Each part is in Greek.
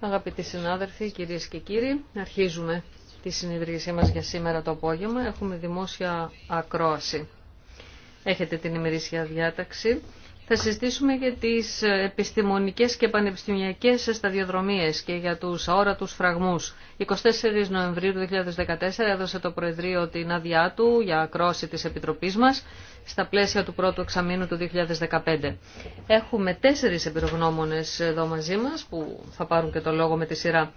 Αγαπητοί συνάδελφοι, κυρίες και κύριοι, αρχίζουμε τη συνεδρίασή μας για σήμερα το απόγευμα. Έχουμε δημόσια ακρόαση. Έχετε την ημερήσια διάταξη. Θα συζητήσουμε για τις επιστημονικές και πανεπιστημιακές σταδιοδρομίες και για τους αόρατους φραγμούς. 24 Νοεμβρίου 2014 έδωσε το Προεδρείο την άδειά του για ακρόση της Επιτροπής μας στα πλαίσια του πρώτου εξαμήνου του 2015. Έχουμε τέσσερις εμπειρογνώμονες εδώ μαζί μας που θα πάρουν και το λόγο με τη σειρά.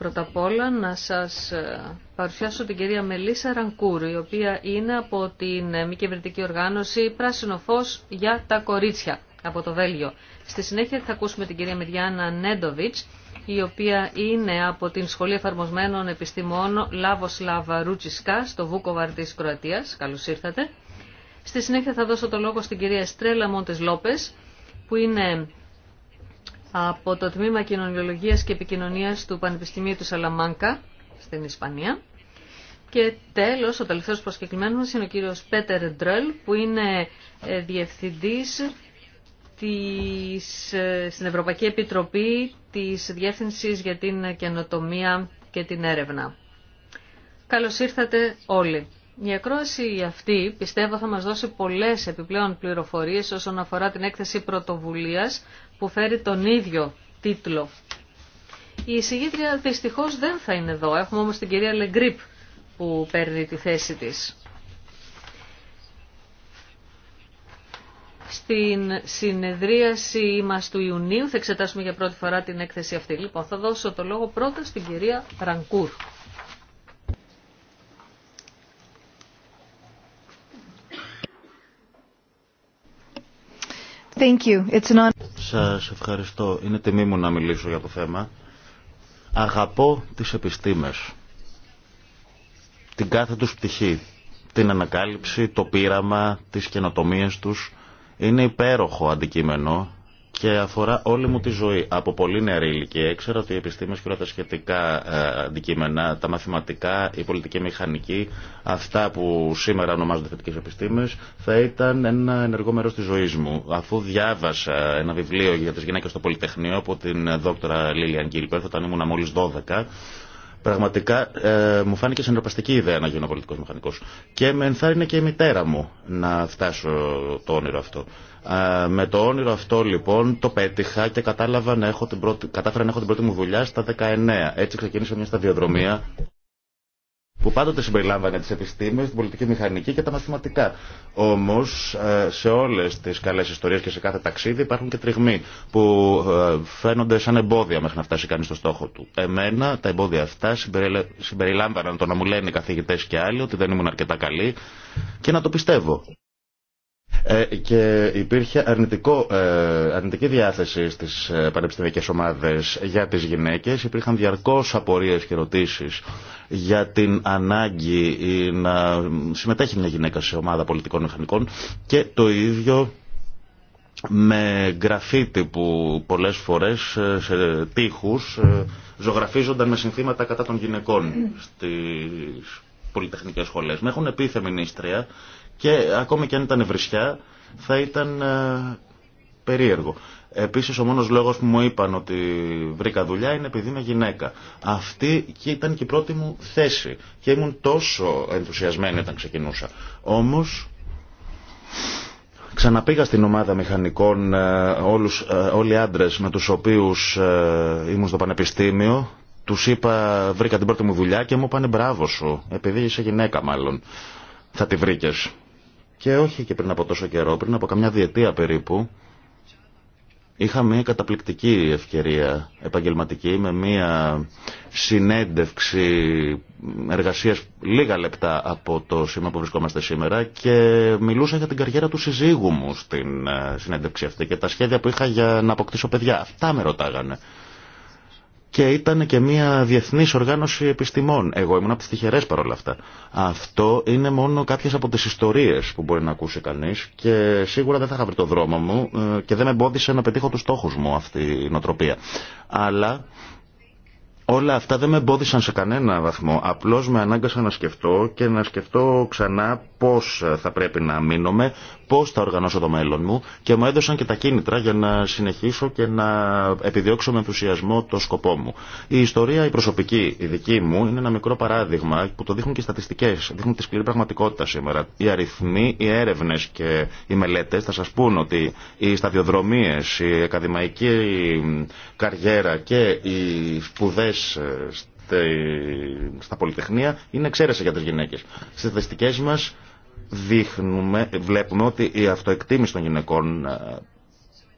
Πρώτα απ' όλα να σας ε, παρουσιάσω την κυρία Μελίσα Ρανκούρου, η οποία είναι από την ε, μη κυβερνητική οργάνωση Πράσινο Φως για τα Κορίτσια από το Βέλγιο. Στη συνέχεια θα ακούσουμε την κυρία Μεριάννα Νέντοβιτς, η οποία είναι από την Σχολή Εφαρμοσμένων Επιστημών Λάβος Λάβα Ρούτσισκα στο Βούκοβαρ της Κροατίας. Καλώς ήρθατε. Στη συνέχεια θα δώσω το λόγο στην κυρία Στρέλα Μόντες Λόπες, που είναι από το Τμήμα Κοινωνιολογίας και Επικοινωνίας του Πανεπιστημίου του Σαλαμάνκα στην Ισπανία. Και τέλος, ο τελευταίος προσκεκλημένος μας είναι ο κύριος Πέτερ Ντρέλ, που είναι ε, διευθυντής της, ε, στην Ευρωπαϊκή Επιτροπή της Διεύθυνσης για την Καινοτομία και την Έρευνα. Καλώς ήρθατε όλοι. Η ακρόαση αυτή πιστεύω θα μας δώσει πολλές επιπλέον πληροφορίες όσον αφορά την έκθεση πρωτοβουλίας που φέρει τον ίδιο τίτλο. Η εισηγήτρια δυστυχώ δεν θα είναι εδώ. Έχουμε όμως την κυρία Λεγκρίπ που παίρνει τη θέση της. Στην συνεδρίαση μας του Ιουνίου θα εξετάσουμε για πρώτη φορά την έκθεση αυτή. Λοιπόν, θα δώσω το λόγο πρώτα στην κυρία Ρανκούρ. Thank you. Σας ευχαριστώ. Είναι τιμή μου να μιλήσω για το θέμα. Αγαπώ τις επιστήμες. Την κάθε τους πτυχή. Την ανακάλυψη, το πείραμα, τις καινοτομίες τους. Είναι υπέροχο αντικείμενο και αφορά όλη μου τη ζωή. Από πολύ νεαρή ηλικία ήξερα ότι οι επιστήμες και όλα τα σχετικά ε, αντικείμενα, τα μαθηματικά, η πολιτική μηχανική, αυτά που σήμερα ονομάζονται θετικέ επιστήμε, θα ήταν ένα ενεργό μέρο τη ζωή μου. Αφού διάβασα ένα βιβλίο για τι γυναίκε στο Πολυτεχνείο από την δόκτωρα Λίλιαν Γκίλπερ, όταν ήμουν μόλι 12, Πραγματικά ε, μου φάνηκε συνεργαστική ιδέα να γίνω πολιτικό μηχανικό. Και με ενθάρρυνε και η μητέρα μου να φτάσω το όνειρο αυτό. Ε, με το όνειρο αυτό λοιπόν το πέτυχα και κατάλαβα να έχω την πρώτη, κατάφερα να έχω την πρώτη μου δουλειά στα 19. Έτσι ξεκίνησε μια σταδιοδρομία που πάντοτε συμπεριλάμβανε τις επιστήμες, την πολιτική μηχανική και τα μαθηματικά. Όμως ε, σε όλες τις καλές ιστορίες και σε κάθε ταξίδι υπάρχουν και τριγμοί που ε, φαίνονται σαν εμπόδια μέχρι να φτάσει κανείς στο στόχο του. Εμένα τα εμπόδια αυτά συμπεριλάμβαναν το να μου λένε οι καθηγητές και άλλοι ότι δεν ήμουν αρκετά καλή και να το πιστεύω. Ε, και υπήρχε αρνητικό, ε, αρνητική διάθεση στις ε, πανεπιστημιακές ομάδες για τις γυναίκες. Υπήρχαν διαρκώς απορίες και ερωτήσεις για την ανάγκη να συμμετέχει μια γυναίκα σε ομάδα πολιτικών μηχανικών και το ίδιο με γραφίτι που πολλές φορές σε τείχους ζωγραφίζονταν με συνθήματα κατά των γυναικών στις πολυτεχνικές σχολές. Με έχουν πει και ακόμη και αν ήταν βρισιά θα ήταν ε, περίεργο. Επίσης ο μόνος λόγος που μου είπαν ότι βρήκα δουλειά είναι επειδή είμαι γυναίκα. Αυτή και ήταν και η πρώτη μου θέση και ήμουν τόσο ενθουσιασμένη όταν ξεκινούσα. Όμως ξαναπήγα στην ομάδα μηχανικών ε, όλους, ε, όλοι οι άντρες με τους οποίους ήμουν στο πανεπιστήμιο τους είπα βρήκα την πρώτη μου δουλειά και μου είπανε μπράβο σου επειδή είσαι γυναίκα μάλλον θα τη βρήκες και όχι και πριν από τόσο καιρό, πριν από καμιά διετία περίπου, είχα μια καταπληκτική ευκαιρία επαγγελματική με μια συνέντευξη εργασίας λίγα λεπτά από το σήμα που βρισκόμαστε σήμερα και μιλούσα για την καριέρα του συζύγου μου στην ε, συνέντευξη αυτή και τα σχέδια που είχα για να αποκτήσω παιδιά. Αυτά με ρωτάγανε και ήταν και μια διεθνή οργάνωση επιστημών. Εγώ ήμουν από τι τυχερέ παρόλα αυτά. Αυτό είναι μόνο κάποιε από τι ιστορίε που μπορεί να ακούσει κανεί και σίγουρα δεν θα είχα βρει το δρόμο μου ε, και δεν με εμπόδισε να πετύχω του στόχου μου αυτή η νοοτροπία. Αλλά Όλα αυτά δεν με εμπόδισαν σε κανένα βαθμό. Απλώς με ανάγκασαν να σκεφτώ και να σκεφτώ ξανά πώς θα πρέπει να μείνομαι, πώς θα οργανώσω το μέλλον μου και μου έδωσαν και τα κίνητρα για να συνεχίσω και να επιδιώξω με ενθουσιασμό το σκοπό μου. Η ιστορία, η προσωπική, η δική μου, είναι ένα μικρό παράδειγμα που το δείχνουν και οι στατιστικές, δείχνουν τη σκληρή πραγματικότητα σήμερα. Οι αριθμοί, οι έρευνες και οι μελέτες θα σας πούν ότι οι σταδιοδρομίες, η ακαδημαϊκή καριέρα και οι σπουδές ε, στα πολυτεχνία είναι εξαίρεση για τις γυναίκες. Στις θεστικές μας δείχνουμε, βλέπουμε ότι η αυτοεκτίμηση των γυναικών ε,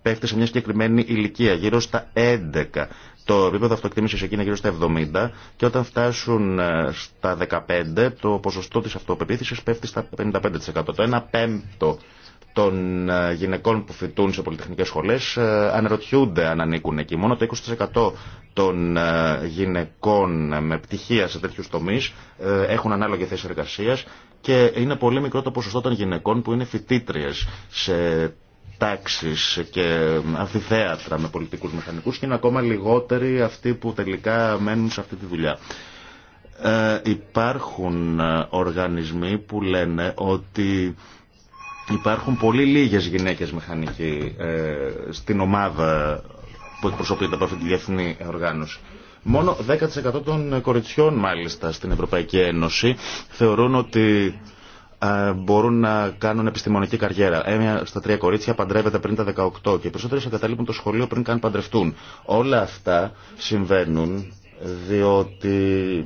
πέφτει σε μια συγκεκριμένη ηλικία, γύρω στα 11. Το επίπεδο αυτοεκτίμηση εκεί είναι γύρω στα 70 και όταν φτάσουν ε, στα 15 το ποσοστό της αυτοπεποίθησης πέφτει στα 55%. Το 1 πέμπτο των ε, γυναικών που φοιτούν σε πολυτεχνικές σχολές ε, αναρωτιούνται αν ανήκουν εκεί. Μόνο το 20% των ε, γυναικών με πτυχία σε τέτοιους τομείς έχουν ανάλογη θέση εργασίας και είναι πολύ μικρό το ποσοστό των γυναικών που είναι φοιτήτριε σε τάξεις και αμφιθέατρα με πολιτικούς μηχανικούς και είναι ακόμα λιγότεροι αυτοί που τελικά μένουν σε αυτή τη δουλειά. Ε, υπάρχουν οργανισμοί που λένε ότι Υπάρχουν πολύ λίγες γυναίκες μηχανικοί ε, στην ομάδα που εκπροσωπείται από αυτή τη διεθνή οργάνωση. Μόνο 10% των κοριτσιών μάλιστα στην Ευρωπαϊκή Ένωση θεωρούν ότι ε, μπορούν να κάνουν επιστημονική καριέρα. Ένα στα τρία κορίτσια παντρεύεται πριν τα 18 και οι περισσότερες εγκαταλείπουν το σχολείο πριν καν παντρευτούν. Όλα αυτά συμβαίνουν διότι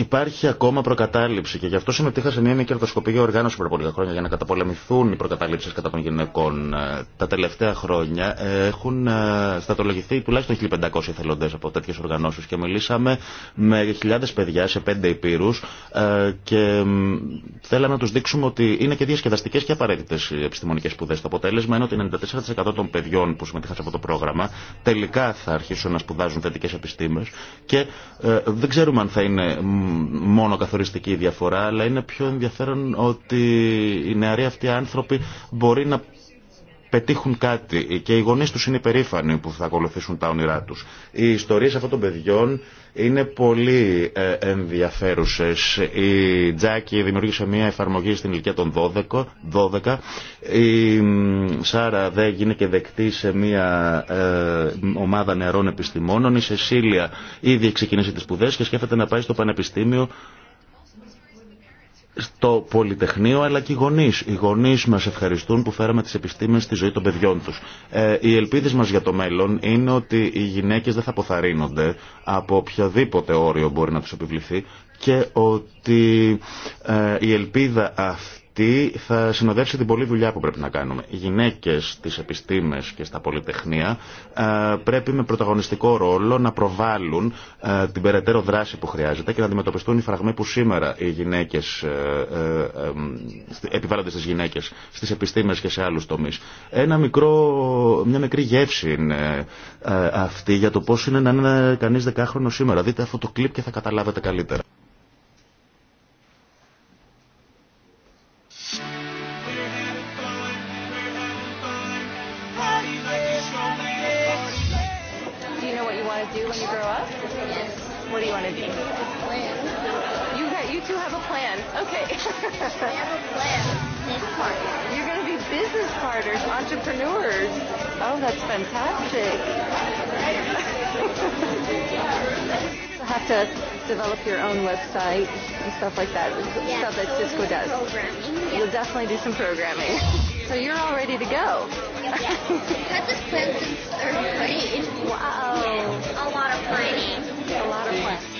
Υπάρχει ακόμα προκατάληψη και γι' αυτό συμμετείχα σε μια κερδοσκοπική οργάνωση πριν από λίγα χρόνια για να καταπολεμηθούν οι προκατάληψει κατά των γυναικών. Ε, τα τελευταία χρόνια ε, έχουν ε, στατολογηθεί τουλάχιστον 1.500 εθελοντέ από τέτοιε οργανώσει και μιλήσαμε με χιλιάδε παιδιά σε πέντε υπήρου και θέλαμε να του δείξουμε ότι είναι και διασκεδαστικέ και απαραίτητε οι επιστημονικέ σπουδέ. Το αποτέλεσμα είναι ότι 94% των παιδιών που συμμετείχαν σε αυτό το πρόγραμμα τελικά θα αρχίσουν να σπουδάζουν θετικέ επιστήμε και δεν ξέρουμε αν θα είναι μόνο καθοριστική διαφορά, αλλά είναι πιο ενδιαφέρον ότι οι νεαροί αυτοί άνθρωποι μπορεί να πετύχουν κάτι και οι γονείς τους είναι υπερήφανοι που θα ακολουθήσουν τα όνειρά τους. Οι ιστορίε αυτών των παιδιών είναι πολύ ε, ενδιαφέρουσε. Η Τζάκη δημιούργησε μια εφαρμογή στην ηλικία των 12. 12. Η Σάρα δεν γίνεται δεκτή σε μια ε, ομάδα νεαρών επιστημόνων. Η Σεσίλια ήδη ξεκινήσει τι σπουδέ και σκέφτεται να πάει στο Πανεπιστήμιο στο Πολυτεχνείο αλλά και οι γονείς. Οι γονείς μας ευχαριστούν που φέραμε τις επιστήμες στη ζωή των παιδιών τους. Ε, οι ελπίδες μας για το μέλλον είναι ότι οι γυναίκες δεν θα αποθαρρύνονται από οποιοδήποτε όριο μπορεί να τους επιβληθεί και ότι ε, η ελπίδα αυτή γιατί θα συνοδεύσει την πολλή δουλειά που πρέπει να κάνουμε. Οι γυναίκες στις επιστήμες και στα πολυτεχνία ε, πρέπει με πρωταγωνιστικό ρόλο να προβάλλουν ε, την περαιτέρω δράση που χρειάζεται και να αντιμετωπιστούν οι φραγμοί που σήμερα οι γυναίκες ε, επιβάλλονται στις γυναίκες, στις επιστήμες και σε άλλους τομείς. Ένα μικρό, μια μικρή γεύση είναι αυτή για το πώς είναι να είναι κανείς δεκάχρονο σήμερα. Δείτε αυτό το κλιπ και θα καταλάβετε καλύτερα. You're going to be business partners, entrepreneurs. Oh, that's fantastic. You have to develop your own website and stuff like that. Yeah, stuff that Cisco does. You'll definitely do some programming. So you're all ready to go. Yeah. this third grade. Wow. A lot of planning. A lot of planning.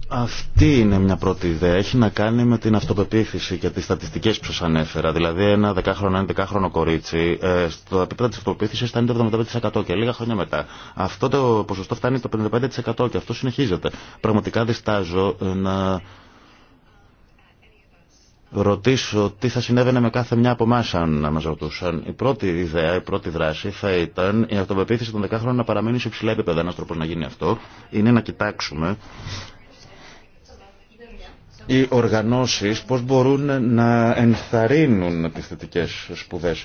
Αυτή είναι μια πρώτη ιδέα. Έχει να κάνει με την αυτοπεποίθηση και τις στατιστικές που σας ανέφερα. Δηλαδή ένα 10χρονο, 11χρονο κορίτσι ε, στο επίπεδο της αυτοπεποίθησης φτάνει το 75% και λίγα χρόνια μετά. Αυτό το ποσοστό φτάνει το 55% και αυτό συνεχίζεται. Πραγματικά διστάζω ε, να ρωτήσω τι θα συνέβαινε με κάθε μια από εμά αν να μα ρωτούσαν. Η πρώτη ιδέα, η πρώτη δράση θα ήταν η αυτοπεποίθηση των 10 χρόνων να παραμείνει σε υψηλά επίπεδα. Ένα τρόπο να γίνει αυτό είναι να κοιτάξουμε οι οργανώσεις πώς μπορούν να ενθαρρύνουν τις θετικές σπουδές.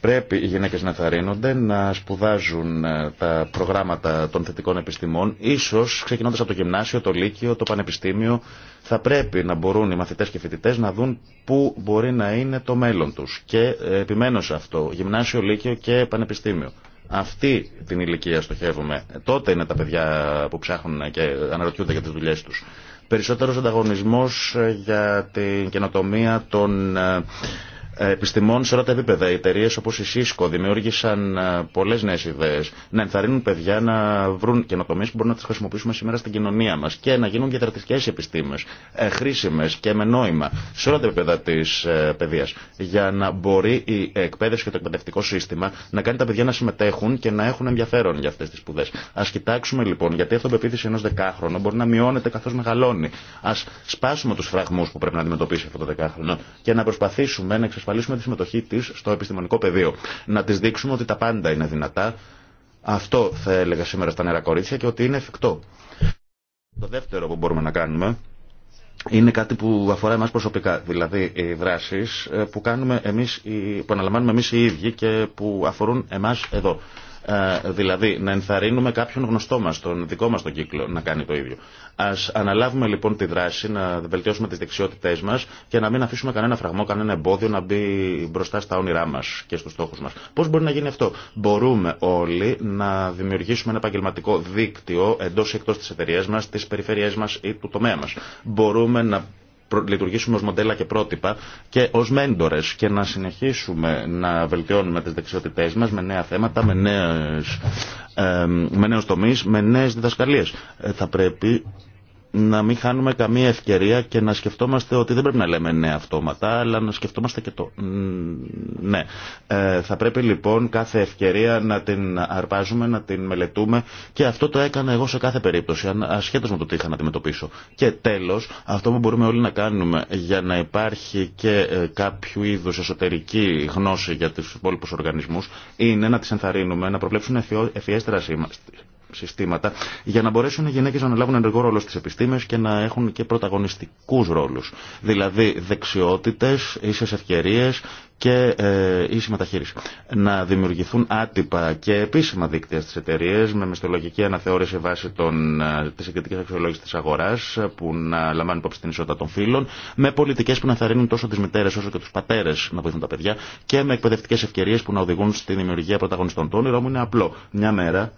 Πρέπει οι γυναίκες να ενθαρρύνονται, να σπουδάζουν ε, τα προγράμματα των θετικών επιστημών. Ίσως ξεκινώντας από το γυμνάσιο, το λύκειο, το πανεπιστήμιο θα πρέπει να μπορούν οι μαθητές και φοιτητές να δουν πού μπορεί να είναι το μέλλον τους. Και ε, επιμένω σε αυτό, γυμνάσιο, λύκειο και πανεπιστήμιο. Αυτή την ηλικία στοχεύουμε. Τότε είναι τα παιδιά που ψάχνουν και αναρωτιούνται για τις δουλειές τους. Περισσότερος ανταγωνισμός ε, για την καινοτομία των ε, επιστημών σε όλα τα επίπεδα. Οι εταιρείε όπω η Cisco δημιούργησαν ε, πολλέ νέε ιδέε να ενθαρρύνουν παιδιά να βρουν καινοτομίε που μπορούμε να τι χρησιμοποιήσουμε σήμερα στην κοινωνία μα και να γίνουν διατρατικέ επιστήμε, ε, χρήσιμε και με νόημα σε όλα τα επίπεδα τη ε, παιδεία. Για να μπορεί η εκπαίδευση και το εκπαιδευτικό σύστημα να κάνει τα παιδιά να συμμετέχουν και να έχουν ενδιαφέρον για αυτέ τι σπουδέ. Α κοιτάξουμε λοιπόν γιατί η αυτοπεποίθηση ενό δεκάχρονου μπορεί να μειώνεται καθώ μεγαλώνει. Α σπάσουμε του φραγμού που πρέπει να αντιμετωπίσει αυτό το δεκάχρονο και να προσπαθήσουμε να εξασφαλίσουμε τη συμμετοχή τη στο επιστημονικό πεδίο. Να τη δείξουμε ότι τα πάντα είναι δυνατά. Αυτό θα έλεγα σήμερα στα νερά κορίτσια και ότι είναι εφικτό. Το δεύτερο που μπορούμε να κάνουμε είναι κάτι που αφορά εμάς προσωπικά, δηλαδή οι δράσει ε, που, κάνουμε εμείς, που αναλαμβάνουμε εμείς οι ίδιοι και που αφορούν εμάς εδώ. Ε, δηλαδή, να ενθαρρύνουμε κάποιον γνωστό μα, τον δικό μα τον κύκλο, να κάνει το ίδιο. Α αναλάβουμε λοιπόν τη δράση, να βελτιώσουμε τι δεξιότητέ μα και να μην αφήσουμε κανένα φραγμό, κανένα εμπόδιο να μπει μπροστά στα όνειρά μα και στου στόχου μα. Πώ μπορεί να γίνει αυτό, Μπορούμε όλοι να δημιουργήσουμε ένα επαγγελματικό δίκτυο εντό ή εκτό τη εταιρεία μα, τη περιφέρειέ μα ή του τομέα μα. Μπορούμε να λειτουργήσουμε ως μοντέλα και πρότυπα και ως μέντορες και να συνεχίσουμε να βελτιώνουμε τις δεξιότητές μας με νέα θέματα, με, νέες, ε, με νέους τομείς, με νέες διδασκαλίες. Ε, θα πρέπει να μην χάνουμε καμία ευκαιρία και να σκεφτόμαστε ότι δεν πρέπει να λέμε ναι αυτόματα, αλλά να σκεφτόμαστε και το ναι. Ε, θα πρέπει λοιπόν κάθε ευκαιρία να την αρπάζουμε, να την μελετούμε και αυτό το έκανα εγώ σε κάθε περίπτωση, ασχέτως με το τι είχα να αντιμετωπίσω. Και τέλος, αυτό που μπορούμε όλοι να κάνουμε για να υπάρχει και ε, κάποιο είδου εσωτερική γνώση για τους υπόλοιπους οργανισμούς, είναι να τις ενθαρρύνουμε, να προβλέψουν ευφιέστερα συστήματα για να μπορέσουν οι γυναίκες να αναλάβουν ενεργό ρόλο στις επιστήμες και να έχουν και πρωταγωνιστικούς ρόλους. Δηλαδή δεξιότητες, ίσες ευκαιρίες και ε, ίση μεταχείριση. Να δημιουργηθούν άτυπα και επίσημα δίκτυα στις εταιρείε με μισθολογική αναθεώρηση βάσει των, ε, της εγκριτικής αξιολόγησης της αγοράς που να λαμβάνουν υπόψη την ισότητα των φύλων με πολιτικές που να θαρρύνουν τόσο τις μητέρες όσο και τους πατέρες να βοηθούν τα παιδιά και με εκπαιδευτικέ ευκαιρίες που να οδηγούν στη δημιουργία πρωταγωνιστών. Το όνειρό είναι απλό. Μια μέρα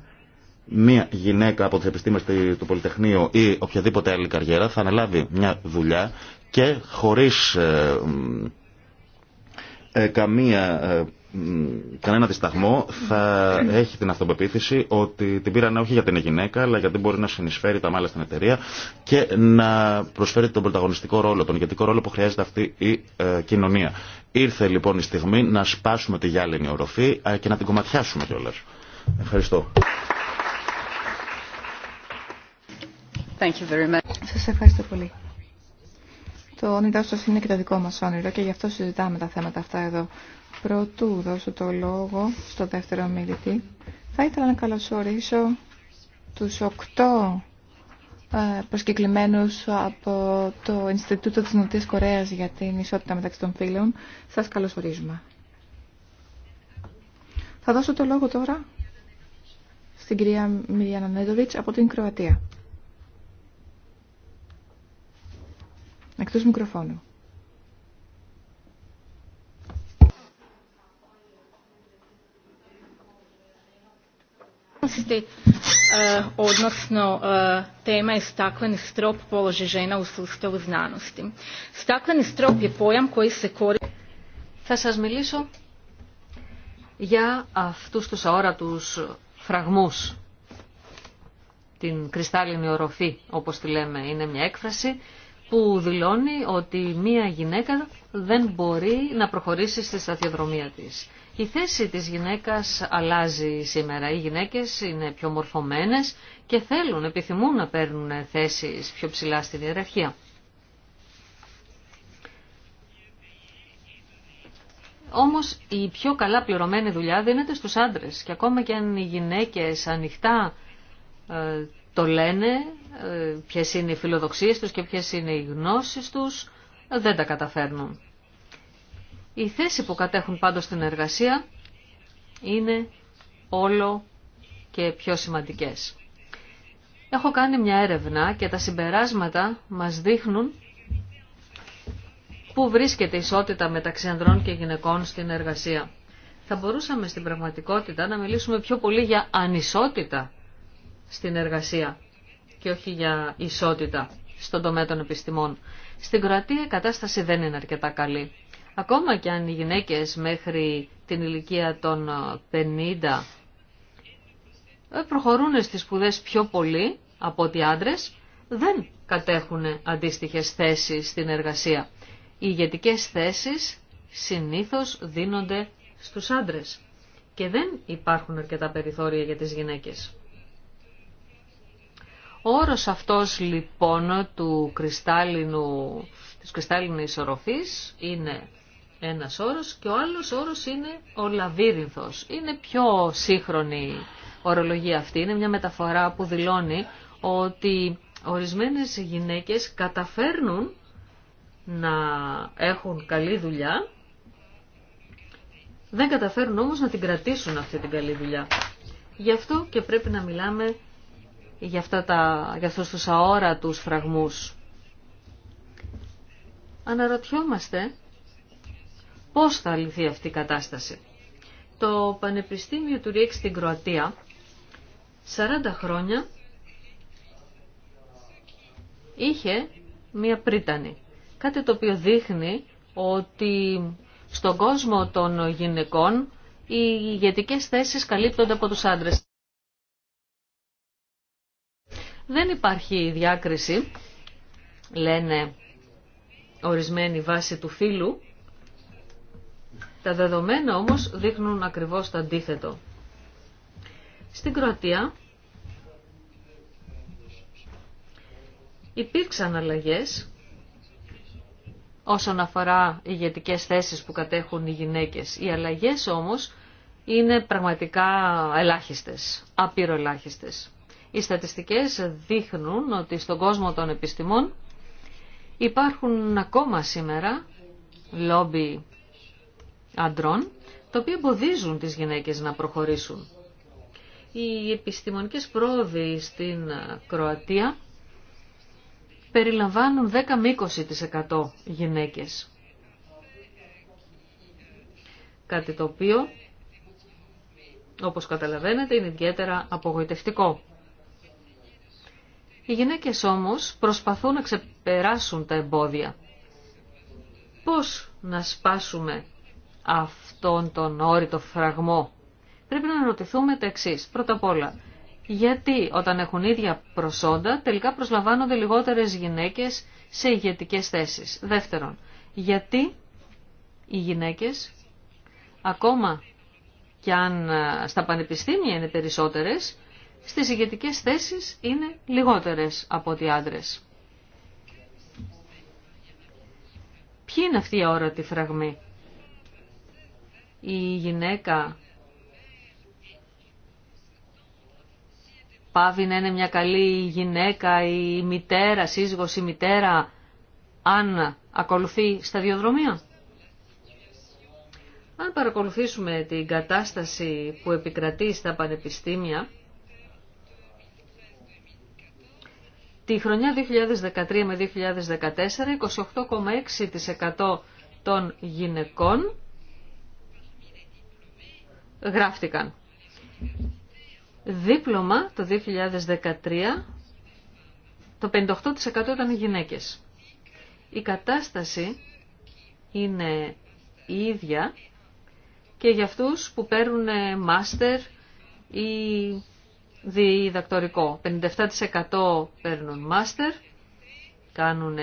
μία γυναίκα από τις επιστήμες του Πολυτεχνείου ή οποιαδήποτε άλλη καριέρα θα αναλάβει μια γυναικα απο τι επιστημε του πολυτεχνειου η οποιαδηποτε αλλη καριερα θα αναλαβει μια δουλεια και χωρί ε, ε, καμία, ε, κανένα δισταγμό θα έχει την αυτοπεποίθηση ότι την πήραν όχι γιατί είναι γυναίκα αλλά γιατί μπορεί να συνεισφέρει τα μάλλα στην εταιρεία και να προσφέρει τον πρωταγωνιστικό ρόλο, τον ηγετικό ρόλο που χρειάζεται αυτή η κοινωνία. Ήρθε λοιπόν η στιγμή να σπάσουμε τη γυάλινη οροφή και να την κομματιάσουμε κιόλα. Ευχαριστώ. Thank Σας ευχαριστώ πολύ. Το όνειρό σας είναι και το δικό μας όνειρο και γι' αυτό συζητάμε τα θέματα αυτά εδώ. Πρωτού δώσω το λόγο στο δεύτερο μιλητή. Θα ήθελα να καλωσορίσω τους οκτώ ε, προσκεκλημένους από το Ινστιτούτο της Νοτιής Κορέας για την ισότητα μεταξύ των φίλων. Σας καλωσορίζουμε. Θα δώσω το λόγο τώρα στην κυρία Μιλιάνα Νέντοβιτς από την Κροατία. Εκτός μικροφώνου. Eh, odnosno eh, tema je stakleni strop položaj žena u sustavu znanosti. Stakleni strop je pojam koji se koristi... Θα σας μιλήσω για αυτούς τους αόρατους φραγμούς. Την κρυστάλλινη οροφή, όπως τη λέμε, είναι μια έκφραση που δηλώνει ότι μία γυναίκα δεν μπορεί να προχωρήσει στη σταθεροδρομία της. Η θέση της γυναίκας αλλάζει σήμερα. Οι γυναίκες είναι πιο μορφωμένες και θέλουν, επιθυμούν να παίρνουν θέσεις πιο ψηλά στην ιεραρχία. Όμως η πιο καλά πληρωμένη δουλειά δίνεται στους άντρες και ακόμα και αν οι γυναίκες ανοιχτά ε, το λένε, ε, ποιες είναι οι φιλοδοξίες τους και ποιες είναι οι γνώσεις τους, δεν τα καταφέρνουν. Η θέση που κατέχουν πάντως στην εργασία είναι όλο και πιο σημαντικές. Έχω κάνει μια έρευνα και τα συμπεράσματα μας δείχνουν πού βρίσκεται η ισότητα μεταξύ ανδρών και γυναικών στην εργασία. Θα μπορούσαμε στην πραγματικότητα να μιλήσουμε πιο πολύ για ανισότητα στην εργασία και όχι για ισότητα στον τομέα των επιστημών. Στην Κροατία η κατάσταση δεν είναι αρκετά καλή. Ακόμα και αν οι γυναίκες μέχρι την ηλικία των 50 ε, προχωρούν στις σπουδές πιο πολύ από ότι άντρες, δεν κατέχουν αντίστοιχες θέσεις στην εργασία. Οι ηγετικέ θέσεις συνήθως δίνονται στους άντρες και δεν υπάρχουν αρκετά περιθώρια για τις γυναίκες. Ο όρος αυτός λοιπόν του κρυστάλλινου, της κρυστάλλινης οροφής είναι ένας όρος και ο άλλος όρος είναι ο λαβύρινθος. Είναι πιο σύγχρονη ορολογία αυτή, είναι μια μεταφορά που δηλώνει ότι ορισμένες γυναίκες καταφέρνουν να έχουν καλή δουλειά, δεν καταφέρνουν όμως να την κρατήσουν αυτή την καλή δουλειά. Γι' αυτό και πρέπει να μιλάμε για, αυτά τα, για αυτούς τους αόρατους φραγμούς. Αναρωτιόμαστε πώς θα λυθεί αυτή η κατάσταση. Το Πανεπιστήμιο του Ρίξ στην Κροατία 40 χρόνια είχε μία πρίτανη. Κάτι το οποίο δείχνει ότι στον κόσμο των γυναικών οι ηγετικές θέσεις καλύπτονται από τους άντρες. Δεν υπάρχει διάκριση, λένε ορισμένη βάση του φύλου. Τα δεδομένα όμως δείχνουν ακριβώς το αντίθετο. Στην Κροατία υπήρξαν αλλαγές όσον αφορά ηγετικές θέσεις που κατέχουν οι γυναίκες. Οι αλλαγές όμως είναι πραγματικά ελάχιστες, απειροελάχιστες. Οι στατιστικές δείχνουν ότι στον κόσμο των επιστημών υπάρχουν ακόμα σήμερα λόμπι αντρών, τα οποία εμποδίζουν τις γυναίκες να προχωρήσουν. Οι επιστημονικές πρόοδοι στην Κροατία περιλαμβάνουν 10 20% γυναίκες. Κάτι το οποίο, όπως καταλαβαίνετε, είναι ιδιαίτερα απογοητευτικό. Οι γυναίκες όμως προσπαθούν να ξεπεράσουν τα εμπόδια. Πώς να σπάσουμε αυτόν τον όρητο φραγμό. Πρέπει να ρωτηθούμε τα εξή. Πρώτα απ' όλα, γιατί όταν έχουν ίδια προσόντα τελικά προσλαμβάνονται λιγότερες γυναίκες σε ηγετικές θέσεις. Δεύτερον, γιατί οι γυναίκες ακόμα και αν ε, στα πανεπιστήμια είναι περισσότερες, στις ηγετικές θέσεις είναι λιγότερες από ότι άντρες. Ποιοι είναι αυτοί οι αόρατοι φραγμοί. Η γυναίκα πάβει να είναι μια καλή γυναίκα, η μητέρα, σύζυγος, η μητέρα, αν ακολουθεί διοδρομία; Αν παρακολουθήσουμε την κατάσταση που επικρατεί στα πανεπιστήμια, Τη χρονιά 2013 με 2014, 28,6% των γυναικών γράφτηκαν. Δίπλωμα το 2013, το 58% ήταν γυναίκες. Η κατάσταση είναι η ίδια και για αυτούς που παίρνουν ε, μάστερ ή διδακτορικό. 57% παίρνουν μάστερ, κάνουν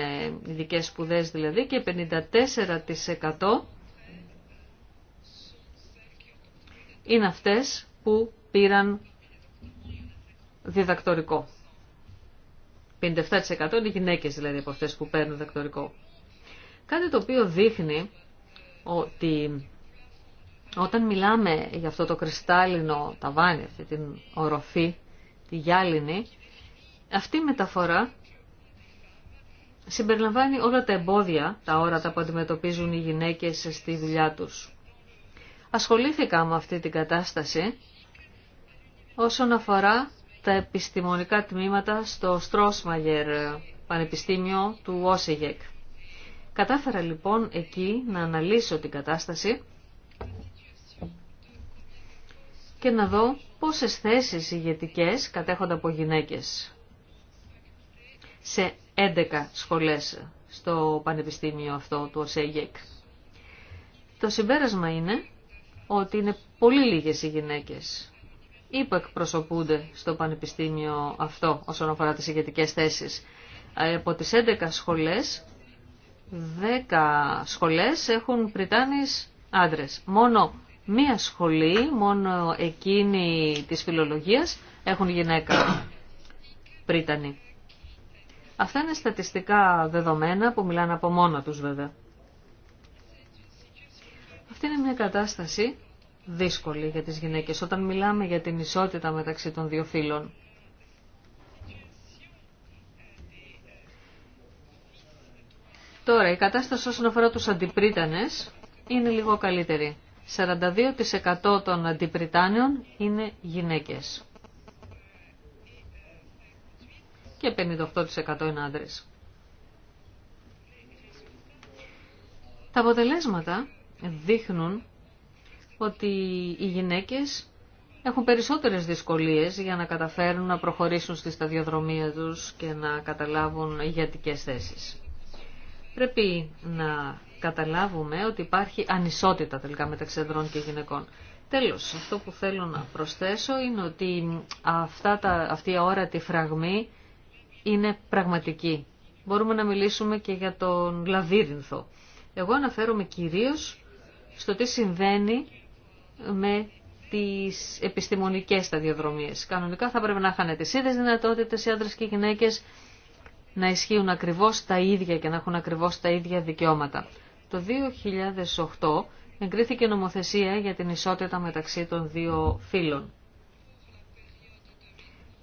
ειδικέ σπουδέ δηλαδή και 54% είναι αυτές που πήραν διδακτορικό. 57% είναι γυναίκες δηλαδή από αυτές που παίρνουν διδακτορικό. Κάτι το οποίο δείχνει ότι όταν μιλάμε για αυτό το κρυστάλλινο ταβάνι, αυτή την οροφή, τη γυάλινη, αυτή η μεταφορά συμπεριλαμβάνει όλα τα εμπόδια, τα όρατα που αντιμετωπίζουν οι γυναίκες στη δουλειά τους. Ασχολήθηκα με αυτή την κατάσταση όσον αφορά τα επιστημονικά τμήματα στο Στρόσμαγερ Πανεπιστήμιο του ΟΣΕΓΕΚ. Κατάφερα λοιπόν εκεί να αναλύσω την κατάσταση και να δω πόσες θέσεις ηγετικές κατέχονται από γυναίκες σε 11 σχολές στο Πανεπιστήμιο αυτό του ΟΣΕΓΕΚ. Το συμπέρασμα είναι ότι είναι πολύ λίγες οι γυναίκες ή που εκπροσωπούνται στο Πανεπιστήμιο αυτό όσον αφορά τις ηγετικές θέσεις. Ε, από τις 11 σχολές, 10 σχολές έχουν Πριτάνης άντρες. Μόνο μία σχολή, μόνο εκείνη της φιλολογίας, έχουν γυναίκα πρίτανη. Αυτά είναι στατιστικά δεδομένα που μιλάνε από μόνα τους βέβαια. Αυτή είναι μια κατάσταση δύσκολη για τις γυναίκες όταν μιλάμε για την ισότητα μεταξύ των δύο φύλων. Τώρα, η κατάσταση όσον αφορά τους αντιπρίτανες είναι λίγο καλύτερη. 42% των αντιπριτάνιων είναι γυναίκες. Και 58% είναι άντρες. Τα αποτελέσματα δείχνουν ότι οι γυναίκες έχουν περισσότερες δυσκολίες για να καταφέρουν να προχωρήσουν στη σταδιοδρομία τους και να καταλάβουν ηγετικές θέσεις. Πρέπει να καταλάβουμε ότι υπάρχει ανισότητα τελικά μεταξύ ανδρών και γυναικών. Τέλος, αυτό που θέλω να προσθέσω είναι ότι αυτά τα, αυτή η αόρατη φραγμή είναι πραγματική. Μπορούμε να μιλήσουμε και για τον λαβύρινθο. Εγώ αναφέρομαι κυρίως στο τι συμβαίνει με τις επιστημονικές σταδιοδρομίες. Κανονικά θα πρέπει να είχαν τις ίδιες δυνατότητες οι άντρες και οι γυναίκες να ισχύουν ακριβώς τα ίδια και να έχουν ακριβώς τα ίδια δικαιώματα. Το 2008 εγκρίθηκε νομοθεσία για την ισότητα μεταξύ των δύο φύλων.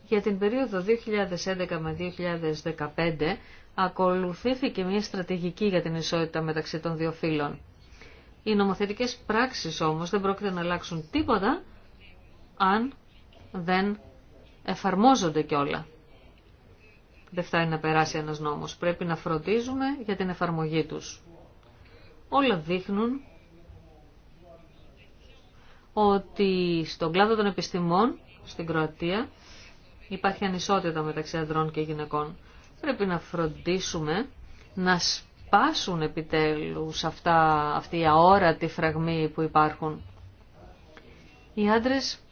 Για την περίοδο 2011 με 2015 ακολουθήθηκε μια στρατηγική για την ισότητα μεταξύ των δύο φύλων. Οι νομοθετικές πράξεις όμως δεν πρόκειται να αλλάξουν τίποτα αν δεν εφαρμόζονται κιόλα. Δεν φτάνει να περάσει ένας νόμος. Πρέπει να φροντίζουμε για την εφαρμογή τους όλα δείχνουν ότι στον κλάδο των επιστημών στην Κροατία υπάρχει ανισότητα μεταξύ ανδρών και γυναικών. Πρέπει να φροντίσουμε να σπάσουν επιτέλους αυτά, αυτή η αόρατη φραγμή που υπάρχουν. Οι άντρες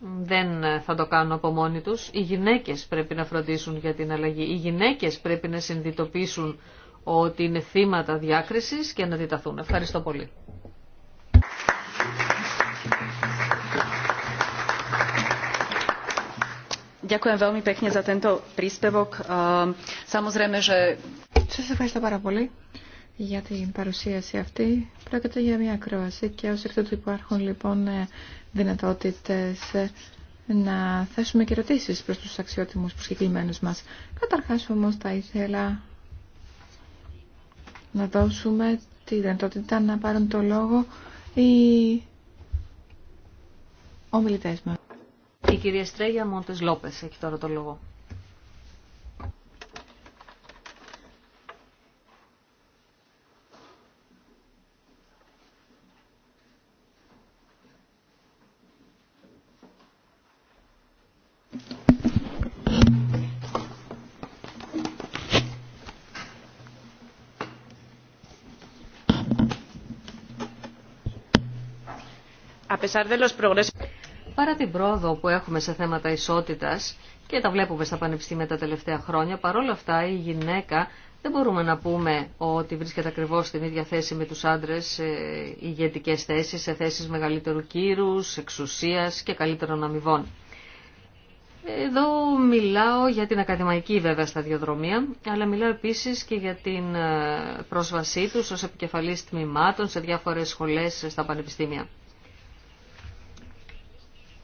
δεν θα το κάνουν από μόνοι τους. Οι γυναίκες πρέπει να φροντίσουν για την αλλαγή. Οι γυναίκες πρέπει να συνειδητοποιήσουν ότι είναι θύματα διάκρισης και να διταθούν. Ευχαριστώ πολύ. Ehm, Σα ευχαριστώ πολύ για την παρουσίαση αυτή. Πρόκειται για μια ακρόαση και ως εκ τούτου υπάρχουν λοιπόν ε, δυνατότητες ε, να θέσουμε και ερωτήσει προς τους αξιότιμους προσκεκλημένους μας. Καταρχάς όμως θα ήθελα να δώσουμε τη δυνατότητα να πάρουν το λόγο οι ομιλητές μας. Η κυρία Στρέγια Μόντες Λόπες έχει τώρα το λόγο. Παρά την πρόοδο που έχουμε σε θέματα ισότητας και τα βλέπουμε στα πανεπιστήμια τα τελευταία χρόνια, παρόλα αυτά η γυναίκα δεν μπορούμε να πούμε ότι βρίσκεται ακριβώς στην ίδια θέση με τους άντρες σε ηγετικές θέσεις, σε θέσεις μεγαλύτερου κύρου, εξουσίας και καλύτερων αμοιβών. Εδώ μιλάω για την ακαδημαϊκή βέβαια σταδιοδρομία, αλλά μιλάω επίσης και για την ε, πρόσβασή τους ως επικεφαλής τμήματων σε διάφορες σχολές στα πανεπιστήμια.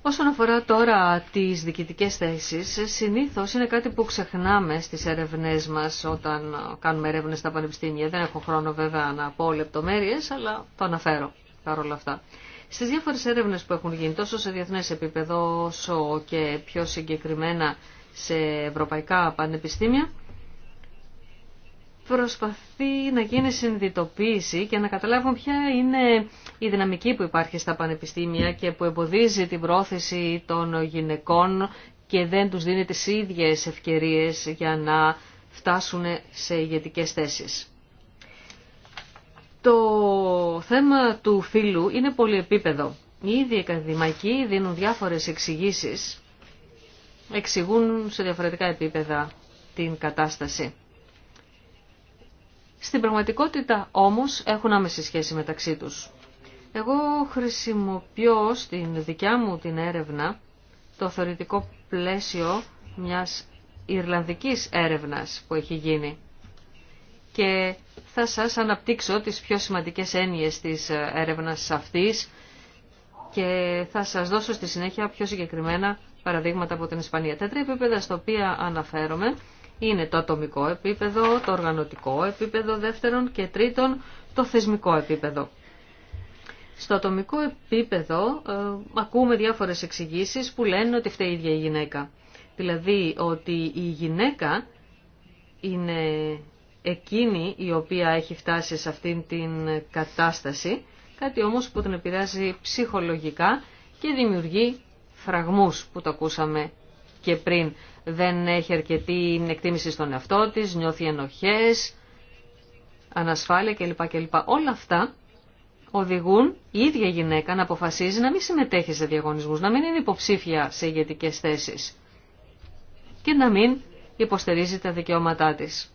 Όσον αφορά τώρα τις διοικητικές θέσεις, συνήθως είναι κάτι που ξεχνάμε στις ερευνές μας όταν κάνουμε ερευνές στα πανεπιστήμια. Δεν έχω χρόνο βέβαια να πω λεπτομέρειες, αλλά το αναφέρω παρόλα αυτά. Στις διάφορες έρευνες που έχουν γίνει τόσο σε διεθνές επίπεδο όσο και πιο συγκεκριμένα σε ευρωπαϊκά πανεπιστήμια, προσπαθεί να γίνει συνδυτοποίηση και να καταλάβουν ποια είναι η δυναμική που υπάρχει στα πανεπιστήμια και που εμποδίζει την πρόθεση των γυναικών και δεν τους δίνει τις ίδιες ευκαιρίες για να φτάσουν σε ηγετικές θέσεις. Το θέμα του φίλου είναι πολυεπίπεδο. Οι ίδιοι ακαδημαϊκοί δίνουν διάφορες εξηγήσει, εξηγούν σε διαφορετικά επίπεδα την κατάσταση. Στην πραγματικότητα όμως έχουν άμεση σχέση μεταξύ τους. Εγώ χρησιμοποιώ στην δικιά μου την έρευνα το θεωρητικό πλαίσιο μιας Ιρλανδικής έρευνας που έχει γίνει και θα σας αναπτύξω τις πιο σημαντικές έννοιες της έρευνας αυτής και θα σας δώσω στη συνέχεια πιο συγκεκριμένα παραδείγματα από την Ισπανία. Τα επίπεδα στα οποία αναφέρομαι είναι το ατομικό επίπεδο, το οργανωτικό επίπεδο δεύτερον και τρίτον το θεσμικό επίπεδο. Στο ατομικό επίπεδο ε, ακούμε διάφορες εξηγήσεις που λένε ότι φταίει η ίδια η γυναίκα. Δηλαδή ότι η γυναίκα είναι εκείνη η οποία έχει φτάσει σε αυτήν την κατάσταση, κάτι όμως που την επηρεάζει ψυχολογικά και δημιουργεί φραγμούς που το ακούσαμε και πριν δεν έχει αρκετή εκτίμηση στον εαυτό της, νιώθει ενοχές, ανασφάλεια κλπ. κλπ. Όλα αυτά οδηγούν η ίδια γυναίκα να αποφασίζει να μην συμμετέχει σε διαγωνισμούς, να μην είναι υποψήφια σε ηγετικέ θέσεις και να μην υποστηρίζει τα δικαιώματά της.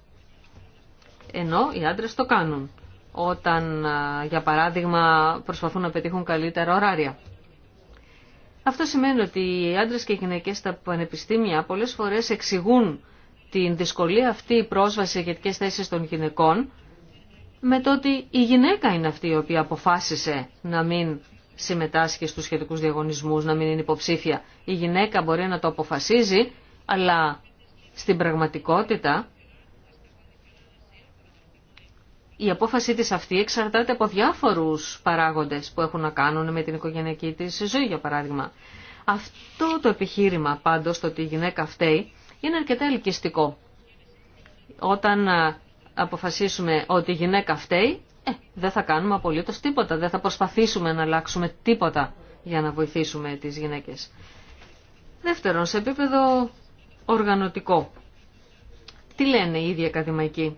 Ενώ οι άντρες το κάνουν όταν, για παράδειγμα, προσπαθούν να πετύχουν καλύτερα ωράρια. Αυτό σημαίνει ότι οι άντρες και οι γυναίκες στα πανεπιστήμια πολλές φορές εξηγούν την δυσκολία αυτή η πρόσβαση σε ηγετικές θέσεις των γυναικών με το ότι η γυναίκα είναι αυτή η οποία αποφάσισε να μην συμμετάσχει στους σχετικούς διαγωνισμούς, να μην είναι υποψήφια. Η γυναίκα μπορεί να το αποφασίζει, αλλά στην πραγματικότητα η απόφαση της αυτή εξαρτάται από διάφορους παράγοντες που έχουν να κάνουν με την οικογενειακή της ζωή, για παράδειγμα. Αυτό το επιχείρημα πάντως, το ότι η γυναίκα φταίει, είναι αρκετά ελκυστικό. Όταν ε, αποφασίσουμε ότι η γυναίκα φταίει, ε, δεν θα κάνουμε απολύτως τίποτα, δεν θα προσπαθήσουμε να αλλάξουμε τίποτα για να βοηθήσουμε τις γυναίκες. Δεύτερον, σε επίπεδο οργανωτικό. Τι λένε οι ίδιοι ακαδημαϊκοί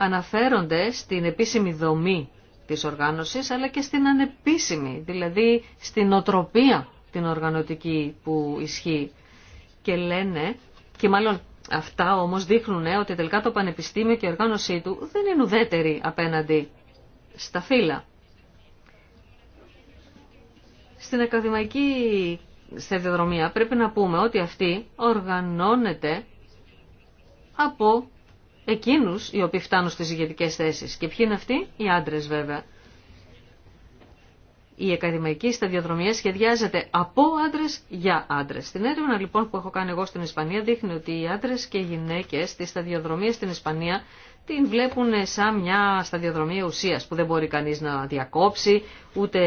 αναφέρονται στην επίσημη δομή της οργάνωσης, αλλά και στην ανεπίσημη, δηλαδή στην οτροπία την οργανωτική που ισχύει. Και λένε, και μάλλον αυτά όμως δείχνουν ε, ότι τελικά το πανεπιστήμιο και η οργάνωσή του δεν είναι ουδέτερη απέναντι στα φύλλα. Στην ακαδημαϊκή σταδιοδρομία πρέπει να πούμε ότι αυτή οργανώνεται από εκείνους οι οποίοι φτάνουν στις ηγετικές θέσεις. Και ποιοι είναι αυτοί, οι άντρες βέβαια. Η ακαδημαϊκή σταδιοδρομία σχεδιάζεται από άντρε για άντρε. Στην έρευνα λοιπόν που έχω κάνει εγώ στην Ισπανία δείχνει ότι οι άντρε και οι γυναίκε τη σταδιοδρομία στην Ισπανία την βλέπουν σαν μια σταδιοδρομία ουσία που δεν μπορεί κανεί να διακόψει, ούτε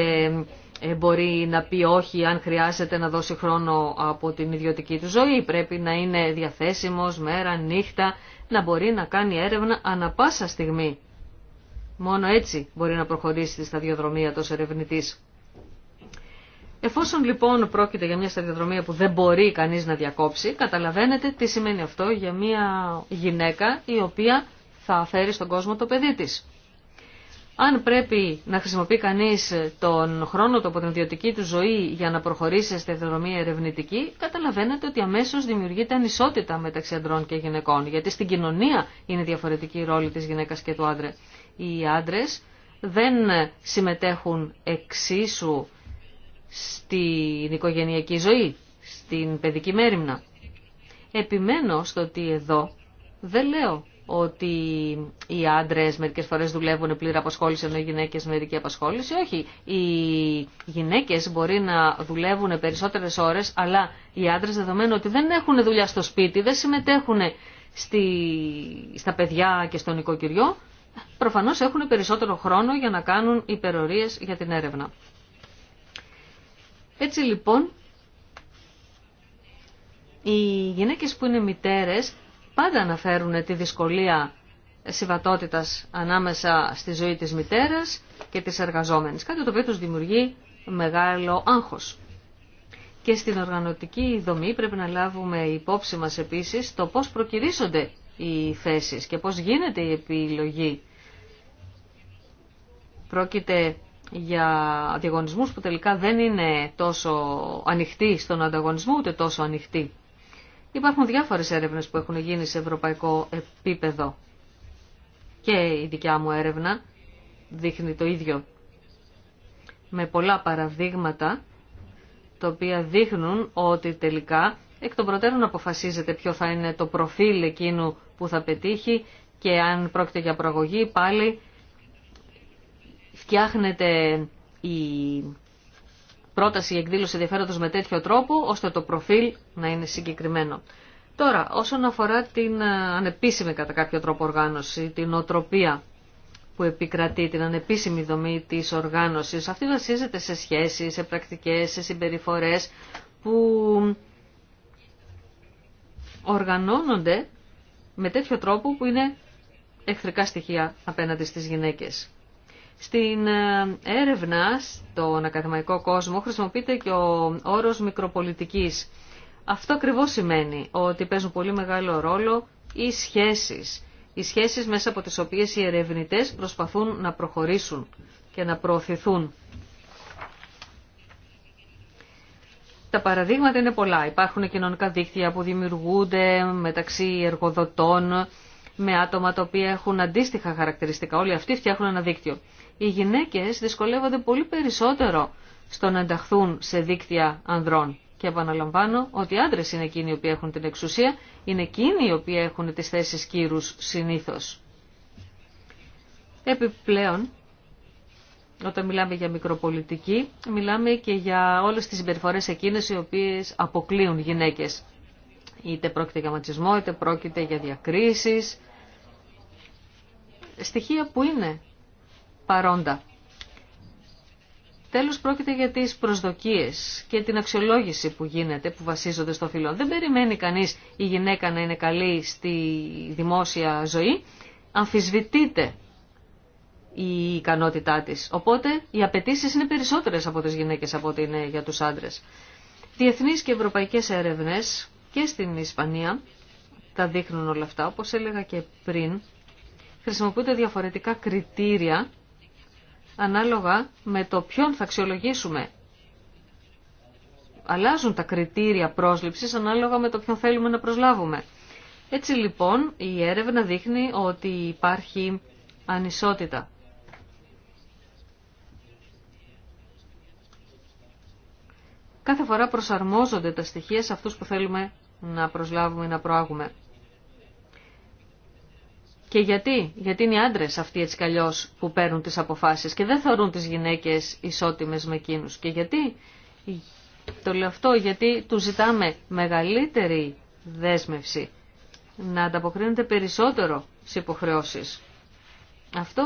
ε, μπορεί να πει όχι αν χρειάζεται να δώσει χρόνο από την ιδιωτική του ζωή. Πρέπει να είναι διαθέσιμο μέρα, νύχτα να μπορεί να κάνει έρευνα ανα πάσα στιγμή. Μόνο έτσι μπορεί να προχωρήσει τη σταδιοδρομία του ερευνητή. Εφόσον λοιπόν πρόκειται για μια σταδιοδρομία που δεν μπορεί κανείς να διακόψει, καταλαβαίνετε τι σημαίνει αυτό για μια γυναίκα η οποία θα φέρει στον κόσμο το παιδί της. Αν πρέπει να χρησιμοποιεί κανείς τον χρόνο του από την ιδιωτική του ζωή για να προχωρήσει στη αυτονομία ερευνητική, καταλαβαίνετε ότι αμέσως δημιουργείται ανισότητα μεταξύ αντρών και γυναικών, γιατί στην κοινωνία είναι διαφορετική η ρόλη της γυναίκας και του άντρε. Οι άντρες δεν συμμετέχουν εξίσου στην οικογενειακή ζωή, στην παιδική μέρημνα. Επιμένω στο ότι εδώ δεν λέω ότι οι άντρε μερικέ φορές δουλεύουν πλήρη απασχόληση ενώ οι γυναίκες μερική απασχόληση. Όχι, οι γυναίκες μπορεί να δουλεύουν περισσότερες ώρες αλλά οι άντρε δεδομένου ότι δεν έχουν δουλειά στο σπίτι, δεν συμμετέχουν στη, στα παιδιά και στον οικοκυριό, προφανώς έχουν περισσότερο χρόνο για να κάνουν υπερορίε για την έρευνα. Έτσι λοιπόν, οι γυναίκες που είναι μητέρες πάντα αναφέρουν τη δυσκολία συμβατότητας ανάμεσα στη ζωή της μητέρας και της εργαζόμενης, κάτι το οποίο τους δημιουργεί μεγάλο άγχος. Και στην οργανωτική δομή πρέπει να λάβουμε υπόψη μας επίσης το πώς προκυρήσονται οι θέσεις και πώς γίνεται η επιλογή. Πρόκειται για διαγωνισμούς που τελικά δεν είναι τόσο ανοιχτοί στον ανταγωνισμό, ούτε τόσο ανοιχτοί Υπάρχουν διάφορες έρευνες που έχουν γίνει σε ευρωπαϊκό επίπεδο. Και η δικιά μου έρευνα δείχνει το ίδιο. Με πολλά παραδείγματα, τα οποία δείχνουν ότι τελικά εκ των προτέρων αποφασίζεται ποιο θα είναι το προφίλ εκείνου που θα πετύχει και αν πρόκειται για προαγωγή πάλι φτιάχνεται η πρόταση για εκδήλωση ενδιαφέροντος με τέτοιο τρόπο, ώστε το προφίλ να είναι συγκεκριμένο. Τώρα, όσον αφορά την ε, ανεπίσημη κατά κάποιο τρόπο οργάνωση, την οτροπία που επικρατεί, την ανεπίσημη δομή της οργάνωσης, αυτή βασίζεται σε σχέσεις, σε πρακτικές, σε συμπεριφορές που οργανώνονται με τέτοιο τρόπο που είναι εχθρικά στοιχεία απέναντι στις γυναίκες. Στην ε, έρευνα στον ακαδημαϊκό κόσμο χρησιμοποιείται και ο όρος μικροπολιτικής. Αυτό ακριβώς σημαίνει ότι παίζουν πολύ μεγάλο ρόλο οι σχέσεις. Οι σχέσεις μέσα από τις οποίες οι ερευνητές προσπαθούν να προχωρήσουν και να προωθηθούν. Τα παραδείγματα είναι πολλά. Υπάρχουν κοινωνικά δίκτυα που δημιουργούνται μεταξύ εργοδοτών, με άτομα τα οποία έχουν αντίστοιχα χαρακτηριστικά. Όλοι αυτοί φτιάχνουν ένα δίκτυο. Οι γυναίκες δυσκολεύονται πολύ περισσότερο στο να ενταχθούν σε δίκτυα ανδρών. Και επαναλαμβάνω ότι οι άντρε είναι εκείνοι οι οποίοι έχουν την εξουσία, είναι εκείνοι οι οποίοι έχουν τι θέσει κύρου συνήθως. Επιπλέον, όταν μιλάμε για μικροπολιτική, μιλάμε και για όλες τις συμπεριφορές εκείνες οι οποίες αποκλείουν γυναίκες. Είτε πρόκειται για ματσισμό, είτε πρόκειται για διακρίσεις. Στοιχεία που είναι παρόντα. Τέλος πρόκειται για τις προσδοκίες και την αξιολόγηση που γίνεται, που βασίζονται στο φύλλο. Δεν περιμένει κανείς η γυναίκα να είναι καλή στη δημόσια ζωή. Αμφισβητείται η ικανότητά της. Οπότε οι απαιτήσει είναι περισσότερες από τις γυναίκες από ότι είναι για τους άντρες. Διεθνείς και ευρωπαϊκές έρευνες και στην Ισπανία, τα δείχνουν όλα αυτά, όπως έλεγα και πριν, χρησιμοποιούνται διαφορετικά κριτήρια ανάλογα με το ποιον θα αξιολογήσουμε. Αλλάζουν τα κριτήρια πρόσληψης ανάλογα με το ποιον θέλουμε να προσλάβουμε. Έτσι λοιπόν η έρευνα δείχνει ότι υπάρχει ανισότητα. Κάθε φορά προσαρμόζονται τα στοιχεία σε αυτούς που θέλουμε να προσλάβουμε ή να προάγουμε. Και γιατί, γιατί είναι οι άντρε αυτοί έτσι καλλιώ που παίρνουν τι αποφάσει και δεν θεωρούν τι γυναίκε ισότιμε με εκείνου. Και γιατί, το λέω αυτό, γιατί του ζητάμε μεγαλύτερη δέσμευση να ανταποκρίνεται περισσότερο σε υποχρεώσει. Αυτό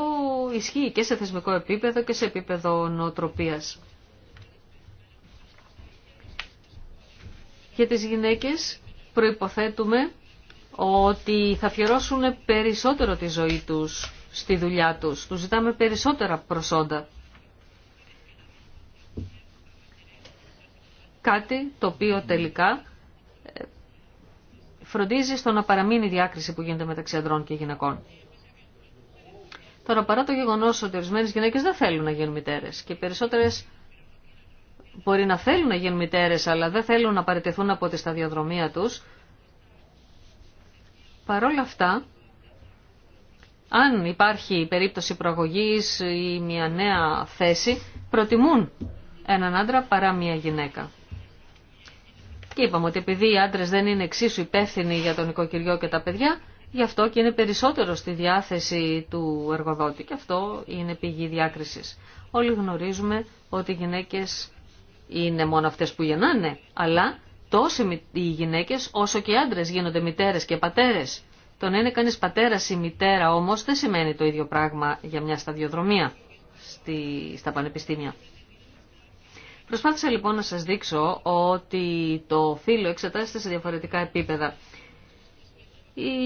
ισχύει και σε θεσμικό επίπεδο και σε επίπεδο νοοτροπίας. Για τις γυναίκες προϋποθέτουμε ότι θα αφιερώσουν περισσότερο τη ζωή τους στη δουλειά τους. Τους ζητάμε περισσότερα προσόντα. Κάτι το οποίο τελικά ε, φροντίζει στο να παραμείνει η διάκριση που γίνεται μεταξύ ανδρών και γυναικών. Τώρα, παρά το γεγονός ότι ορισμένες γυναίκες δεν θέλουν να γίνουν μητέρες και περισσότερες μπορεί να θέλουν να γίνουν μητέρες αλλά δεν θέλουν να παραιτηθούν από τη σταδιοδρομία τους, παρόλα αυτά, αν υπάρχει περίπτωση προαγωγής ή μια νέα θέση, προτιμούν έναν άντρα παρά μια γυναίκα. Και είπαμε ότι επειδή οι άντρε δεν είναι εξίσου υπεύθυνοι για τον οικοκυριό και τα παιδιά, γι' αυτό και είναι περισσότερο στη διάθεση του εργοδότη. Και αυτό είναι πηγή διάκριση. Όλοι γνωρίζουμε ότι οι γυναίκες είναι μόνο αυτές που γεννάνε, αλλά τόσο οι γυναίκες όσο και οι άντρες γίνονται μητέρες και πατέρες. Το να είναι κανείς πατέρας ή μητέρα όμως δεν σημαίνει το ίδιο πράγμα για μια σταδιοδρομία στη, στα πανεπιστήμια. Προσπάθησα λοιπόν να σας δείξω ότι το φύλλο εξετάζεται σε διαφορετικά επίπεδα. Η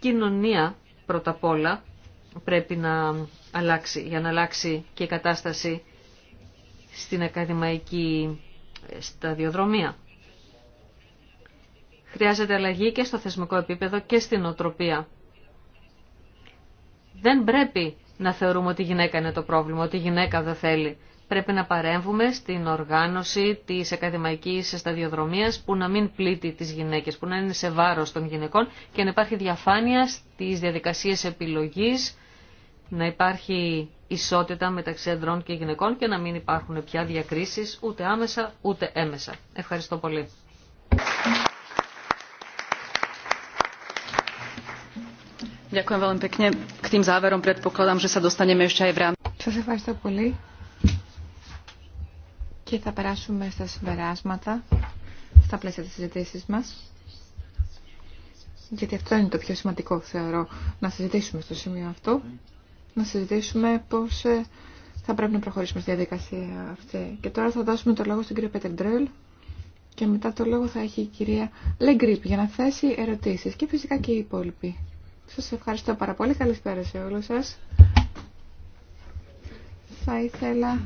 κοινωνία πρώτα απ' όλα πρέπει να αλλάξει για να αλλάξει και η κατάσταση στην ακαδημαϊκή σταδιοδρομία. Χρειάζεται αλλαγή και στο θεσμικό επίπεδο και στην οτροπία. Δεν πρέπει να θεωρούμε ότι η γυναίκα είναι το πρόβλημα, ότι η γυναίκα δεν θέλει. Πρέπει να παρέμβουμε στην οργάνωση της ακαδημαϊκής σταδιοδρομίας που να μην πλήττει τις γυναίκες, που να είναι σε βάρος των γυναικών και να υπάρχει διαφάνεια στις διαδικασίες επιλογής να υπάρχει ισότητα μεταξύ ανδρών και γυναικών και να μην υπάρχουν πια διακρίσεις ούτε άμεσα ούτε έμεσα. Ευχαριστώ πολύ. Σας ευχαριστώ πολύ και θα περάσουμε στα συμπεράσματα στα πλαίσια της συζητήσης μας γιατί αυτό είναι το πιο σημαντικό θεωρώ να συζητήσουμε στο σημείο αυτό να συζητήσουμε πώς ε, θα πρέπει να προχωρήσουμε στη διαδικασία αυτή. Και τώρα θα δώσουμε το λόγο στην κυρία Πέτεντρελ και μετά το λόγο θα έχει η κυρία Λεγκρίπ για να θέσει ερωτήσεις και φυσικά και οι υπόλοιποι. Σας ευχαριστώ πάρα πολύ. Καλησπέρα σε όλους σας. Θα ήθελα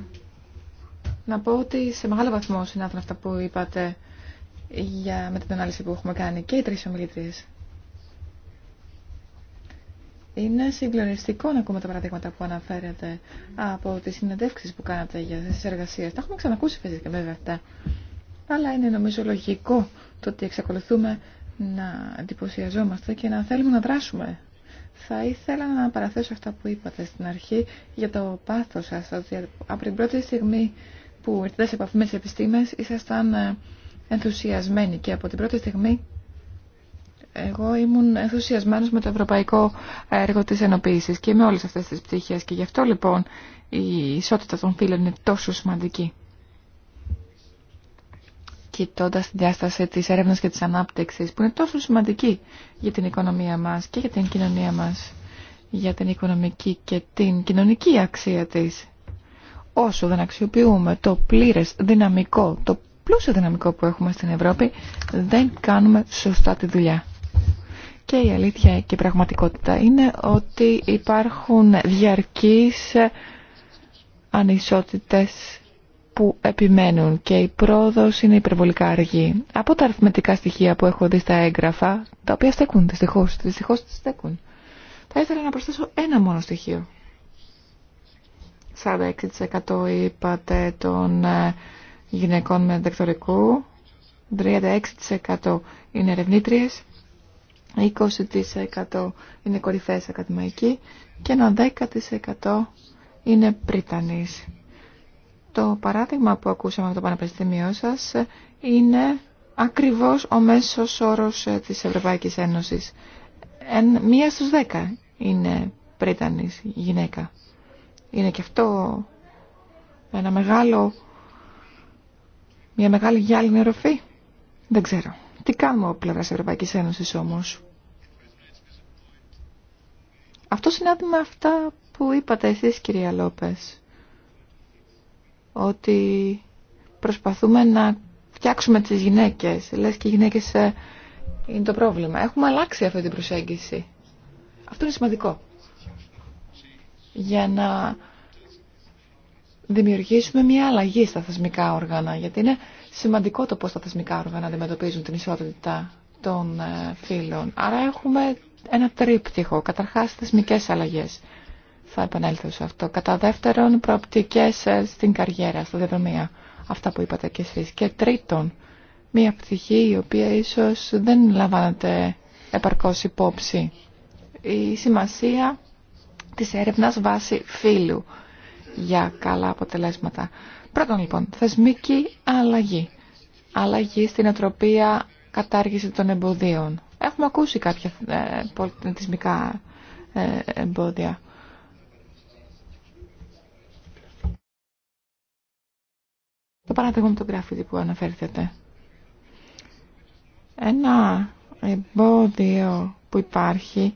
να πω ότι σε μεγάλο βαθμό συνάδουν αυτά που είπατε για, με την ανάλυση που έχουμε κάνει και οι τρεις ομιλητές. Είναι συγκλονιστικό να ακούμε τα παραδείγματα που αναφέρετε από τι συνεντεύξει που κάνατε για τι εργασίε. Τα έχουμε ξανακούσει φυσικά βέβαια αυτά. Αλλά είναι νομίζω λογικό το ότι εξακολουθούμε να εντυπωσιαζόμαστε και να θέλουμε να δράσουμε. Θα ήθελα να παραθέσω αυτά που είπατε στην αρχή για το πάθος σας, ότι από την πρώτη στιγμή που ήρθατε σε επαφή με τις επιστήμες ήσασταν ε, ενθουσιασμένοι και από την πρώτη στιγμή εγώ ήμουν ενθουσιασμένος με το ευρωπαϊκό έργο της ενοποίησης και με όλες αυτές τις πτυχές και γι' αυτό λοιπόν η ισότητα των φύλων είναι τόσο σημαντική. Κοιτώντα τη διάσταση της έρευνας και της ανάπτυξης που είναι τόσο σημαντική για την οικονομία μας και για την κοινωνία μας, για την οικονομική και την κοινωνική αξία της. Όσο δεν αξιοποιούμε το πλήρες δυναμικό, το πλούσιο δυναμικό που έχουμε στην Ευρώπη, δεν κάνουμε σωστά τη δουλειά. Και η αλήθεια και η πραγματικότητα είναι ότι υπάρχουν διαρκείς ανισότητες που επιμένουν και η πρόοδος είναι υπερβολικά αργή. Από τα αριθμητικά στοιχεία που έχω δει στα έγγραφα, τα οποία στέκουν δυστυχώς, δυστυχώς στέκουν. Θα ήθελα να προσθέσω ένα μόνο στοιχείο. 46% είπατε των ε, γυναικών με δεκτορικού, 36% είναι ερευνήτριες 20% είναι κορυφαίες ακαδημαϊκοί και ένα 10% είναι πρίτανης. Το παράδειγμα που ακούσαμε από το Πανεπιστήμιο σας είναι ακριβώς ο μέσος όρος ε, της Ευρωπαϊκής Ένωσης. Εν, μία στους δέκα είναι πρίτανης γυναίκα. Είναι και αυτό ένα μεγάλο, μια μεγάλη γυάλινη ροφή. Δεν ξέρω. Τι κάνουμε από πλευρά Ευρωπαϊκή Ένωση όμω. Αυτό συνάδει με αυτά που είπατε εσείς κυρία Λόπες ότι προσπαθούμε να φτιάξουμε τις γυναίκες λες και οι γυναίκες ε, είναι το πρόβλημα έχουμε αλλάξει αυτή την προσέγγιση αυτό είναι σημαντικό για να δημιουργήσουμε μια αλλαγή στα θεσμικά όργανα γιατί είναι σημαντικό το πώς τα θεσμικά όργανα αντιμετωπίζουν την ισότητα των ε, φύλων. Άρα έχουμε ένα τρίπτυχο. Καταρχάς θεσμικές αλλαγές. Θα επανέλθω σε αυτό. Κατά δεύτερον, προοπτικές ε, στην καριέρα, στα διαδρομία. Αυτά που είπατε κι εσείς. Και τρίτον, μία πτυχή η οποία ίσως δεν λαμβάνεται επαρκώς υπόψη. Η σημασία της έρευνας βάση φύλου για καλά αποτελέσματα. Πρώτον λοιπόν, θεσμική αλλαγή. Αλλαγή στην ατροπία κατάργηση των εμποδίων. Έχουμε ακούσει κάποια ε, πολιτισμικά ε, εμπόδια. Το παράδειγμα με τον γράφητη που αναφέρθηκε. Ένα εμπόδιο που υπάρχει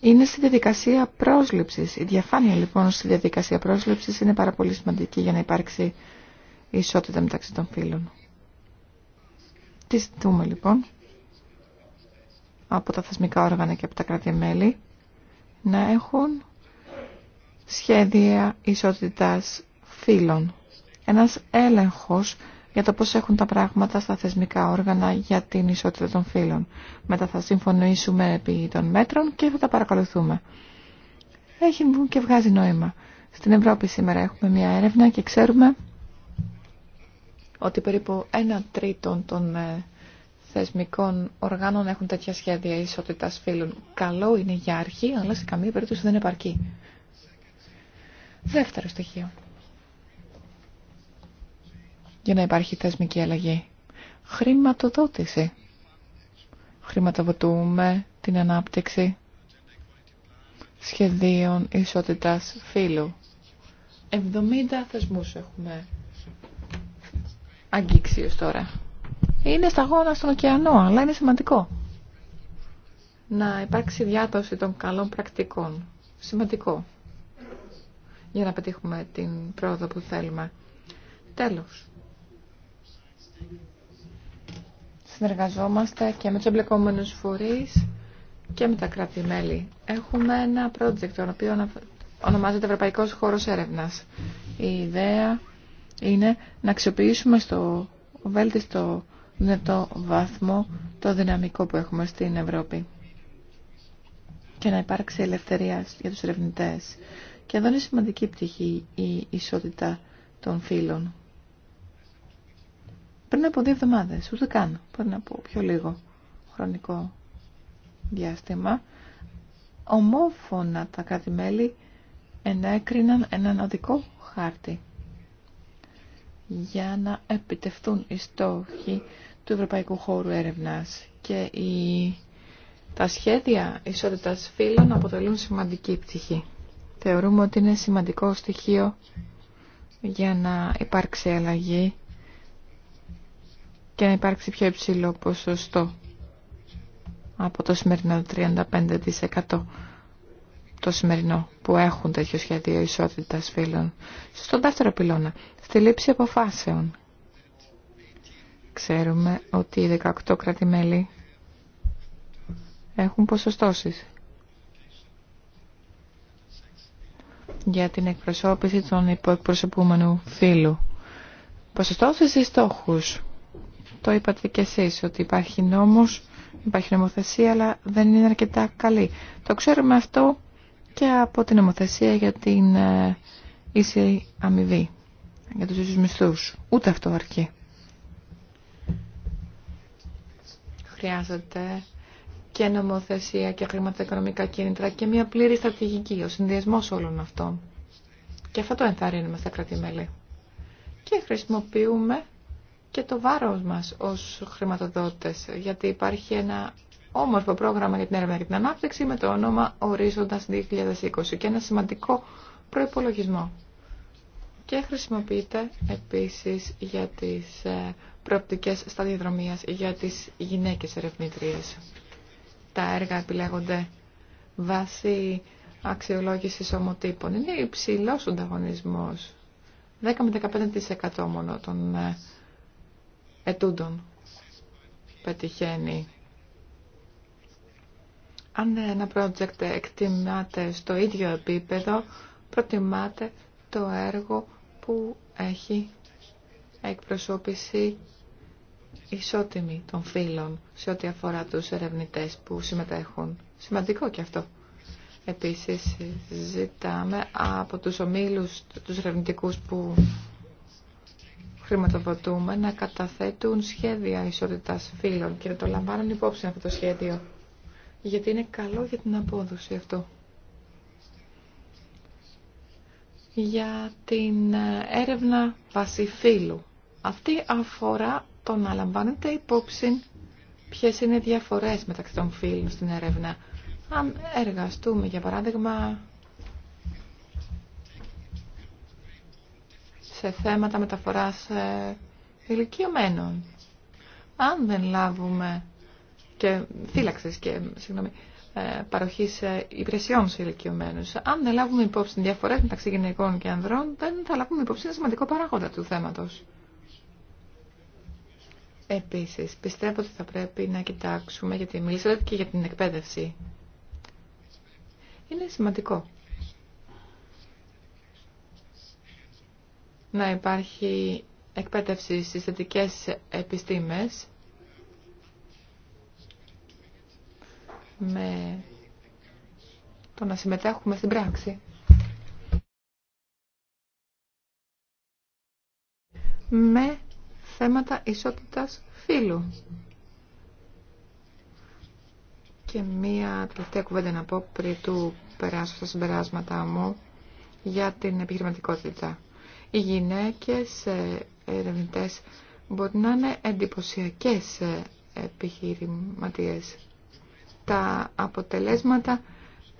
είναι στη διαδικασία πρόσληψης. Η διαφάνεια λοιπόν στη διαδικασία πρόσληψης είναι πάρα πολύ σημαντική για να υπάρξει ισότητα μεταξύ των φίλων. Τι ζητούμε λοιπόν από τα θεσμικά όργανα και από τα κράτη-μέλη να έχουν σχέδια ισότητας φίλων, Ένας έλεγχος για το πώς έχουν τα πράγματα στα θεσμικά όργανα για την ισότητα των φύλων. Μετά θα συμφωνήσουμε επί των μέτρων και θα τα παρακολουθούμε. Έχει βγουν και βγάζει νόημα. Στην Ευρώπη σήμερα έχουμε μια έρευνα και ξέρουμε ότι περίπου ένα τρίτο των ε, θεσμικών οργάνων έχουν τέτοια σχέδια ισότητας φύλων. Καλό είναι για αρχή, αλλά σε καμία περίπτωση δεν επαρκεί. Δεύτερο στοιχείο για να υπάρχει θεσμική αλλαγή. Χρηματοδότηση. Χρηματοδοτούμε την ανάπτυξη σχεδίων ισότητας φύλου. 70 θεσμούς έχουμε αγγίξει ως τώρα. Είναι σταγόνα στον ωκεανό, αλλά είναι σημαντικό να υπάρξει διάδοση των καλών πρακτικών. Σημαντικό για να πετύχουμε την πρόοδο που θέλουμε. Τέλος. Συνεργαζόμαστε και με τους εμπλεκόμενου φορεί και με τα κράτη-μέλη. Έχουμε ένα project, το οποίο ονομάζεται Ευρωπαϊκός Χώρος Έρευνας. Η ιδέα είναι να αξιοποιήσουμε στο βέλτιστο δυνατό βάθμο το δυναμικό που έχουμε στην Ευρώπη και να υπάρξει ελευθερία για τους ερευνητές. Και εδώ είναι σημαντική πτυχή η ισότητα των φύλων πριν από δύο εβδομάδε. ούτε καν, πριν από πιο λίγο χρονικό διάστημα, ομόφωνα τα κράτη-μέλη ενέκριναν έναν οδικό χάρτη για να επιτευθούν οι στόχοι του Ευρωπαϊκού Χώρου Έρευνας και η... τα σχέδια ισότητας φύλων αποτελούν σημαντική πτυχή. Θεωρούμε ότι είναι σημαντικό στοιχείο για να υπάρξει αλλαγή και να υπάρξει πιο υψηλό ποσοστό από το σημερινό 35% το σημερινό που έχουν τέτοιο σχέδιο ισότητα φύλων. Στον δεύτερο πυλώνα, στη λήψη αποφάσεων. Ξέρουμε ότι οι 18 κράτη-μέλη έχουν ποσοστώσεις για την εκπροσώπηση των υποεκπροσωπούμενου φύλου. Ποσοστώσεις ή στόχους το είπατε και εσείς, ότι υπάρχει νόμος, υπάρχει νομοθεσία, αλλά δεν είναι αρκετά καλή. Το ξέρουμε αυτό και από την νομοθεσία για την ε, ίση αμοιβή, για τους ίσους μισθούς. Ούτε αυτό αρκεί. Χρειάζεται και νομοθεσία και χρηματοοικονομικά κίνητρα και μια πλήρη στρατηγική, ο συνδυασμός όλων αυτών. Και αυτό το ενθαρρύνουμε στα κρατημέλη. Και χρησιμοποιούμε και το βάρος μας ως χρηματοδότες, γιατί υπάρχει ένα όμορφο πρόγραμμα για την έρευνα και την ανάπτυξη με το όνομα Ορίζοντας 2020 και ένα σημαντικό προϋπολογισμό. Και χρησιμοποιείται επίσης για τις ε, προοπτικές σταδιοδρομίας για τις γυναίκες ερευνήτριες. Τα έργα επιλέγονται βάσει αξιολόγησης ομοτύπων. Είναι υψηλός ανταγωνισμός. 10 με 15% μόνο των ε, ετούντων πετυχαίνει. Αν ένα project εκτιμάται στο ίδιο επίπεδο, προτιμάτε το έργο που έχει εκπροσώπηση ισότιμη των φίλων, σε ό,τι αφορά τους ερευνητές που συμμετέχουν. Σημαντικό και αυτό. Επίσης, ζητάμε από τους ομίλους, τους ερευνητικούς που χρηματοδοτούμε να καταθέτουν σχέδια ισότητας φύλων και να το λαμβάνουν υπόψη αυτό το σχέδιο. Γιατί είναι καλό για την απόδοση αυτό. Για την έρευνα φύλου. Αυτή αφορά το να λαμβάνετε υπόψη ποιες είναι οι διαφορές μεταξύ των φύλων στην έρευνα. Αν εργαστούμε, για παράδειγμα, σε θέματα μεταφοράς ε, ηλικιωμένων. Αν δεν λάβουμε και θύλαξης και συγγνώμη, ε, παροχής ε, υπηρεσιών σε ηλικιωμένους, αν δεν λάβουμε υπόψη την διαφορές μεταξύ γυναικών και ανδρών, δεν θα λάβουμε υπόψη ένα σημαντικό παράγοντα του θέματος. Επίσης, πιστεύω ότι θα πρέπει να κοιτάξουμε, γιατί μιλήσατε και για την εκπαίδευση. Είναι σημαντικό να υπάρχει εκπαίδευση στις θετικές επιστήμες με το να συμμετέχουμε στην πράξη. Με θέματα ισότητας φίλου Και μία τελευταία κουβέντα να πω πριν του περάσω στα συμπεράσματα μου για την επιχειρηματικότητα οι γυναίκες ε, ερευνητέ μπορεί να είναι εντυπωσιακέ ε, επιχειρηματίες. Τα αποτελέσματα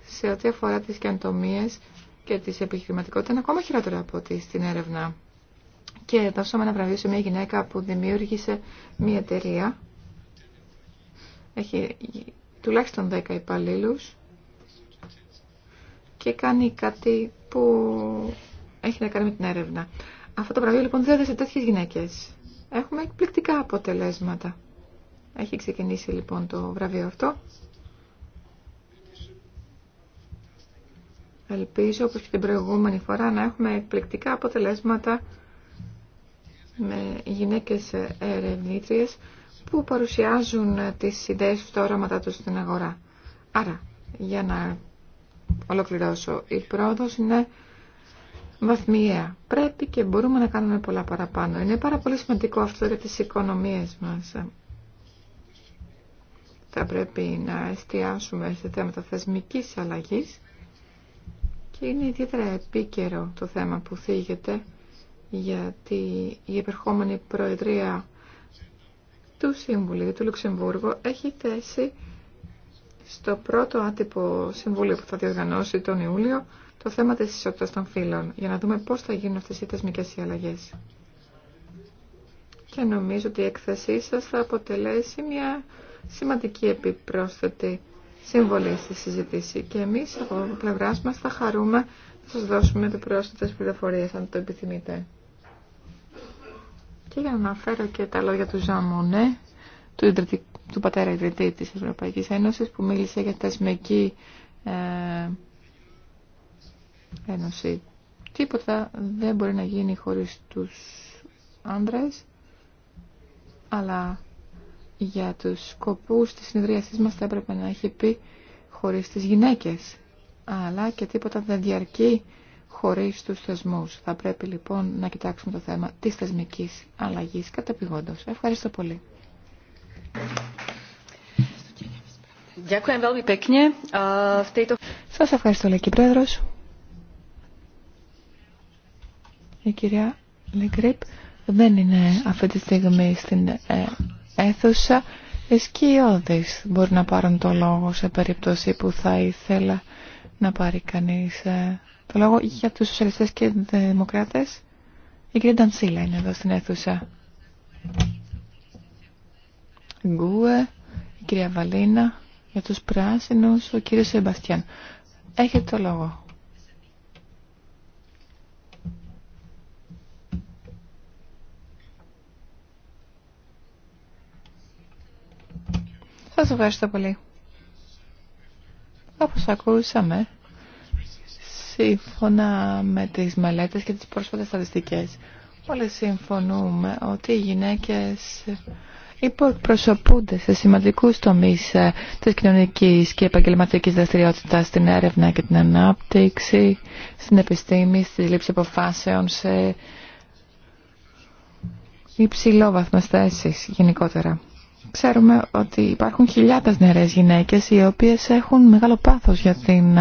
σε ό,τι αφορά τις καινοτομίες και τις επιχειρηματικότητα είναι ακόμα χειρότερα από ό,τι στην έρευνα. Και δώσαμε ένα βραβείο σε μια γυναίκα που δημιούργησε μια εταιρεία. Έχει τουλάχιστον 10 υπαλλήλους και κάνει κάτι που έχει να κάνει με την έρευνα. Αυτό το βραβείο λοιπόν δίδεται σε τέτοιες γυναίκες. Έχουμε εκπληκτικά αποτελέσματα. Έχει ξεκινήσει λοιπόν το βραβείο αυτό. Ελπίζω όπως και την προηγούμενη φορά να έχουμε εκπληκτικά αποτελέσματα με γυναίκες ερευνήτριες που παρουσιάζουν τις ιδέες του τα όραματά τους στην αγορά. Άρα, για να ολοκληρώσω, η πρόοδος είναι βαθμιαία. Πρέπει και μπορούμε να κάνουμε πολλά παραπάνω. Είναι πάρα πολύ σημαντικό αυτό για τις οικονομίες μας. Θα πρέπει να εστιάσουμε σε θέματα θεσμικής αλλαγής και είναι ιδιαίτερα επίκαιρο το θέμα που θίγεται γιατί η επερχόμενη Προεδρία του Συμβουλίου του Λουξεμβούργου έχει θέσει στο πρώτο άτυπο Συμβούλιο που θα διοργανώσει τον Ιούλιο το θέμα της ισότητας των φύλων για να δούμε πώς θα γίνουν αυτές οι θεσμικές οι αλλαγές. Και νομίζω ότι η έκθεσή σας θα αποτελέσει μια σημαντική επιπρόσθετη συμβολή στη συζήτηση και εμείς από πλευρά μας θα χαρούμε να σας δώσουμε επιπρόσθετες πληροφορίες αν το επιθυμείτε. Και για να αναφέρω και τα λόγια του Ζαμονέ, του, του πατέρα ιδρυτή της Ευρωπαϊκής Ένωσης που μίλησε για θεσμική ε, Ένωση. Τίποτα δεν μπορεί να γίνει χωρίς τους άντρες, αλλά για τους σκοπούς της συνεδρίασής μας θα έπρεπε να έχει πει χωρίς τις γυναίκες, αλλά και τίποτα δεν διαρκεί χωρίς τους θεσμούς. Θα πρέπει λοιπόν να κοιτάξουμε το θέμα της θεσμικής αλλαγής καταπηγόντως. Ευχαριστώ πολύ. Ε, Σας ευχαριστώ, Λέκη Πρόεδρος. Η κυρία Λεγκρίπ δεν είναι αυτή τη στιγμή στην ε, αίθουσα. Οι Μπορεί μπορούν να πάρουν το λόγο σε περίπτωση που θα ήθελα να πάρει κανείς ε, το λόγο για τους σοσιαλιστές και δημοκράτες. Η κυρία Ντανσίλα είναι εδώ στην αίθουσα. Γκούε, η κυρία Βαλίνα, για τους πράσινους, ο κύριος Σεμπαστιάν. Έχετε το λόγο. Σα ευχαριστώ πολύ. Όπω ακούσαμε, σύμφωνα με τις μελέτε και τις πρόσφατε στατιστικές, όλοι συμφωνούμε ότι οι γυναίκε υποπροσωπούνται σε σημαντικούς τομείς ε, της κοινωνικής και επαγγελματικής δραστηριότητας στην έρευνα και την ανάπτυξη, στην επιστήμη, στη λήψη αποφάσεων, σε υψηλόβαθμες θέσεις γενικότερα. Ξέρουμε ότι υπάρχουν χιλιάδες νεαρές γυναίκες οι οποίες έχουν μεγάλο πάθος για την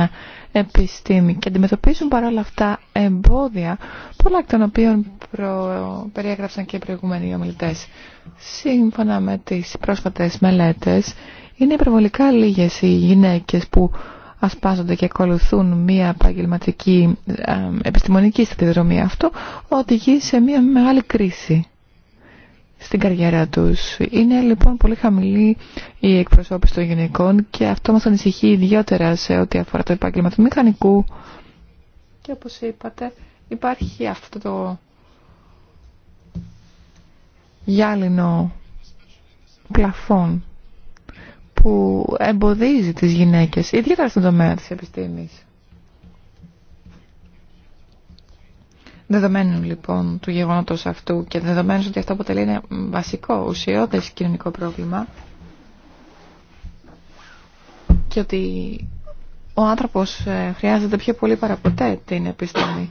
επιστήμη και αντιμετωπίζουν παρόλα αυτά εμπόδια, πολλά εκ των οποίων προ... περιέγραψαν και οι προηγούμενοι ομιλητές. Σύμφωνα με τις πρόσφατες μελέτες, είναι υπερβολικά λίγες οι γυναίκες που ασπάζονται και ακολουθούν μια επαγγελματική ε, επιστημονική σταδιοδρομία. Αυτό οδηγεί σε μια μεγάλη κρίση στην καριέρα τους. Είναι λοιπόν πολύ χαμηλή η εκπροσώπηση των γυναικών και αυτό μας ανησυχεί ιδιότερα σε ό,τι αφορά το επάγγελμα του μηχανικού. Και όπως είπατε υπάρχει αυτό το γυάλινο πλαφόν που εμποδίζει τις γυναίκες, ιδιαίτερα στον τομέα της επιστήμης. Δεδομένου λοιπόν του γεγονότος αυτού και δεδομένου ότι αυτό αποτελεί ένα βασικό ουσιώδες κοινωνικό πρόβλημα και ότι ο άνθρωπος ε, χρειάζεται πιο πολύ παραποτέ την επιστήμη.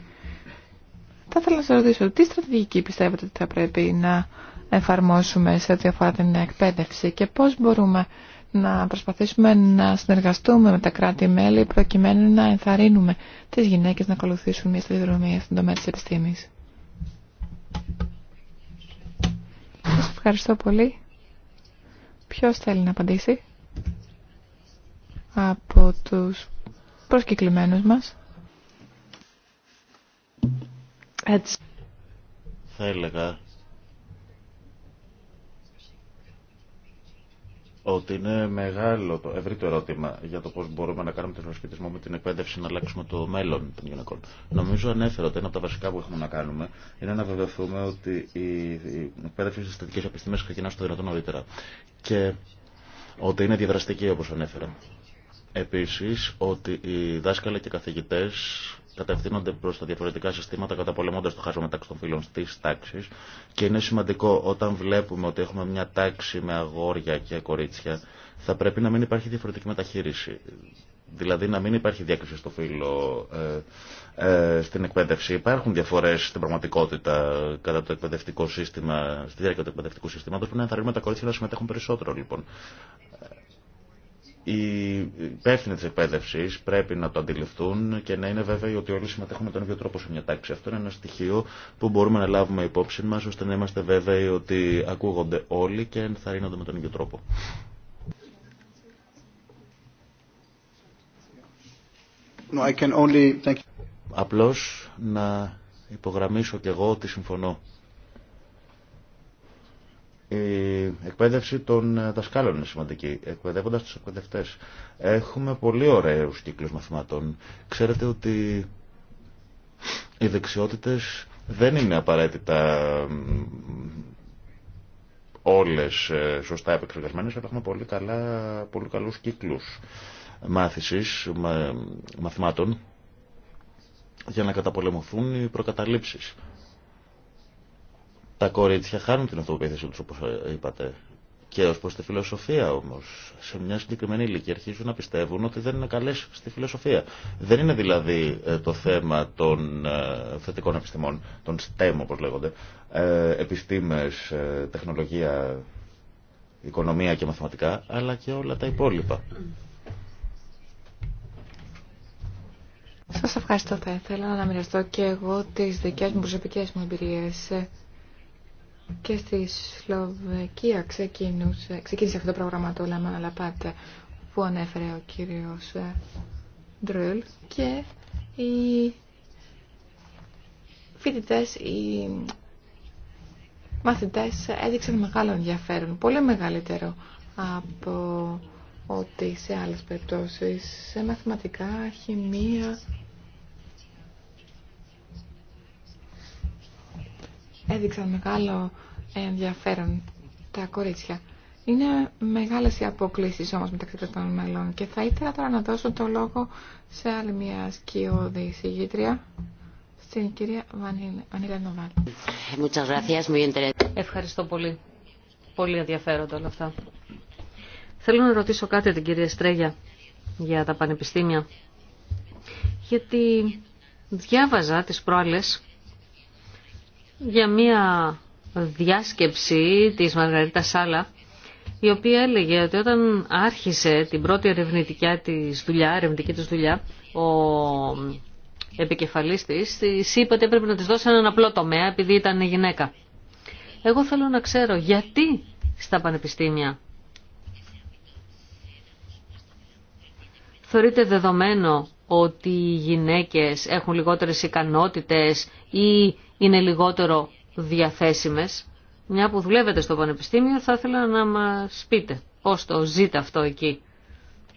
Θα ήθελα να σας ρωτήσω, τι στρατηγική πιστεύετε ότι θα πρέπει να εφαρμόσουμε σε ό,τι αφορά την εκπαίδευση και πώς μπορούμε να προσπαθήσουμε να συνεργαστούμε με τα κράτη-μέλη προκειμένου να ενθαρρύνουμε τις γυναίκες να ακολουθήσουν μια σταδιοδρομία στον τομέα της επιστήμης. Σας ευχαριστώ πολύ. Ποιος θέλει να απαντήσει από τους προσκεκλημένους μας. Έτσι. Θα έλεγα ότι είναι μεγάλο το ευρύ το ερώτημα για το πώς μπορούμε να κάνουμε τον προσχετισμό με την εκπαίδευση να αλλάξουμε το μέλλον των γυναικών. Νομίζω ανέφερα ότι ένα από τα βασικά που έχουμε να κάνουμε είναι να βεβαιωθούμε ότι η εκπαίδευση στις θετικές επιστήμες ξεκινά στο δυνατόν νωρίτερα και ότι είναι διαδραστική όπως ανέφερα. Επίσης ότι οι δάσκαλοι και οι καθηγητές κατευθύνονται προ τα διαφορετικά συστήματα καταπολεμώντα το χάσμα μεταξύ των φύλων τη τάξη. Και είναι σημαντικό όταν βλέπουμε ότι έχουμε μια τάξη με αγόρια και κορίτσια, θα πρέπει να μην υπάρχει διαφορετική μεταχείριση. Δηλαδή να μην υπάρχει διάκριση στο φύλλο ε, ε, στην εκπαίδευση. Υπάρχουν διαφορέ στην πραγματικότητα κατά το εκπαιδευτικό σύστημα, στη διάρκεια του εκπαιδευτικού συστήματο που να ενθαρρύνουμε τα κορίτσια να συμμετέχουν περισσότερο λοιπόν οι υπεύθυνοι τη εκπαίδευση πρέπει να το αντιληφθούν και να είναι βέβαιοι ότι όλοι συμμετέχουμε τον ίδιο τρόπο σε μια τάξη. Αυτό είναι ένα στοιχείο που μπορούμε να λάβουμε υπόψη μα ώστε να είμαστε βέβαιοι ότι ακούγονται όλοι και ενθαρρύνονται με τον ίδιο τρόπο. No, I can only... Απλώς να υπογραμμίσω και εγώ ότι συμφωνώ η εκπαίδευση των ε, δασκάλων είναι σημαντική, εκπαιδεύοντας τους εκπαιδευτές. Έχουμε πολύ ωραίους κύκλους μαθηματών. Ξέρετε ότι οι δεξιότητες δεν είναι απαραίτητα όλες ε, σωστά επεξεργασμένες, αλλά έχουμε πολύ, καλά, πολύ καλούς κύκλους μάθησης, μαθημάτων, για να καταπολεμωθούν οι προκαταλήψεις. Τα κορίτσια χάνουν την αυτοποίθησή του, όπως είπατε. Και ω προ τη φιλοσοφία όμως, σε μια συγκεκριμένη ηλικία αρχίζουν να πιστεύουν ότι δεν είναι καλέ στη φιλοσοφία. Δεν είναι δηλαδή ε, το θέμα των ε, θετικών επιστημών, των STEM όπως λέγονται, ε, επιστήμες, τεχνολογία, οικονομία και μαθηματικά, αλλά και όλα τα υπόλοιπα. Σας ευχαριστώ. Θα ήθελα να μοιραστώ και εγώ τις δικές μου προσωπικές μου εμπειρίες και στη Σλοβακία ξεκίνησε, ξεκίνησε αυτό το πρόγραμμα το Λαμάν Αλαπάτε που ανέφερε ο κύριος ε, Ντρουλ και οι φοιτητές, οι μαθητές έδειξαν μεγάλο ενδιαφέρον, πολύ μεγαλύτερο από ότι σε άλλες περιπτώσεις, σε μαθηματικά, χημεία, έδειξαν μεγάλο ενδιαφέρον τα κορίτσια. Είναι μεγάλε οι αποκλήσει όμω μεταξύ των μελών και θα ήθελα τώρα να δώσω το λόγο σε άλλη μια σκιώδη συγγήτρια, στην κυρία Βανίλα Νοβάλ. Ευχαριστώ πολύ. Πολύ ενδιαφέροντα όλα αυτά. Θέλω να ρωτήσω κάτι την κυρία Στρέγια για τα πανεπιστήμια. Γιατί διάβαζα τις προάλλες για μία διάσκεψη της Μαργαρίτα Σάλα, η οποία έλεγε ότι όταν άρχισε την πρώτη ερευνητική της δουλειά, ερευνητική της δουλειά, ο επικεφαλής της, της είπε ότι έπρεπε να της δώσει έναν απλό τομέα επειδή ήταν γυναίκα. Εγώ θέλω να ξέρω γιατί στα πανεπιστήμια θεωρείται δεδομένο ότι οι γυναίκες έχουν λιγότερες ικανότητες ή είναι λιγότερο διαθέσιμες. Μια που δουλεύετε στο Πανεπιστήμιο θα ήθελα να μας πείτε πώς το ζείτε αυτό εκεί.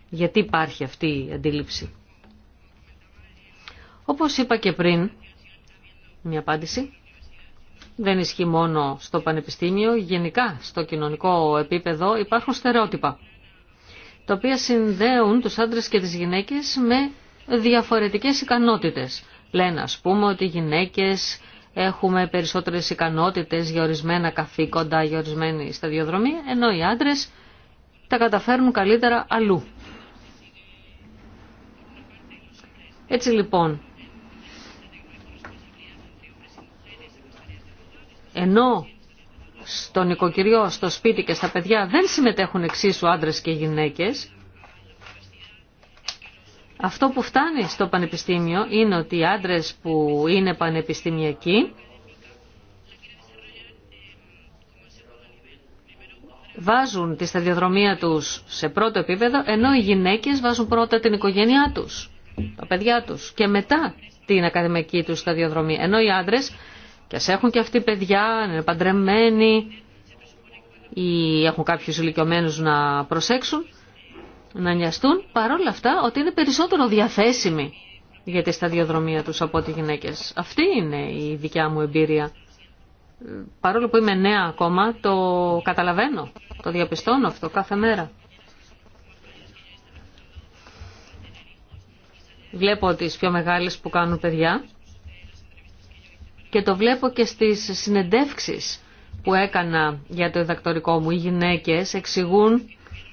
Γιατί υπάρχει αυτή η αντίληψη. Όπως είπα και πριν, μια απάντηση, δεν ισχύει μόνο στο πανεπιστήμιο, γενικά στο κοινωνικό επίπεδο υπάρχουν στερεότυπα, τα οποία συνδέουν τους άντρες και τις γυναίκες με διαφορετικές ικανότητες. Λένε ας πούμε ότι οι γυναίκες έχουμε περισσότερες ικανότητες για ορισμένα καθήκοντα, για ορισμένη σταδιοδρομή, ενώ οι άντρες τα καταφέρνουν καλύτερα αλλού. Έτσι λοιπόν, ενώ στο νοικοκυριό, στο σπίτι και στα παιδιά δεν συμμετέχουν εξίσου άντρες και γυναίκες, αυτό που φτάνει στο πανεπιστήμιο είναι ότι οι άντρες που είναι πανεπιστημιακοί βάζουν τη σταδιοδρομία τους σε πρώτο επίπεδο, ενώ οι γυναίκες βάζουν πρώτα την οικογένειά τους, τα παιδιά τους και μετά την ακαδημαϊκή τους σταδιοδρομία. Ενώ οι άντρες, και ας έχουν και αυτοί παιδιά, είναι παντρεμένοι ή έχουν κάποιους ηλικιωμένους να προσέξουν, να νοιαστούν παρόλα αυτά ότι είναι περισσότερο διαθέσιμοι για τη σταδιοδρομία τους από ότι γυναίκες. Αυτή είναι η δικιά μου εμπειρία. Παρόλο που είμαι νέα ακόμα, το καταλαβαίνω, το διαπιστώνω αυτό κάθε μέρα. Βλέπω τις πιο μεγάλες που κάνουν παιδιά και το βλέπω και στις συνεντεύξεις που έκανα για το διδακτορικό μου. Οι γυναίκες εξηγούν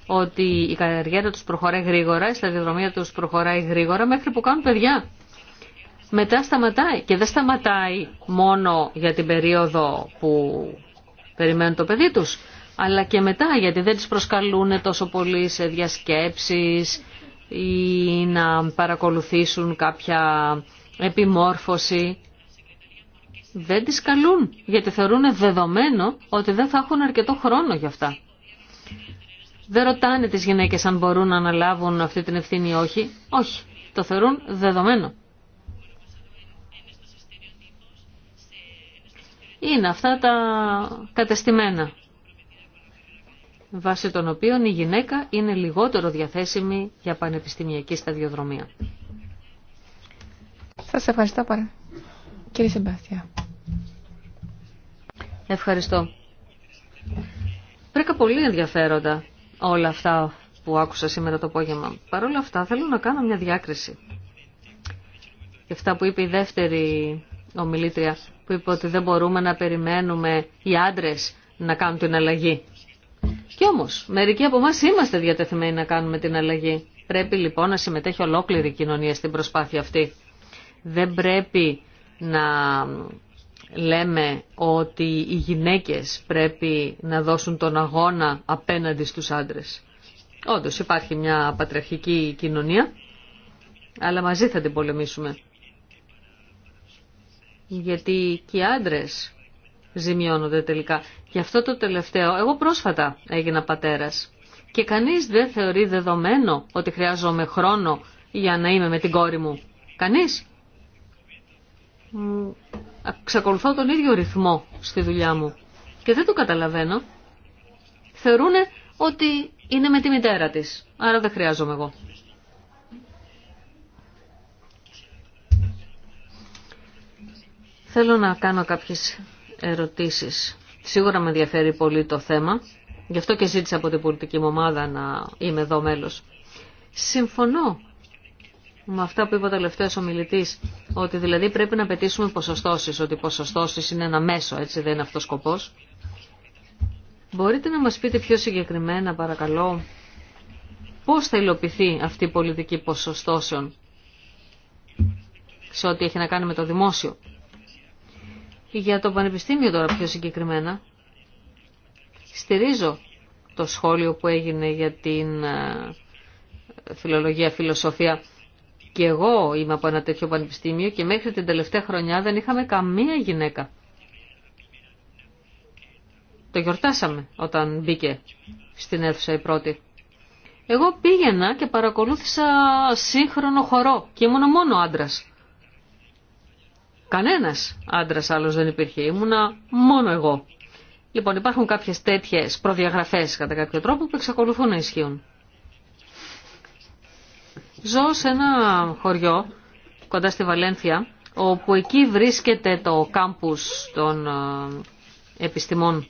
ότι η καριέρα τους προχωράει γρήγορα, η σταδιοδρομία τους προχωράει γρήγορα μέχρι που κάνουν παιδιά. Μετά σταματάει και δεν σταματάει μόνο για την περίοδο που περιμένουν το παιδί τους, αλλά και μετά γιατί δεν τις προσκαλούν τόσο πολύ σε διασκέψεις ή να παρακολουθήσουν κάποια επιμόρφωση. Δεν τις καλούν γιατί θεωρούν δεδομένο ότι δεν θα έχουν αρκετό χρόνο για αυτά. Δεν ρωτάνε τις γυναίκες αν μπορούν να αναλάβουν αυτή την ευθύνη ή όχι. Όχι. Το θεωρούν δεδομένο. Είναι αυτά τα κατεστημένα βάσει των οποίων η γυναίκα είναι λιγότερο διαθέσιμη για πανεπιστημιακή σταδιοδρομία. Σας ευχαριστώ πάρα. Κύριε Σεμπάστια. Ευχαριστώ. Βρήκα πολύ ενδιαφέροντα όλα αυτά που άκουσα σήμερα το απόγευμα. Παρ' όλα αυτά θέλω να κάνω μια διάκριση. Και αυτά που είπε η δεύτερη ομιλήτρια, που είπε ότι δεν μπορούμε να περιμένουμε οι άντρε να κάνουν την αλλαγή. Κι όμως, μερικοί από εμά είμαστε διατεθειμένοι να κάνουμε την αλλαγή. Πρέπει λοιπόν να συμμετέχει ολόκληρη η κοινωνία στην προσπάθεια αυτή. Δεν πρέπει να λέμε ότι οι γυναίκες πρέπει να δώσουν τον αγώνα απέναντι στους άντρες. Όντως υπάρχει μια πατριαρχική κοινωνία, αλλά μαζί θα την πολεμήσουμε. Γιατί και οι άντρες ζημιώνονται τελικά. Γι' αυτό το τελευταίο, εγώ πρόσφατα έγινα πατέρας και κανείς δεν θεωρεί δεδομένο ότι χρειάζομαι χρόνο για να είμαι με την κόρη μου. Κανείς. Ξεκολουθώ τον ίδιο ρυθμό στη δουλειά μου και δεν το καταλαβαίνω. Θεωρούν ότι είναι με τη μητέρα της, άρα δεν χρειάζομαι εγώ. Θέλω να κάνω κάποιες ερωτήσεις. Σίγουρα με ενδιαφέρει πολύ το θέμα, γι' αυτό και ζήτησα από την πολιτική μου ομάδα να είμαι εδώ μέλος. Συμφωνώ με αυτά που είπε ο τελευταίο ομιλητή, ότι δηλαδή πρέπει να πετύσουμε ποσοστώσει, ότι οι ποσοστώσει είναι ένα μέσο, έτσι δεν είναι αυτό ο σκοπό. Μπορείτε να μα πείτε πιο συγκεκριμένα, παρακαλώ, πώ θα υλοποιηθεί αυτή η πολιτική ποσοστώσεων σε ό,τι έχει να κάνει με το δημόσιο. Για το Πανεπιστήμιο τώρα πιο συγκεκριμένα, στηρίζω το σχόλιο που έγινε για την ε, φιλολογία, φιλοσοφία. Και εγώ είμαι από ένα τέτοιο πανεπιστήμιο και μέχρι την τελευταία χρονιά δεν είχαμε καμία γυναίκα. Το γιορτάσαμε όταν μπήκε στην αίθουσα η πρώτη. Εγώ πήγαινα και παρακολούθησα σύγχρονο χορό και ήμουν μόνο άντρας. Κανένας άντρας άλλος δεν υπήρχε, ήμουνα μόνο εγώ. Λοιπόν, υπάρχουν κάποιες τέτοιες προδιαγραφές κατά κάποιο τρόπο που εξακολουθούν να ισχύουν. Ζω σε ένα χωριό κοντά στη Βαλένθια, όπου εκεί βρίσκεται το κάμπους των ε, επιστημών.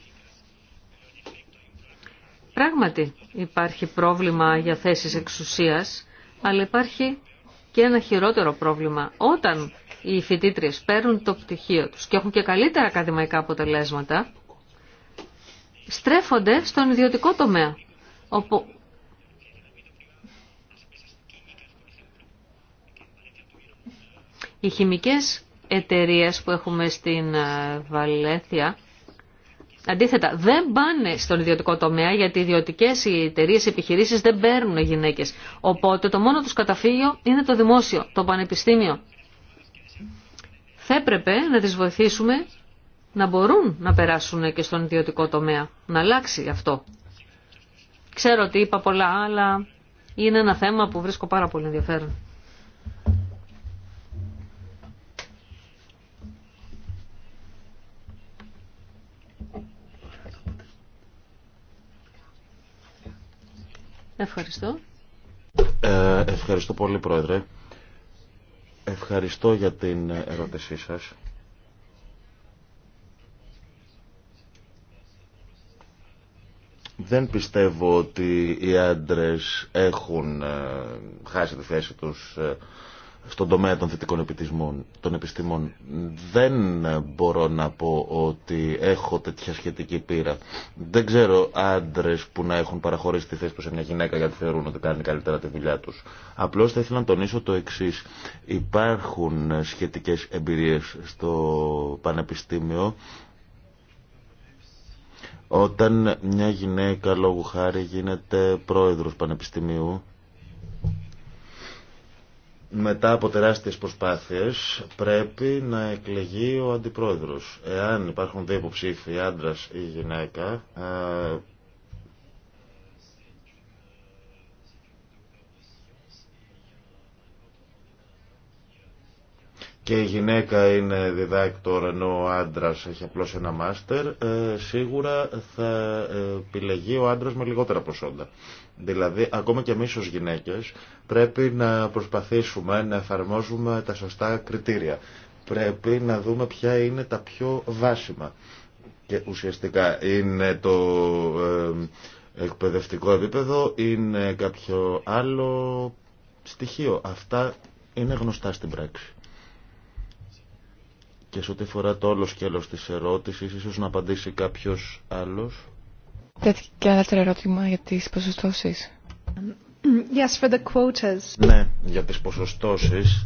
Πράγματι υπάρχει πρόβλημα για θέσεις εξουσίας, αλλά υπάρχει και ένα χειρότερο πρόβλημα. Όταν οι φοιτήτριε παίρνουν το πτυχίο τους και έχουν και καλύτερα ακαδημαϊκά αποτελέσματα, στρέφονται στον ιδιωτικό τομέα, όπου Οι χημικές εταιρείες που έχουμε στην ε, Βαλέθια Αντίθετα, δεν πάνε στον ιδιωτικό τομέα γιατί οι ιδιωτικέ οι εταιρείε, οι επιχειρήσει δεν παίρνουν γυναίκε. Οπότε το μόνο του καταφύγιο είναι το δημόσιο, το πανεπιστήμιο. Θα έπρεπε να τι βοηθήσουμε να μπορούν να περάσουν και στον ιδιωτικό τομέα. Να αλλάξει αυτό. Ξέρω ότι είπα πολλά, αλλά είναι ένα θέμα που βρίσκω πάρα πολύ ενδιαφέρον. Ευχαριστώ. Ε, ευχαριστώ πολύ, Πρόεδρε. Ευχαριστώ για την ερώτησή σας. Δεν πιστεύω ότι οι άντρες έχουν ε, χάσει τη θέση τους ε, στον τομέα των θετικών επιτισμών, των επιστήμων. Δεν μπορώ να πω ότι έχω τέτοια σχετική πείρα. Δεν ξέρω άντρε που να έχουν παραχωρήσει τη θέση του σε μια γυναίκα γιατί θεωρούν ότι κάνει καλύτερα τη δουλειά του. Απλώ θα ήθελα να τονίσω το εξή. Υπάρχουν σχετικέ εμπειρίε στο Πανεπιστήμιο όταν μια γυναίκα λόγου χάρη γίνεται πρόεδρος πανεπιστημίου μετά από τεράστιες προσπάθειες πρέπει να εκλεγεί ο αντιπρόεδρος. Εάν υπάρχουν δύο υποψήφοι, άντρας ή γυναίκα, ε, και η γυναίκα είναι διδάκτορ ενώ ο άντρας έχει απλώς ένα μάστερ, ε, σίγουρα θα επιλεγεί ο άντρας με λιγότερα προσόντα. Δηλαδή, ακόμα και εμεί ω γυναίκε, πρέπει να προσπαθήσουμε να εφαρμόζουμε τα σωστά κριτήρια. Πρέπει να δούμε ποια είναι τα πιο βάσιμα. Και ουσιαστικά είναι το εκπαιδευτικό επίπεδο, είναι κάποιο άλλο στοιχείο. Αυτά είναι γνωστά στην πράξη. Και σε ό,τι φορά το όλο σκέλος της ερώτησης, ίσως να απαντήσει κάποιος άλλος. Και ένα δεύτερο ερώτημα για τις ποσοστώσεις. Yes, for the quotas. Ναι, για τις ποσοστώσεις.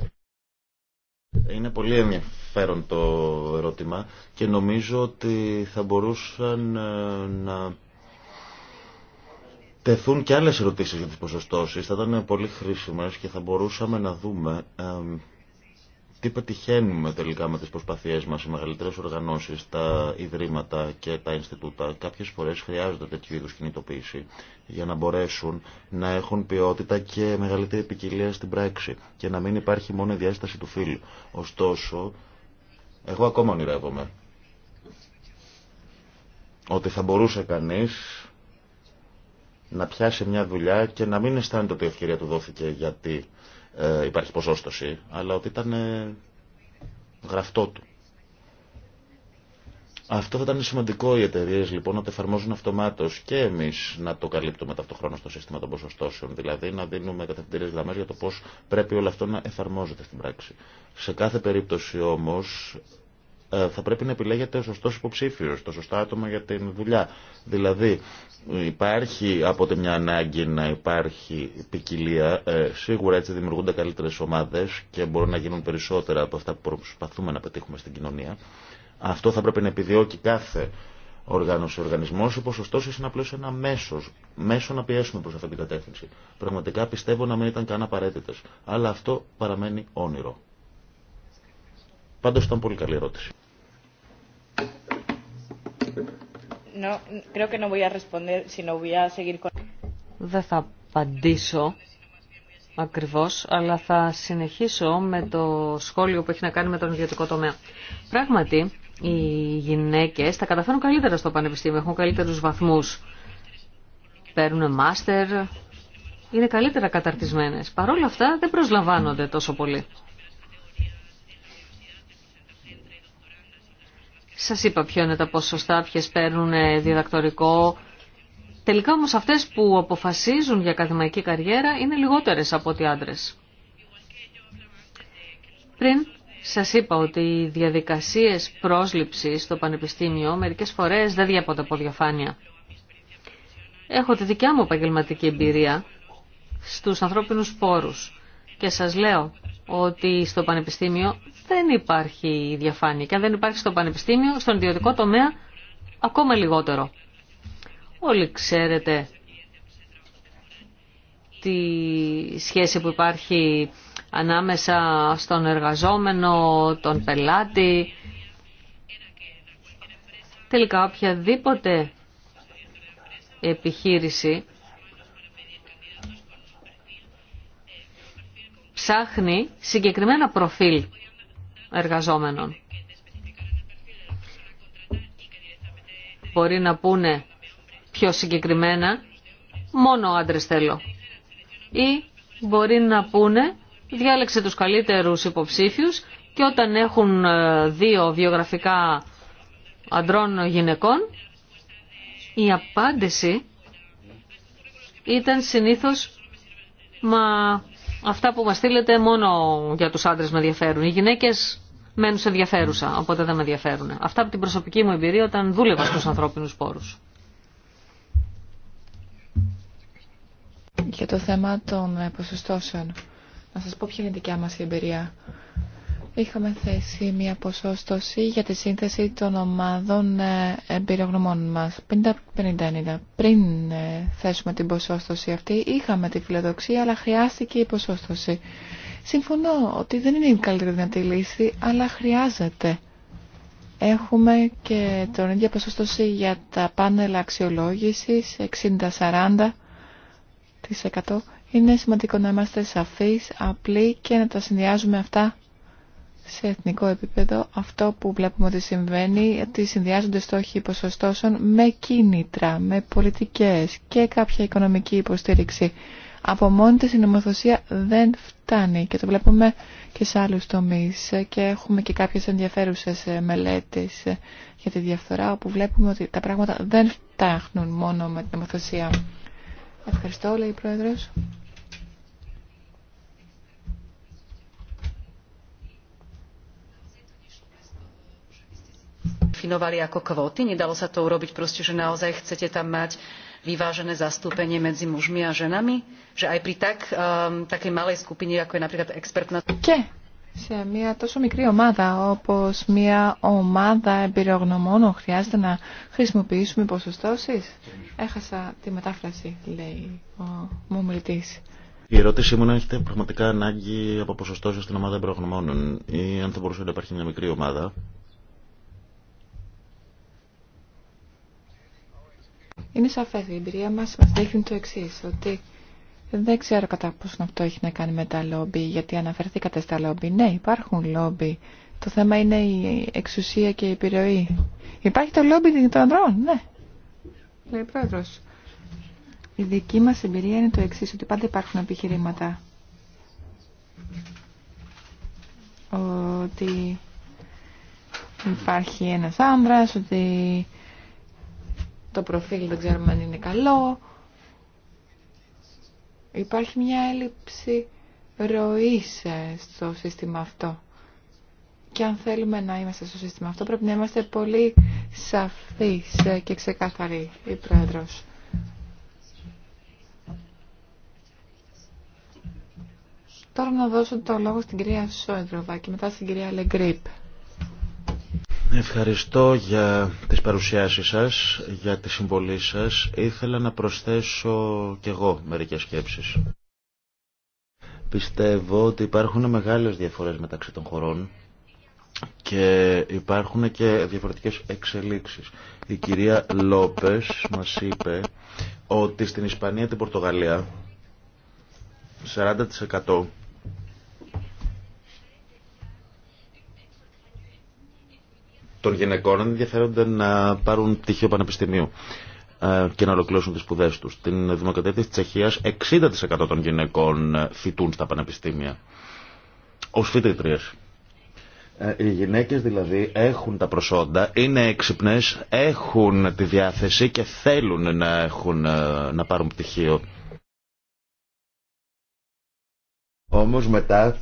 Είναι πολύ ενδιαφέρον το ερώτημα και νομίζω ότι θα μπορούσαν ε, να τεθούν και άλλες ερωτήσεις για τις ποσοστώσεις. Θα ήταν πολύ χρήσιμε και θα μπορούσαμε να δούμε ε, τι πετυχαίνουμε τελικά με τις προσπαθίες μας, οι μεγαλύτερες οργανώσεις, τα ιδρύματα και τα Ινστιτούτα, κάποιες φορές χρειάζονται τέτοιου είδους κινητοποίηση για να μπορέσουν να έχουν ποιότητα και μεγαλύτερη ποικιλία στην πράξη και να μην υπάρχει μόνο η διάσταση του φύλου. Ωστόσο, εγώ ακόμα ονειρεύομαι ότι θα μπορούσε κανείς να πιάσει μια δουλειά και να μην αισθάνεται ότι η ευκαιρία του δόθηκε γιατί ε, υπάρχει ποσόστοση, αλλά ότι ήταν γραφτό του. Αυτό θα ήταν σημαντικό οι εταιρείε λοιπόν να το εφαρμόζουν αυτομάτω και εμεί να το καλύπτουμε ταυτόχρονα στο σύστημα των ποσοστώσεων. Δηλαδή να δίνουμε κατευθυντήριε γραμμέ για το πώ πρέπει όλο αυτό να εφαρμόζεται στην πράξη. Σε κάθε περίπτωση όμω ε, θα πρέπει να επιλέγεται ο σωστό υποψήφιος, το σωστό άτομο για την δουλειά. Δηλαδή, υπάρχει από τη μια ανάγκη να υπάρχει ποικιλία. Ε, σίγουρα έτσι δημιουργούνται καλύτερε ομάδες και μπορούν να γίνουν περισσότερα από αυτά που προσπαθούμε να πετύχουμε στην κοινωνία. Αυτό θα πρέπει να επιδιώκει κάθε οργάνωση οργανισμό. Οι ωστόσο είναι απλώ ένα μέσο. Μέσο να πιέσουμε προ αυτή την κατεύθυνση. Πραγματικά πιστεύω να μην ήταν καν απαραίτητε. Αλλά αυτό παραμένει όνειρο. Πάντως ήταν πολύ καλή ερώτηση. Δεν θα απαντήσω ακριβώς, αλλά θα συνεχίσω με το σχόλιο που έχει να κάνει με τον ιδιωτικό τομέα. Πράγματι, οι γυναίκες τα καταφέρουν καλύτερα στο πανεπιστήμιο, έχουν καλύτερους βαθμούς. Παίρνουν μάστερ, είναι καλύτερα καταρτισμένες. Παρ' όλα αυτά δεν προσλαμβάνονται τόσο πολύ. Σας είπα ποιο είναι τα ποσοστά, ποιες παίρνουν ε, διδακτορικό. Τελικά όμως αυτές που αποφασίζουν για ακαδημαϊκή καριέρα είναι λιγότερες από ότι άντρες. Πριν σας είπα ότι οι διαδικασίες πρόσληψης στο Πανεπιστήμιο μερικές φορές δεν διαπονται από διαφάνεια. Έχω τη δικιά μου επαγγελματική εμπειρία στους ανθρώπινους πόρους και σας λέω ότι στο Πανεπιστήμιο δεν υπάρχει διαφάνεια. Και αν δεν υπάρχει στο πανεπιστήμιο, στον ιδιωτικό τομέα, ακόμα λιγότερο. Όλοι ξέρετε τη σχέση που υπάρχει ανάμεσα στον εργαζόμενο, τον πελάτη. Τελικά οποιαδήποτε επιχείρηση ψάχνει συγκεκριμένα προφίλ εργαζόμενων. Μπορεί να πούνε πιο συγκεκριμένα, μόνο άντρες θέλω. Ή μπορεί να πούνε, διάλεξε τους καλύτερους υποψήφιους και όταν έχουν ε, δύο βιογραφικά αντρών γυναικών, η απάντηση ήταν συνήθως «Μα Αυτά που μα στείλετε μόνο για τους άντρες με ενδιαφέρουν. Οι γυναίκες μένουν σε ενδιαφέρουσα, οπότε δεν με ενδιαφέρουν. Αυτά από την προσωπική μου εμπειρία όταν δούλευα στους ανθρώπινους πόρους. Για το θέμα των ποσοστώσεων. Να σα πω ποια είναι η δικιά μα εμπειρία. Είχαμε θέσει μια ποσόστοση για τη σύνθεση των ομάδων ε, εμπειρογνωμών μας. 50-50-90. Πριν ε, θέσουμε την ποσόστοση αυτή, είχαμε τη φιλοδοξία, αλλά χρειάστηκε η ποσόστοση. Συμφωνώ ότι δεν είναι η καλύτερη δυνατή λύση, αλλά χρειάζεται. Έχουμε και τον ίδιο ποσόστοση για τα πάνελ αξιολόγησης, 60-40% είναι σημαντικό να είμαστε σαφείς, απλοί και να τα συνδυάζουμε αυτά σε εθνικό επίπεδο αυτό που βλέπουμε ότι συμβαίνει, ότι συνδυάζονται στόχοι ποσοστώσεων με κίνητρα, με πολιτικές και κάποια οικονομική υποστήριξη. Από μόνη της η νομοθεσία δεν φτάνει και το βλέπουμε και σε άλλους τομείς και έχουμε και κάποιες ενδιαφέρουσες μελέτες για τη διαφθορά όπου βλέπουμε ότι τα πράγματα δεν φτάχνουν μόνο με την νομοθεσία. Ευχαριστώ, λέει η Πρόεδρος. definovali ako kvóty? Nedalo sa to urobiť proste, že naozaj chcete tam mať vyvážené zastúpenie medzi mužmi a ženami? Že aj pri tak, um, takej malej skupine, ako je napríklad expertná... Και σε μια τόσο μικρή ομάδα όπως μια ομάδα εμπειρογνωμών χρειάζεται να χρησιμοποιήσουμε ποσοστώσεις. Έχασα τη μετάφραση, λέει ο μου Η ερώτησή μου είναι αν έχετε πραγματικά ανάγκη από ποσοστώσεις στην ομάδα εμπειρογνωμών ή αν θα μπορούσε να υπάρχει μια μικρή ομάδα Είναι σαφές η εμπειρία μας, μας δείχνει το εξή ότι δεν ξέρω κατά πόσο αυτό έχει να κάνει με τα λόμπι, γιατί αναφερθήκατε στα λόμπι. Ναι, υπάρχουν λόμπι. Το θέμα είναι η εξουσία και η επιρροή. Υπάρχει το λόμπι των ανδρών, ναι. Λέει πρόεδρος. Η δική μας εμπειρία είναι το εξή ότι πάντα υπάρχουν επιχειρήματα. Ότι υπάρχει ένας άνδρας, ότι το προφίλ δεν ξέρουμε αν είναι καλό. Υπάρχει μια έλλειψη ροής ε, στο σύστημα αυτό. Και αν θέλουμε να είμαστε στο σύστημα αυτό πρέπει να είμαστε πολύ σαφείς ε, και ξεκάθαροι, η Πρόεδρος. Τώρα να δώσω το λόγο στην κυρία Σόιντροβα και μετά στην κυρία Λεγκρίπ. Ευχαριστώ για τις παρουσιάσεις σας, για τη συμβολή σας. Ήθελα να προσθέσω κι εγώ μερικές σκέψεις. Πιστεύω ότι υπάρχουν μεγάλες διαφορές μεταξύ των χωρών και υπάρχουν και διαφορετικές εξελίξεις. Η κυρία Λόπες μας είπε ότι στην Ισπανία και την Πορτογαλία 40% των γυναικών ενδιαφέρονται να πάρουν πτυχίο πανεπιστημίου ε, και να ολοκληρώσουν τις σπουδές τους. Στην Δημοκρατία της Τσεχίας 60% των γυναικών ε, φοιτούν στα πανεπιστήμια ως φοιτήτριες. Ε, οι γυναίκες δηλαδή έχουν τα προσόντα, είναι έξυπνες, έχουν τη διάθεση και θέλουν να, έχουν, να πάρουν πτυχίο. Όμως μετά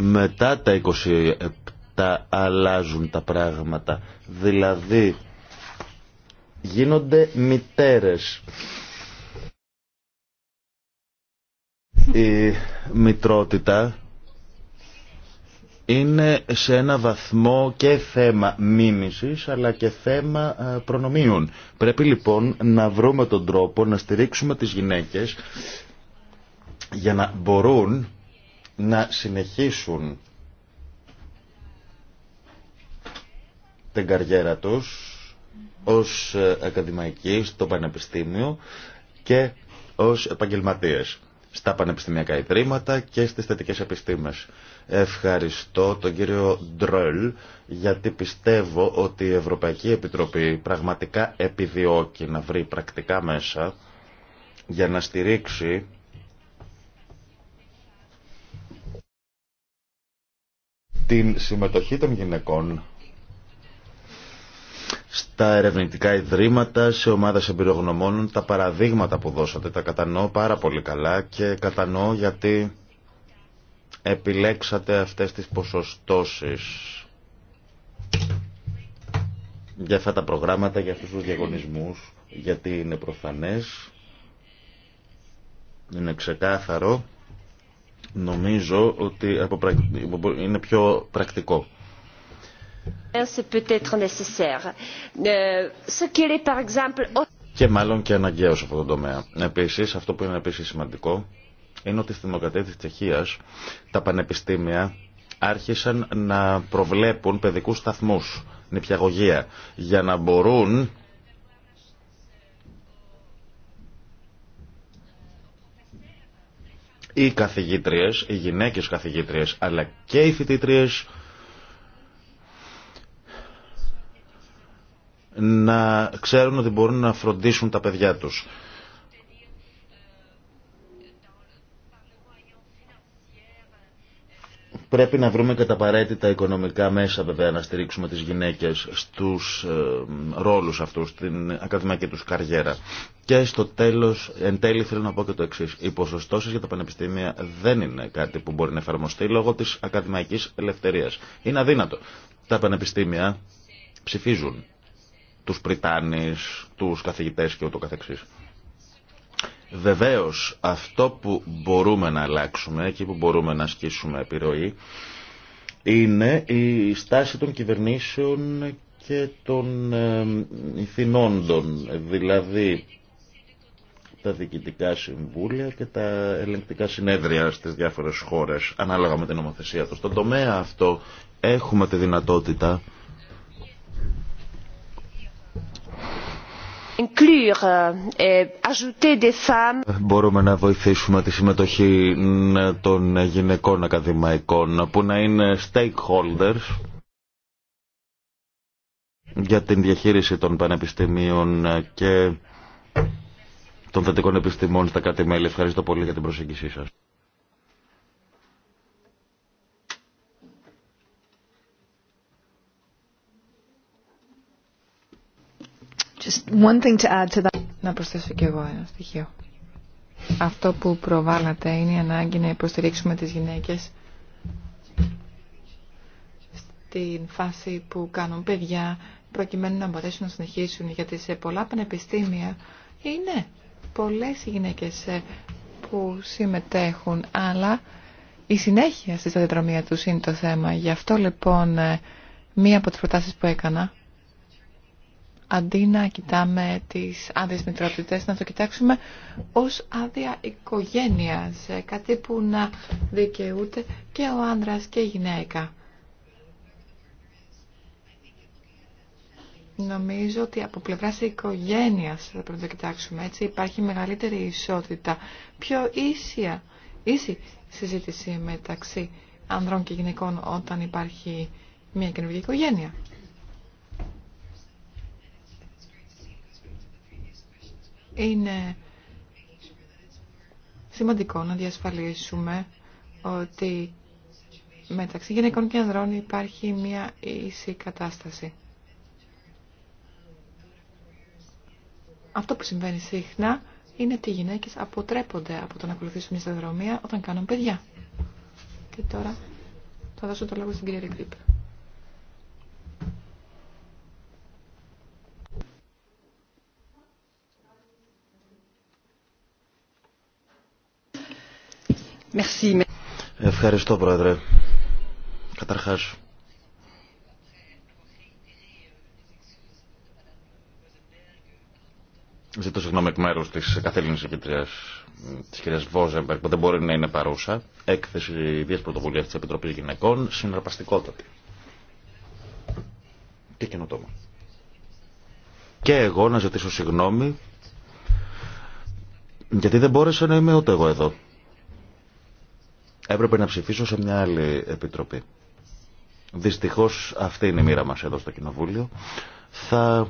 Μετά τα 27 αλλάζουν τα πράγματα. Δηλαδή γίνονται μητέρες. Η μητρότητα είναι σε ένα βαθμό και θέμα μίμησης αλλά και θέμα προνομίων. Πρέπει λοιπόν να βρούμε τον τρόπο να στηρίξουμε τις γυναίκες για να μπορούν να συνεχίσουν την καριέρα τους ως ακαδημαϊκοί στο Πανεπιστήμιο και ως επαγγελματίες στα πανεπιστημιακά ιδρύματα και στις θετικές επιστήμες. Ευχαριστώ τον κύριο Ντρόλ γιατί πιστεύω ότι η Ευρωπαϊκή Επιτροπή πραγματικά επιδιώκει να βρει πρακτικά μέσα για να στηρίξει την συμμετοχή των γυναικών στα ερευνητικά ιδρύματα, σε ομάδες εμπειρογνωμόνων. Τα παραδείγματα που δώσατε τα κατανοώ πάρα πολύ καλά και κατανοώ γιατί επιλέξατε αυτές τις ποσοστώσεις για αυτά τα προγράμματα, για αυτούς τους διαγωνισμούς, γιατί είναι προφανές, είναι ξεκάθαρο Νομίζω ότι είναι πιο πρακτικό. Ε, και μάλλον και αναγκαίο σε αυτό το τομέα. Επίση, αυτό που είναι επίση σημαντικό είναι ότι στην Δημοκρατία τη Τσεχία τα πανεπιστήμια άρχισαν να προβλέπουν παιδικού σταθμού, νηπιαγωγεία, για να μπορούν οι καθηγήτριες, οι γυναίκες καθηγήτριες, αλλά και οι φοιτήτριες να ξέρουν ότι μπορούν να φροντίσουν τα παιδιά τους. Πρέπει να βρούμε και τα απαραίτητα οικονομικά μέσα βέβαια να στηρίξουμε τις γυναίκες στους ε, ρόλους αυτούς, στην ακαδημαϊκή τους καριέρα. Και στο τέλος, εν τέλει θέλω να πω και το εξής. Οι ποσοστώσεις για τα πανεπιστήμια δεν είναι κάτι που μπορεί να εφαρμοστεί λόγω της ακαδημαϊκής ελευθερίας. Είναι αδύνατο. Τα πανεπιστήμια ψηφίζουν τους πριτάνεις, τους καθηγητές και ούτω καθεξής. Βεβαίως αυτό που μπορούμε να αλλάξουμε και που μπορούμε να ασκήσουμε επιρροή είναι η στάση των κυβερνήσεων και των ε, ηθινόντων, δηλαδή τα διοικητικά συμβούλια και τα ελεγκτικά συνέδρια στις διάφορες χώρες ανάλογα με την νομοθεσία του. Στον τομέα αυτό έχουμε τη δυνατότητα Euh, Μπορούμε να βοηθήσουμε τη συμμετοχή ε, των γυναικών ακαδημαϊκών που να είναι stakeholders για την διαχείριση των πανεπιστημίων ε, και των θετικών επιστημών στα κάτι μελη Ευχαριστώ πολύ για την προσέγγισή σας. Να προσθέσω και εγώ ένα στοιχείο. Αυτό που προβάλλατε είναι η ανάγκη να υποστηρίξουμε τις γυναίκες στην φάση που κάνουν παιδιά προκειμένου να μπορέσουν να συνεχίσουν γιατί σε πολλά πανεπιστήμια είναι πολλές οι γυναίκες ε, που συμμετέχουν αλλά η συνέχεια στη σταδιοδρομία τους είναι το θέμα. Γι' αυτό λοιπόν ε, μία από τις προτάσεις που έκανα αντί να κοιτάμε τις άδειες μητρότητες, να το κοιτάξουμε ως άδεια οικογένειας, ε, κάτι που να δικαιούται και ο άντρας και η γυναίκα. Νομίζω ότι από πλευράς οικογένειας θα πρέπει να το κοιτάξουμε έτσι. Υπάρχει μεγαλύτερη ισότητα, πιο ίσια, ίση συζήτηση μεταξύ ανδρών και γυναικών όταν υπάρχει μια καινούργια οικογένεια. Είναι σημαντικό να διασφαλίσουμε ότι μεταξύ γυναικών και ανδρών υπάρχει μια ίση κατάσταση. Αυτό που συμβαίνει συχνά είναι ότι οι γυναίκες αποτρέπονται από το να ακολουθήσουν μια σταδρομία όταν κάνουν παιδιά. Και τώρα θα δώσω το λόγο στην κυρία Ρεγκρίπ. Ευχαριστώ, Πρόεδρε. Καταρχάς, Ζητώ συγγνώμη εκ μέρου τη καθήλυνη συγκεντρία τη κυρία Βόζεμπερκ, που δεν μπορεί να είναι παρούσα. Έκθεση ιδία πρωτοβουλία τη Επιτροπή Γυναικών, συναρπαστικότατη. Και καινοτόμα. Και εγώ να ζητήσω συγγνώμη γιατί δεν μπόρεσα να είμαι ούτε εγώ εδώ έπρεπε να ψηφίσω σε μια άλλη επιτροπή. Δυστυχώς αυτή είναι η μοίρα μας εδώ στο Κοινοβούλιο. Θα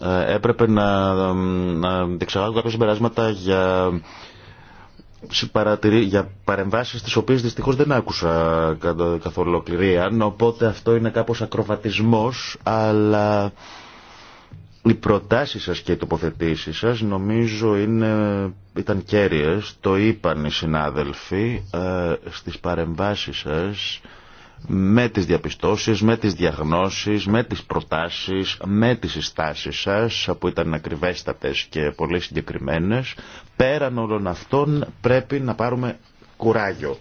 ε, έπρεπε να, να διεξαγάγω κάποια συμπεράσματα για, για παρεμβάσεις τις οποίες δυστυχώς δεν άκουσα καθόλου ολοκληρία, οπότε αυτό είναι κάπως ακροβατισμός, αλλά οι προτάσεις σας και οι τοποθετήσεις σας νομίζω είναι, ήταν κέρυες, το είπαν οι συνάδελφοι ε, στις παρεμβάσεις σας με τις διαπιστώσεις, με τις διαγνώσεις, με τις προτάσεις, με τις συστάσεις σας που ήταν ακριβέστατες και πολύ συγκεκριμένες. Πέραν όλων αυτών πρέπει να πάρουμε κουράγιο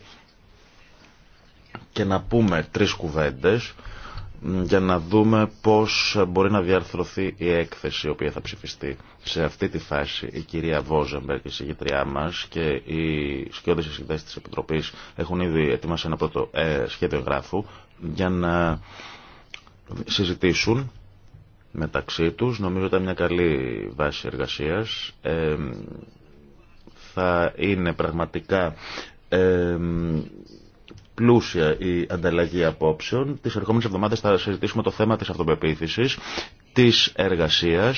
και να πούμε τρεις κουβέντες για να δούμε πώς μπορεί να διαρθρωθεί η έκθεση η οποία θα ψηφιστεί. Σε αυτή τη φάση η κυρία και η συγγητριά μας και οι σκιώδες εισηγητές της Επιτροπής έχουν ήδη ετοιμάσει ένα πρώτο ε, σχέδιο γράφου για να συζητήσουν μεταξύ τους. Νομίζω ότι ήταν μια καλή βάση εργασίας. Ε, θα είναι πραγματικά ε, πλούσια η ανταλλαγή απόψεων. Τι ερχόμενε εβδομάδε θα συζητήσουμε το θέμα τη αυτοπεποίθησης, τη εργασία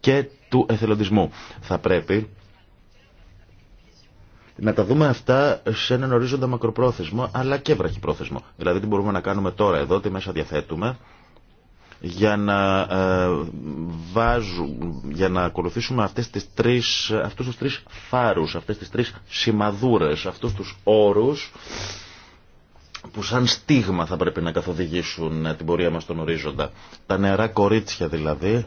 και του εθελοντισμού. Θα πρέπει να τα δούμε αυτά σε έναν ορίζοντα μακροπρόθεσμο αλλά και βραχυπρόθεσμο. Δηλαδή τι μπορούμε να κάνουμε τώρα εδώ, τι μέσα διαθέτουμε για να, ε, για να ακολουθήσουμε αυτές τις τρεις, αυτούς τους τρεις φάρους, αυτές τις τρεις σημαδούρες, αυτούς τους όρους που σαν στίγμα θα πρέπει να καθοδηγήσουν ε, την πορεία μας στον ορίζοντα. Τα νεαρά κορίτσια δηλαδή,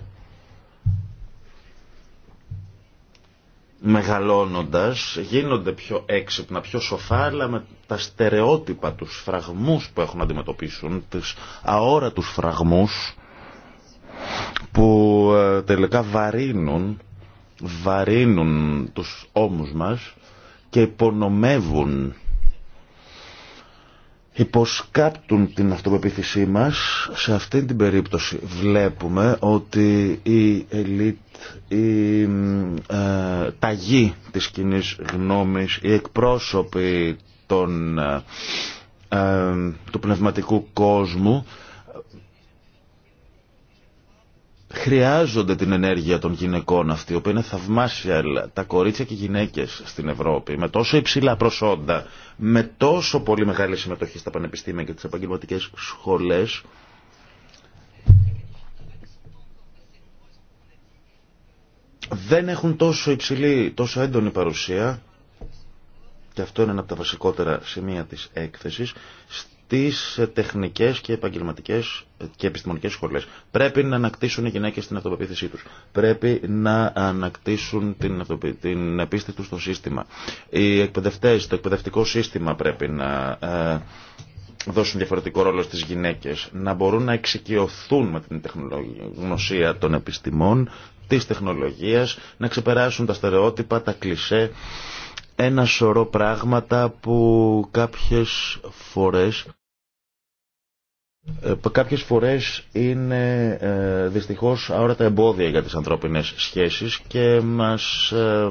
μεγαλώνοντας, γίνονται πιο έξυπνα, πιο σοφά, αλλά με τα στερεότυπα, τους φραγμούς που έχουν να αντιμετωπίσουν, τις αόρατους φραγμούς που ε, τελικά βαρύνουν, βαρύνουν τους ώμους μας και υπονομεύουν υποσκάπτουν την αυτοπεποίθησή μας σε αυτή την περίπτωση. Βλέπουμε ότι η ελίτ, η ε, ταγή της κοινή γνώμης, οι εκπρόσωποι των, ε, ε, του πνευματικού κόσμου χρειάζονται την ενέργεια των γυναικών αυτή, που είναι θαυμάσια, τα κορίτσια και οι γυναίκες στην Ευρώπη, με τόσο υψηλά προσόντα, με τόσο πολύ μεγάλη συμμετοχή στα πανεπιστήμια και τις επαγγελματικέ σχολές, δεν έχουν τόσο υψηλή, τόσο έντονη παρουσία, και αυτό είναι ένα από τα βασικότερα σημεία της έκθεσης, στις τεχνικές και επαγγελματικές και επιστημονικέ σχολέ. Πρέπει να ανακτήσουν οι γυναίκε την αυτοπεποίθησή του. Πρέπει να ανακτήσουν την, την πίστη του στο σύστημα. Οι εκπαιδευτέ, το εκπαιδευτικό σύστημα πρέπει να ε, δώσουν διαφορετικό ρόλο στις γυναίκε, να μπορούν να εξοικειωθούν με την γνωσία των επιστημών, τη τεχνολογία, να ξεπεράσουν τα στερεότυπα, τα κλισέ, ένα σωρό πράγματα που κάποιες φορές ε, κάποιες φορές είναι ε, δυστυχώς αόρατα εμπόδια για τις ανθρώπινες σχέσεις και μας ε,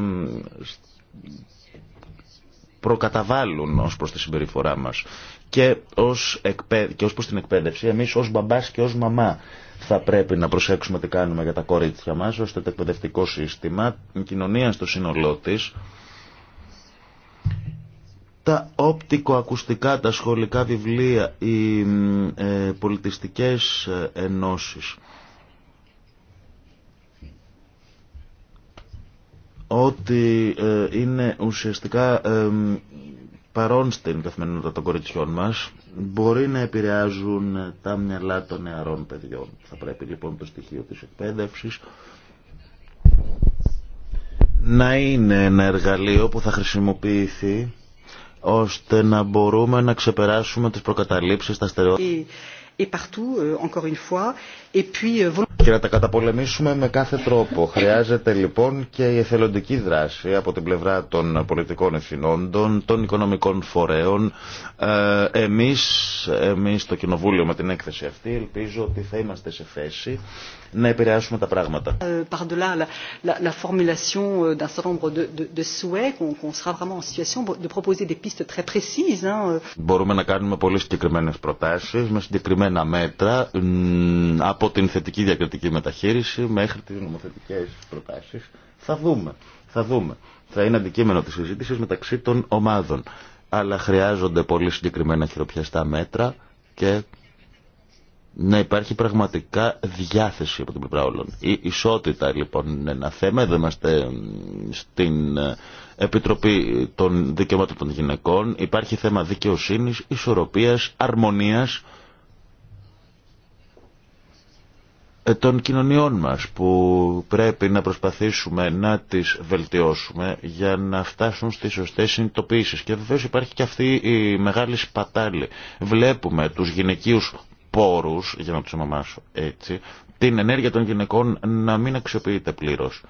προκαταβάλουν ως προς τη συμπεριφορά μας και ως, και ως προς την εκπαίδευση. Εμείς ως μπαμπάς και ως μαμά θα πρέπει να προσέξουμε τι κάνουμε για τα κορίτσια μας ώστε το εκπαιδευτικό σύστημα, η κοινωνία στο σύνολό της τα οπτικοακουστικά, τα σχολικά βιβλία, οι ε, πολιτιστικές ε, ενώσεις. Ότι ε, είναι ουσιαστικά ε, παρόν στην καθημερινότητα των κοριτσιών μας μπορεί να επηρεάζουν ε, τα μυαλά των νεαρών παιδιών. Θα πρέπει λοιπόν το στοιχείο της εκπαίδευσης να είναι ένα εργαλείο που θα χρησιμοποιηθεί ώστε να μπορούμε να ξεπεράσουμε τις προκαταλήψεις, τα στερεότυπα και να τα καταπολεμήσουμε με κάθε τρόπο. Χρειάζεται λοιπόν και η εθελοντική δράση από την πλευρά των πολιτικών ευθυνόντων, των οικονομικών φορέων. Ε, εμείς, εμείς το Κοινοβούλιο με την έκθεση αυτή ελπίζω ότι θα είμαστε σε θέση να επηρεάσουμε τα πράγματα. Μπορούμε να κάνουμε πολύ συγκεκριμένες προτάσεις με συγκεκριμένα μέτρα από την θετική διακριτική διακριτική μεταχείριση μέχρι τις νομοθετικές προτάσεις. Θα δούμε. Θα δούμε. Θα είναι αντικείμενο τη συζήτησης μεταξύ των ομάδων. Αλλά χρειάζονται πολύ συγκεκριμένα χειροπιαστά μέτρα και να υπάρχει πραγματικά διάθεση από την πλευρά όλων. Η ισότητα λοιπόν είναι ένα θέμα. Εδώ είμαστε στην ε, Επιτροπή των Δικαιωμάτων των Γυναικών. Υπάρχει θέμα δικαιοσύνη, ισορροπίας, αρμονίας Ε, των κοινωνιών μας που πρέπει να προσπαθήσουμε να τις βελτιώσουμε για να φτάσουν στις σωστές συνειδητοποίησεις. Και βεβαίως υπάρχει και αυτή η μεγάλη σπατάλη. Βλέπουμε τους γυναικείους πόρους, για να τους ονομάσω έτσι, την ενέργεια των γυναικών να μην αξιοποιείται πλήρως.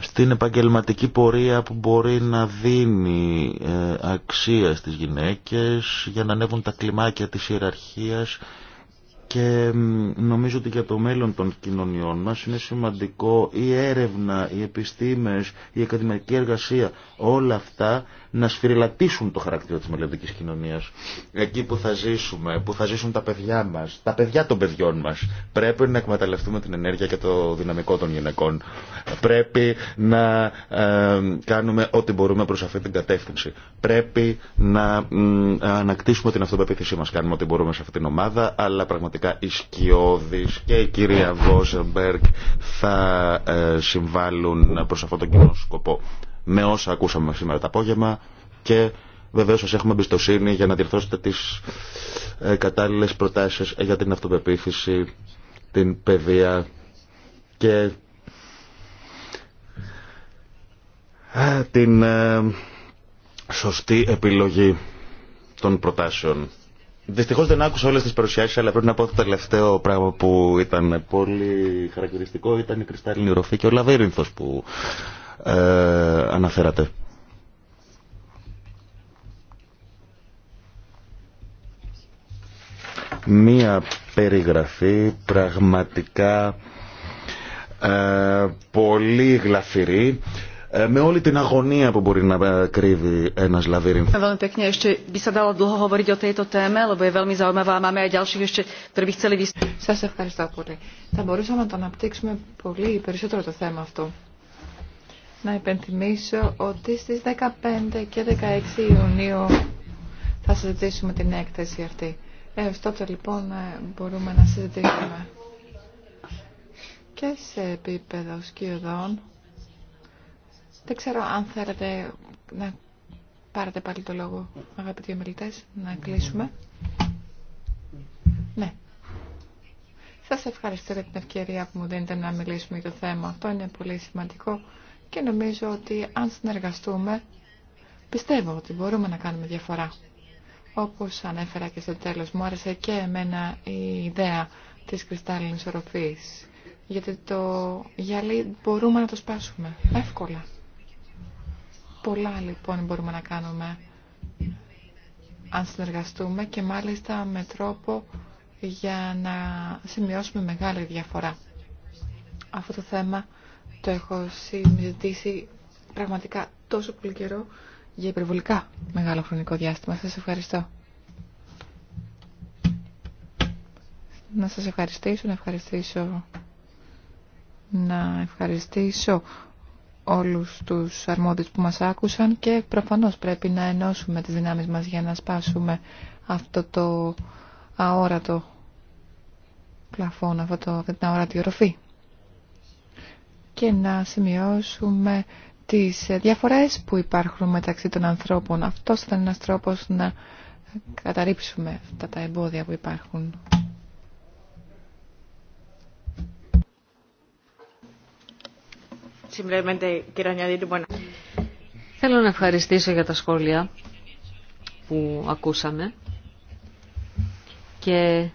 Στην επαγγελματική πορεία που μπορεί να δίνει ε, αξία στις γυναίκες για να ανέβουν τα κλιμάκια της ιεραρχίας και νομίζω ότι για το μέλλον των κοινωνιών μας είναι σημαντικό η έρευνα, οι επιστήμες, η ακαδημαϊκή εργασία, όλα αυτά να σφυριλατήσουν το χαρακτήρα της μελλοντικής κοινωνίας. Εκεί που θα ζήσουμε, που θα ζήσουν τα παιδιά μας, τα παιδιά των παιδιών μας. Πρέπει να εκμεταλλευτούμε την ενέργεια και το δυναμικό των γυναικών. Πρέπει να ε, κάνουμε ό,τι μπορούμε προς αυτή την κατεύθυνση. Πρέπει να ανακτήσουμε την αυτοπεποίθησή μας. Κάνουμε ό,τι μπορούμε σε αυτή την ομάδα, αλλά πραγματικά οι Σκιώδης και η κυρία Βόζεμπεργκ θα ε, συμβάλλουν προς αυτόν τον κοινό σκοπό με όσα ακούσαμε σήμερα το απόγευμα και βεβαίως σας έχουμε εμπιστοσύνη για να διορθώσετε τις ε, κατάλληλες προτάσεις για την αυτοπεποίθηση, την παιδεία και ε, την ε, σωστή επιλογή των προτάσεων. δυστυχώς δεν άκουσα όλες τις παρουσιάσει, αλλά πρέπει να πω το τελευταίο πράγμα που ήταν πολύ χαρακτηριστικό ήταν η κρυστάλλινη ροφή και ο λαβύρινθο που ε, αναφέρατε. Μία περιγραφή πραγματικά ε, πολύ γλαφυρή ε, με όλη την αγωνία που μπορεί να ε, κρύβει ένας λαβύρινθος. Σας ευχαριστώ πολύ. Θα μπορούσαμε να το αναπτύξουμε πολύ περισσότερο το θέμα αυτό να υπενθυμίσω ότι στις 15 και 16 Ιουνίου θα συζητήσουμε την έκθεση αυτή. Ε, τότε λοιπόν ε, μπορούμε να συζητήσουμε και σε επίπεδο σκιωδών. Δεν ξέρω αν θέλετε να πάρετε πάλι το λόγο, αγαπητοί ομιλητές, να κλείσουμε. Ναι. Σας ευχαριστώ για την ευκαιρία που μου δίνετε να μιλήσουμε για το θέμα. Αυτό είναι πολύ σημαντικό και νομίζω ότι αν συνεργαστούμε πιστεύω ότι μπορούμε να κάνουμε διαφορά. Όπως ανέφερα και στο τέλος, μου άρεσε και εμένα η ιδέα της κρυστάλλινης οροφής. Γιατί το γυαλί μπορούμε να το σπάσουμε εύκολα. Πολλά λοιπόν μπορούμε να κάνουμε αν συνεργαστούμε και μάλιστα με τρόπο για να σημειώσουμε μεγάλη διαφορά. Αυτό το θέμα το έχω συζητήσει πραγματικά τόσο πολύ καιρό για υπερβολικά μεγάλο χρονικό διάστημα. Σας ευχαριστώ. Να σας ευχαριστήσω, να ευχαριστήσω, να ευχαριστήσω όλους τους αρμόδιους που μας άκουσαν και προφανώς πρέπει να ενώσουμε τις δυνάμεις μας για να σπάσουμε αυτό το αόρατο πλαφόν, αυτό το, την αόρατη οροφή και να σημειώσουμε τις διαφορές που υπάρχουν μεταξύ των ανθρώπων. Αυτός ήταν ένας τρόπος να καταρρύψουμε αυτά τα εμπόδια που υπάρχουν. Θέλω να ευχαριστήσω για τα σχόλια που ακούσαμε και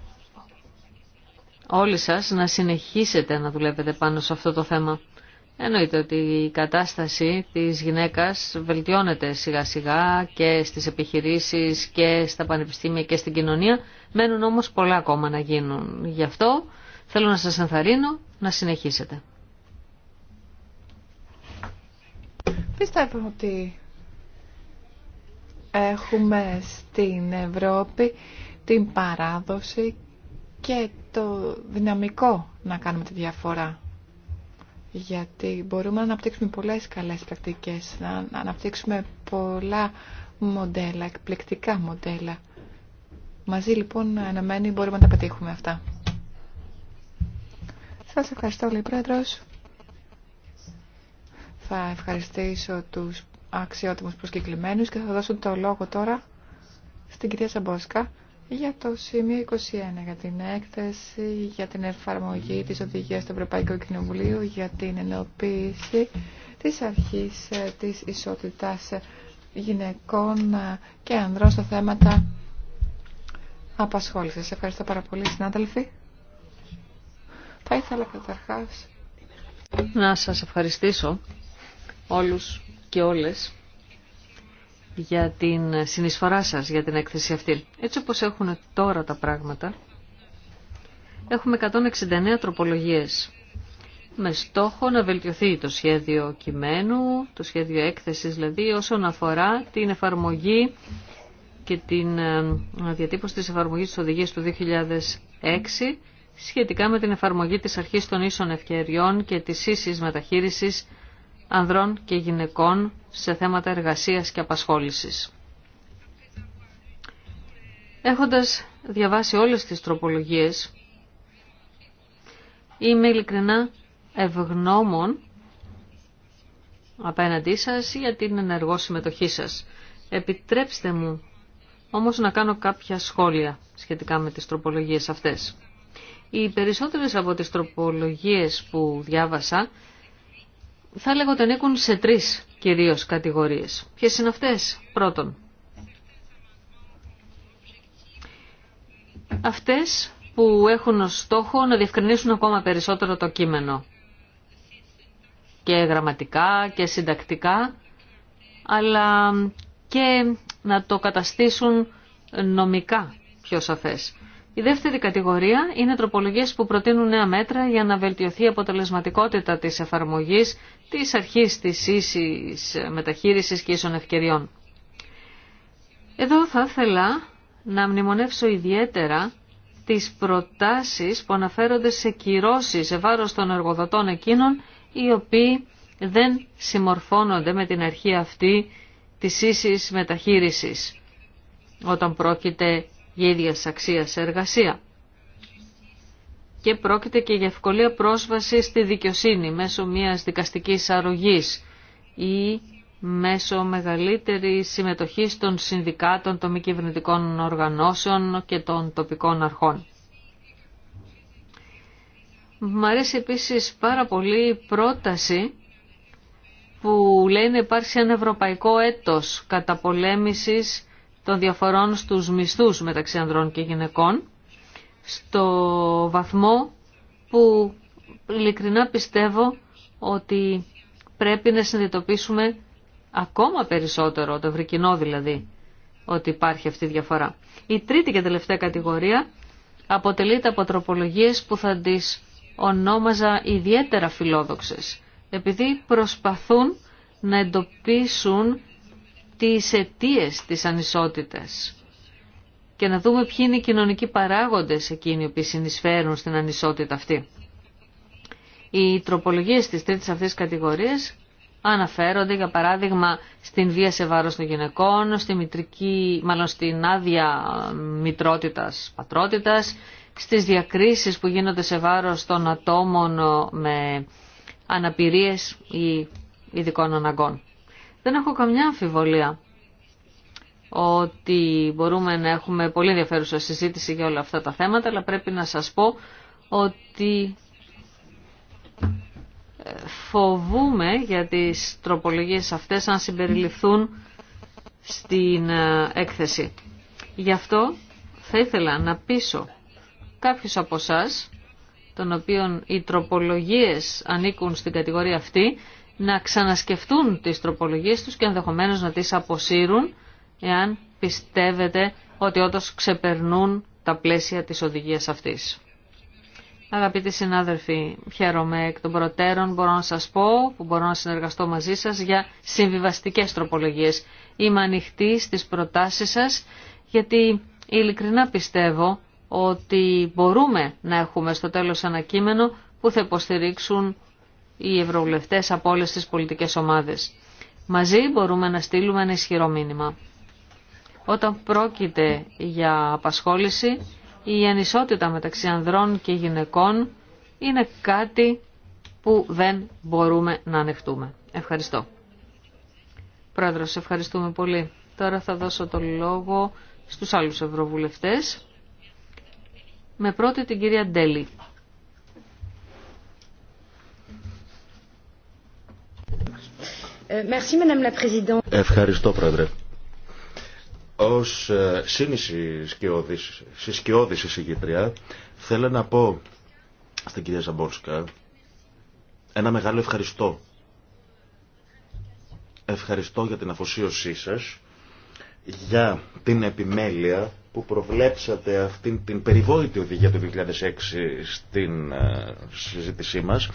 όλοι σας να συνεχίσετε να δουλεύετε πάνω σε αυτό το θέμα. Εννοείται ότι η κατάσταση της γυναίκας βελτιώνεται σιγά σιγά και στις επιχειρήσεις και στα πανεπιστήμια και στην κοινωνία. Μένουν όμως πολλά ακόμα να γίνουν. Γι' αυτό θέλω να σας ενθαρρύνω να συνεχίσετε. Πιστεύω ότι έχουμε στην Ευρώπη την παράδοση και το δυναμικό να κάνουμε τη διαφορά γιατί μπορούμε να αναπτύξουμε πολλές καλές πρακτικές, να αναπτύξουμε πολλά μοντέλα, εκπληκτικά μοντέλα. Μαζί λοιπόν αναμένει μπορούμε να τα πετύχουμε αυτά. Σας ευχαριστώ λέει Πρόεδρος. Θα ευχαριστήσω τους αξιότιμους προσκεκλημένους και θα δώσω το λόγο τώρα στην κυρία Σαμπόσκα για το σημείο 21, για την έκθεση, για την εφαρμογή της οδηγίας του Ευρωπαϊκού Κοινοβουλίου, για την ενοποίηση της αρχής ε, της ισότητας ε, γυναικών ε, και ανδρών στα θέματα απασχόλησης. Ευχαριστώ πάρα πολύ, συνάδελφοι. Θα ήθελα καταρχάς να σας ευχαριστήσω όλους και όλες για την συνεισφορά σας για την έκθεση αυτή. Έτσι όπως έχουν τώρα τα πράγματα, έχουμε 169 τροπολογίες με στόχο να βελτιωθεί το σχέδιο κειμένου, το σχέδιο έκθεσης δηλαδή, όσον αφορά την εφαρμογή και την ε, διατύπωση της εφαρμογής της οδηγίας του 2006 σχετικά με την εφαρμογή της αρχής των ίσων ευκαιριών και της ίσης μεταχείρισης ανδρών και γυναικών σε θέματα εργασίας και απασχόλησης. Έχοντας διαβάσει όλες τις τροπολογίες, είμαι ειλικρινά ευγνώμων απέναντί σας για την ενεργό συμμετοχή σας. Επιτρέψτε μου όμως να κάνω κάποια σχόλια σχετικά με τις τροπολογίες αυτές. Οι περισσότερες από τις τροπολογίες που διάβασα θα έλεγα ότι ανήκουν σε τρεις κυρίως κατηγορίες. Ποιες είναι αυτές, πρώτον. Αυτές που έχουν ως στόχο να διευκρινίσουν ακόμα περισσότερο το κείμενο. Και γραμματικά και συντακτικά, αλλά και να το καταστήσουν νομικά πιο σαφές. Η δεύτερη κατηγορία είναι τροπολογίες που προτείνουν νέα μέτρα για να βελτιωθεί η αποτελεσματικότητα της εφαρμογής της αρχής της ίσης μεταχείρισης και ίσων ευκαιριών. Εδώ θα ήθελα να μνημονεύσω ιδιαίτερα τις προτάσεις που αναφέρονται σε κυρώσεις σε βάρος των εργοδοτών εκείνων οι οποίοι δεν συμμορφώνονται με την αρχή αυτή της ίσης μεταχείρισης όταν πρόκειται για ίδιας αξίας εργασία. Και πρόκειται και για ευκολία πρόσβαση στη δικαιοσύνη μέσω μιας δικαστικής αρρωγής ή μέσω μεγαλύτερης συμμετοχής των συνδικάτων, των μη κυβερνητικών οργανώσεων και των τοπικών αρχών. Μ' αρέσει επίσης πάρα πολύ η πρόταση που λέει να υπάρξει ένα ευρωπαϊκό έτος καταπολέμησης των διαφορών στους μισθούς μεταξύ ανδρών και γυναικών στο βαθμό που ειλικρινά πιστεύω ότι πρέπει να συνειδητοποιήσουμε ακόμα περισσότερο, το ευρυκοινό δηλαδή, ότι υπάρχει αυτή η διαφορά. Η τρίτη και τελευταία κατηγορία αποτελείται από τροπολογίες που θα τις ονόμαζα ιδιαίτερα φιλόδοξες, επειδή προσπαθούν να εντοπίσουν τι αιτίε της ανισότητας και να δούμε ποιοι είναι οι κοινωνικοί παράγοντες εκείνοι που συνεισφέρουν στην ανισότητα αυτή. Οι τροπολογίες της τρίτης αυτής κατηγορίας αναφέρονται για παράδειγμα στην βία σε βάρος των γυναικών, στη μητρική, μάλλον στην άδεια μητρότητας, πατρότητας, στις διακρίσεις που γίνονται σε βάρος των ατόμων με αναπηρίες ή ειδικών αναγκών. Δεν έχω καμιά αμφιβολία ότι μπορούμε να έχουμε πολύ ενδιαφέρουσα συζήτηση για όλα αυτά τα θέματα, αλλά πρέπει να σας πω ότι ε, φοβούμε για τις τροπολογίες αυτές αν συμπεριληφθούν στην ε, έκθεση. Γι' αυτό θα ήθελα να πείσω κάποιους από εσά, των οποίων οι τροπολογίες ανήκουν στην κατηγορία αυτή, να ξανασκεφτούν τις τροπολογίες τους και ενδεχομένω να τις αποσύρουν εάν πιστεύετε ότι όντω ξεπερνούν τα πλαίσια της οδηγίας αυτής. Αγαπητοί συνάδελφοι, χαίρομαι εκ των προτέρων, μπορώ να σας πω, που μπορώ να συνεργαστώ μαζί σας για συμβιβαστικές τροπολογίες. Είμαι ανοιχτή στις προτάσεις σας, γιατί ειλικρινά πιστεύω ότι μπορούμε να έχουμε στο τέλος ένα κείμενο που θα υποστηρίξουν οι ευρωβουλευτές από όλες τις πολιτικές ομάδες. Μαζί μπορούμε να στείλουμε ένα ισχυρό μήνυμα. Όταν πρόκειται για απασχόληση, η ανισότητα μεταξύ ανδρών και γυναικών είναι κάτι που δεν μπορούμε να ανεχτούμε. Ευχαριστώ. Πρόεδρος, ευχαριστούμε πολύ. Τώρα θα δώσω το λόγο στους άλλους ευρωβουλευτές. Με πρώτη την κυρία Ντέλη. Ε, ευχαριστώ, Πρόεδρε. Ω ε, σύνηση σκιώδη εισηγήτρια, θέλω να πω στην κυρία Ζαμπόρσκα ένα μεγάλο ευχαριστώ. Ευχαριστώ για την αφοσίωσή σας, για την επιμέλεια που προβλέψατε αυτήν την περιβόητη οδηγία του 2006 στην ε, συζήτησή μας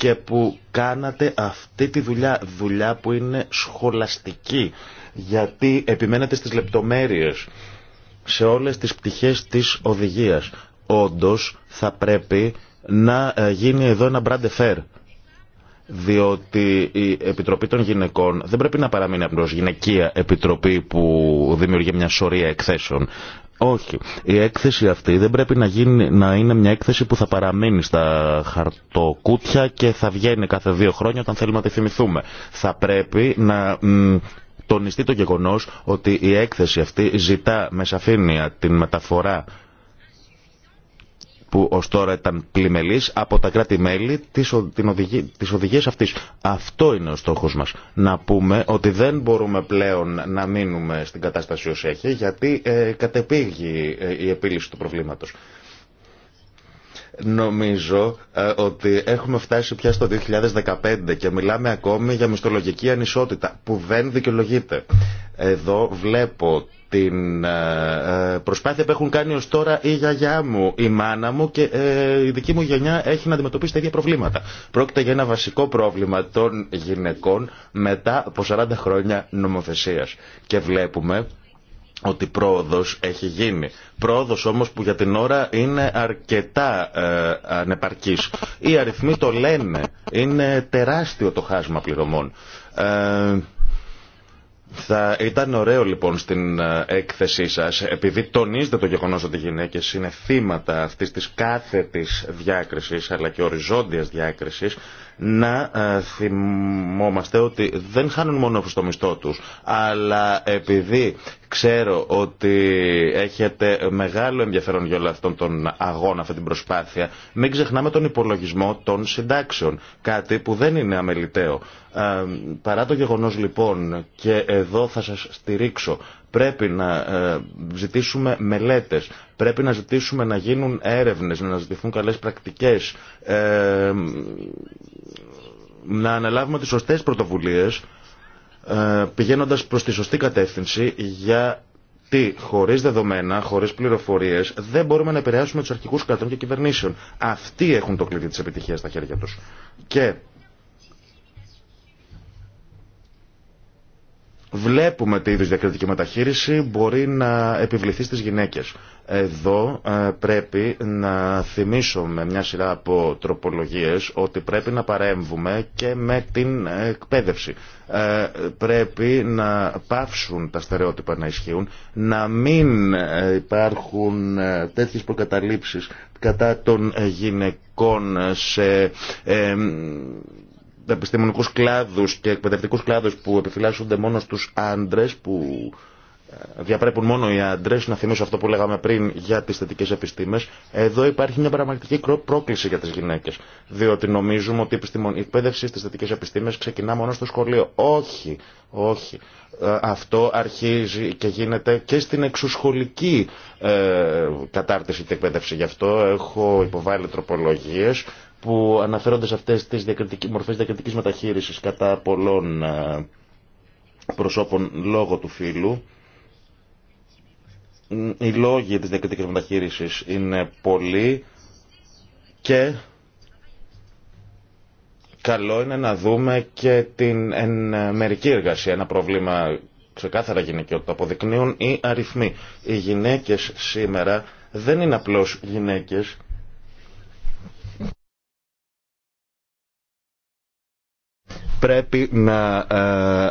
και που κάνατε αυτή τη δουλειά, δουλειά που είναι σχολαστική, γιατί επιμένετε στις λεπτομέρειες, σε όλες τις πτυχές της οδηγίας. Όντως θα πρέπει να ε, γίνει εδώ ένα brand fair, διότι η Επιτροπή των Γυναικών δεν πρέπει να παραμείνει απλώς γυναικεία επιτροπή που δημιουργεί μια σωρία εκθέσεων. Όχι. Η έκθεση αυτή δεν πρέπει να, γίνει, να είναι μια έκθεση που θα παραμείνει στα χαρτοκούτια και θα βγαίνει κάθε δύο χρόνια όταν θέλουμε να τη θυμηθούμε. Θα πρέπει να τονιστεί το γεγονός ότι η έκθεση αυτή ζητά με σαφήνεια την μεταφορά που ω τώρα ήταν πλημελή από τα κράτη-μέλη τη οδηγία αυτή. Αυτό είναι ο στόχο μα. Να πούμε ότι δεν μπορούμε πλέον να μείνουμε στην κατάσταση ω έχει, γιατί ε, κατεπήγει ε, η επίλυση του προβλήματο. Νομίζω ε, ότι έχουμε φτάσει πια στο 2015 και μιλάμε ακόμη για μισθολογική ανισότητα που δεν δικαιολογείται. Εδώ βλέπω την ε, ε, προσπάθεια που έχουν κάνει ως τώρα η γιαγιά μου, η μάνα μου και η δική μου γενιά έχει να αντιμετωπίσει τα ίδια προβλήματα. Πρόκειται για ένα βασικό πρόβλημα των γυναικών μετά από 40 χρόνια νομοθεσίας. Και βλέπουμε ότι πρόοδος έχει γίνει. Πρόοδος όμως που για την ώρα είναι αρκετά ε, ανεπαρκής. Οι αριθμοί το λένε. Είναι τεράστιο το χάσμα πληρωμών. Ε, θα ήταν ωραίο λοιπόν στην ε, έκθεσή σας, επειδή τονίζετε το γεγονός ότι οι γυναίκες είναι θύματα αυτής της κάθετης διάκρισης αλλά και οριζόντιας διάκρισης, να ε, θυμόμαστε ότι δεν χάνουν μόνο το μισθό τους, αλλά επειδή ξέρω ότι έχετε μεγάλο ενδιαφέρον για όλο αυτόν τον αγώνα, αυτή την προσπάθεια, μην ξεχνάμε τον υπολογισμό των συντάξεων, κάτι που δεν είναι αμεληταίο. Ε, παρά το γεγονός λοιπόν, και εδώ θα σας στηρίξω, Πρέπει να ε, ζητήσουμε μελέτες, πρέπει να ζητήσουμε να γίνουν έρευνες, να ζητηθούν καλές πρακτικές, ε, να αναλάβουμε τις σωστές πρωτοβουλίες, ε, πηγαίνοντας προς τη σωστή κατεύθυνση γιατί χωρίς δεδομένα, χωρίς πληροφορίες δεν μπορούμε να επηρεάσουμε τους αρχικούς κρατών και κυβερνήσεων. Αυτοί έχουν το κλειδί της επιτυχίας στα χέρια του. Και Βλέπουμε τι είδου διακριτική μεταχείριση μπορεί να επιβληθεί στις γυναίκες. Εδώ ε, πρέπει να θυμίσω μια σειρά από τροπολογίες ότι πρέπει να παρέμβουμε και με την εκπαίδευση. Ε, πρέπει να πάυσουν τα στερεότυπα να ισχύουν, να μην ε, υπάρχουν τέτοιες προκαταλήψεις κατά των γυναικών σε επιστημονικούς κλάδους και εκπαιδευτικούς κλάδους που επιφυλάσσονται μόνο στους άντρες που ε, διαπρέπουν μόνο οι άντρε, να θυμίσω αυτό που λέγαμε πριν για τις θετικές επιστήμες εδώ υπάρχει μια πραγματική πρόκληση για τις γυναίκες Διότι νομίζουμε ότι η εκπαίδευση στις θετικές επιστήμες ξεκινά μόνο στο σχολείο. Όχι, όχι. Ε, αυτό αρχίζει και γίνεται και στην εξουσχολική ε, κατάρτιση και εκπαίδευση. Γι' αυτό έχω υποβάλει τροπολογίε που αναφέρονται σε αυτές τις διακριτική, μορφές διακριτικής μεταχείρισης κατά πολλών ε, προσώπων λόγω του φύλου. Οι λόγοι της διακριτικής μεταχείρισης είναι πολλοί και καλό είναι να δούμε και την μερική εργασία, ένα πρόβλημα ξεκάθαρα γυναικείο, το αποδεικνύουν οι αριθμοί. Οι γυναίκες σήμερα δεν είναι απλώς γυναίκες, πρέπει να ε,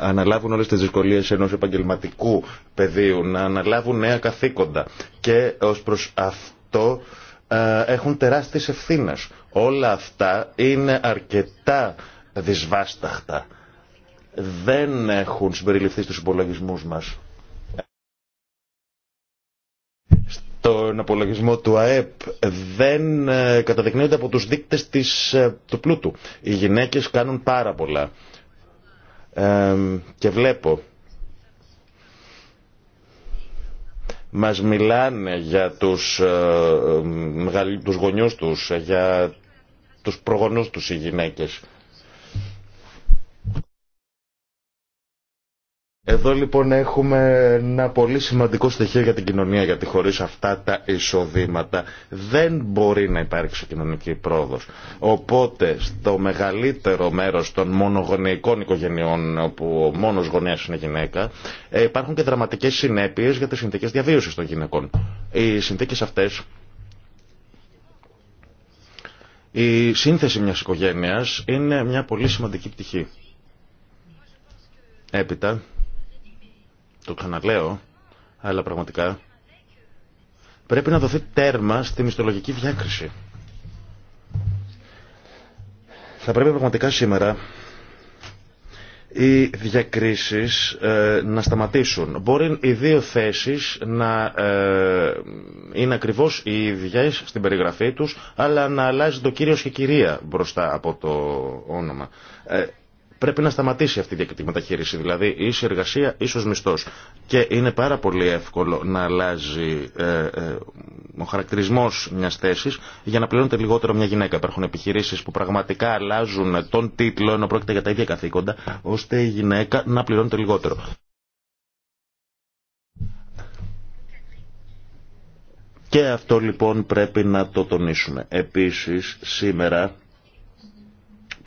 αναλάβουν όλες τις δυσκολίες ενός επαγγελματικού πεδίου, να αναλάβουν νέα καθήκοντα και ως προς αυτό ε, έχουν τεράστιες ευθύνες. Όλα αυτά είναι αρκετά δυσβάσταχτα. Δεν έχουν συμπεριληφθεί στους υπολογισμούς μας. το απολογισμό του ΑΕΠ δεν ε, καταδεικνύεται από τους δείκτες της, ε, του πλούτου. Οι γυναίκες κάνουν πάρα πολλά. και βλέπω μας μιλάνε για τους, ε, ε τους γονιούς τους, για τους προγονούς τους οι γυναίκες. Εδώ λοιπόν έχουμε ένα πολύ σημαντικό στοιχείο για την κοινωνία, γιατί χωρίς αυτά τα εισοδήματα δεν μπορεί να υπάρξει κοινωνική πρόοδος. Οπότε στο μεγαλύτερο μέρος των μονογονεϊκών οικογενειών, όπου ο μόνος γονέας είναι γυναίκα, ε, υπάρχουν και δραματικές συνέπειες για τις συνθήκες διαβίωσης των γυναικών. Οι συνθήκες αυτές η σύνθεση μιας οικογένειας είναι μια πολύ σημαντική πτυχή. Έπειτα, το ξαναλέω, αλλά πραγματικά πρέπει να δοθεί τέρμα στη μισθολογική διάκριση. Θα πρέπει πραγματικά σήμερα οι διακρίσεις ε, να σταματήσουν. Μπορεί οι δύο θέσεις να ε, είναι ακριβώς οι ίδιες στην περιγραφή τους, αλλά να αλλάζει το κύριο και κυρία μπροστά από το όνομα. Ε, Πρέπει να σταματήσει αυτή η διακριτική μεταχείριση, δηλαδή ίση εργασία, ίσω μισθός. Και είναι πάρα πολύ εύκολο να αλλάζει ε, ε, ο χαρακτηρισμός μιας θέση για να πληρώνεται λιγότερο μια γυναίκα. Υπάρχουν επιχειρήσεις που πραγματικά αλλάζουν τον τίτλο ενώ πρόκειται για τα ίδια καθήκοντα, ώστε η γυναίκα να πληρώνεται λιγότερο. Και αυτό λοιπόν πρέπει να το τονίσουμε. Επίσης σήμερα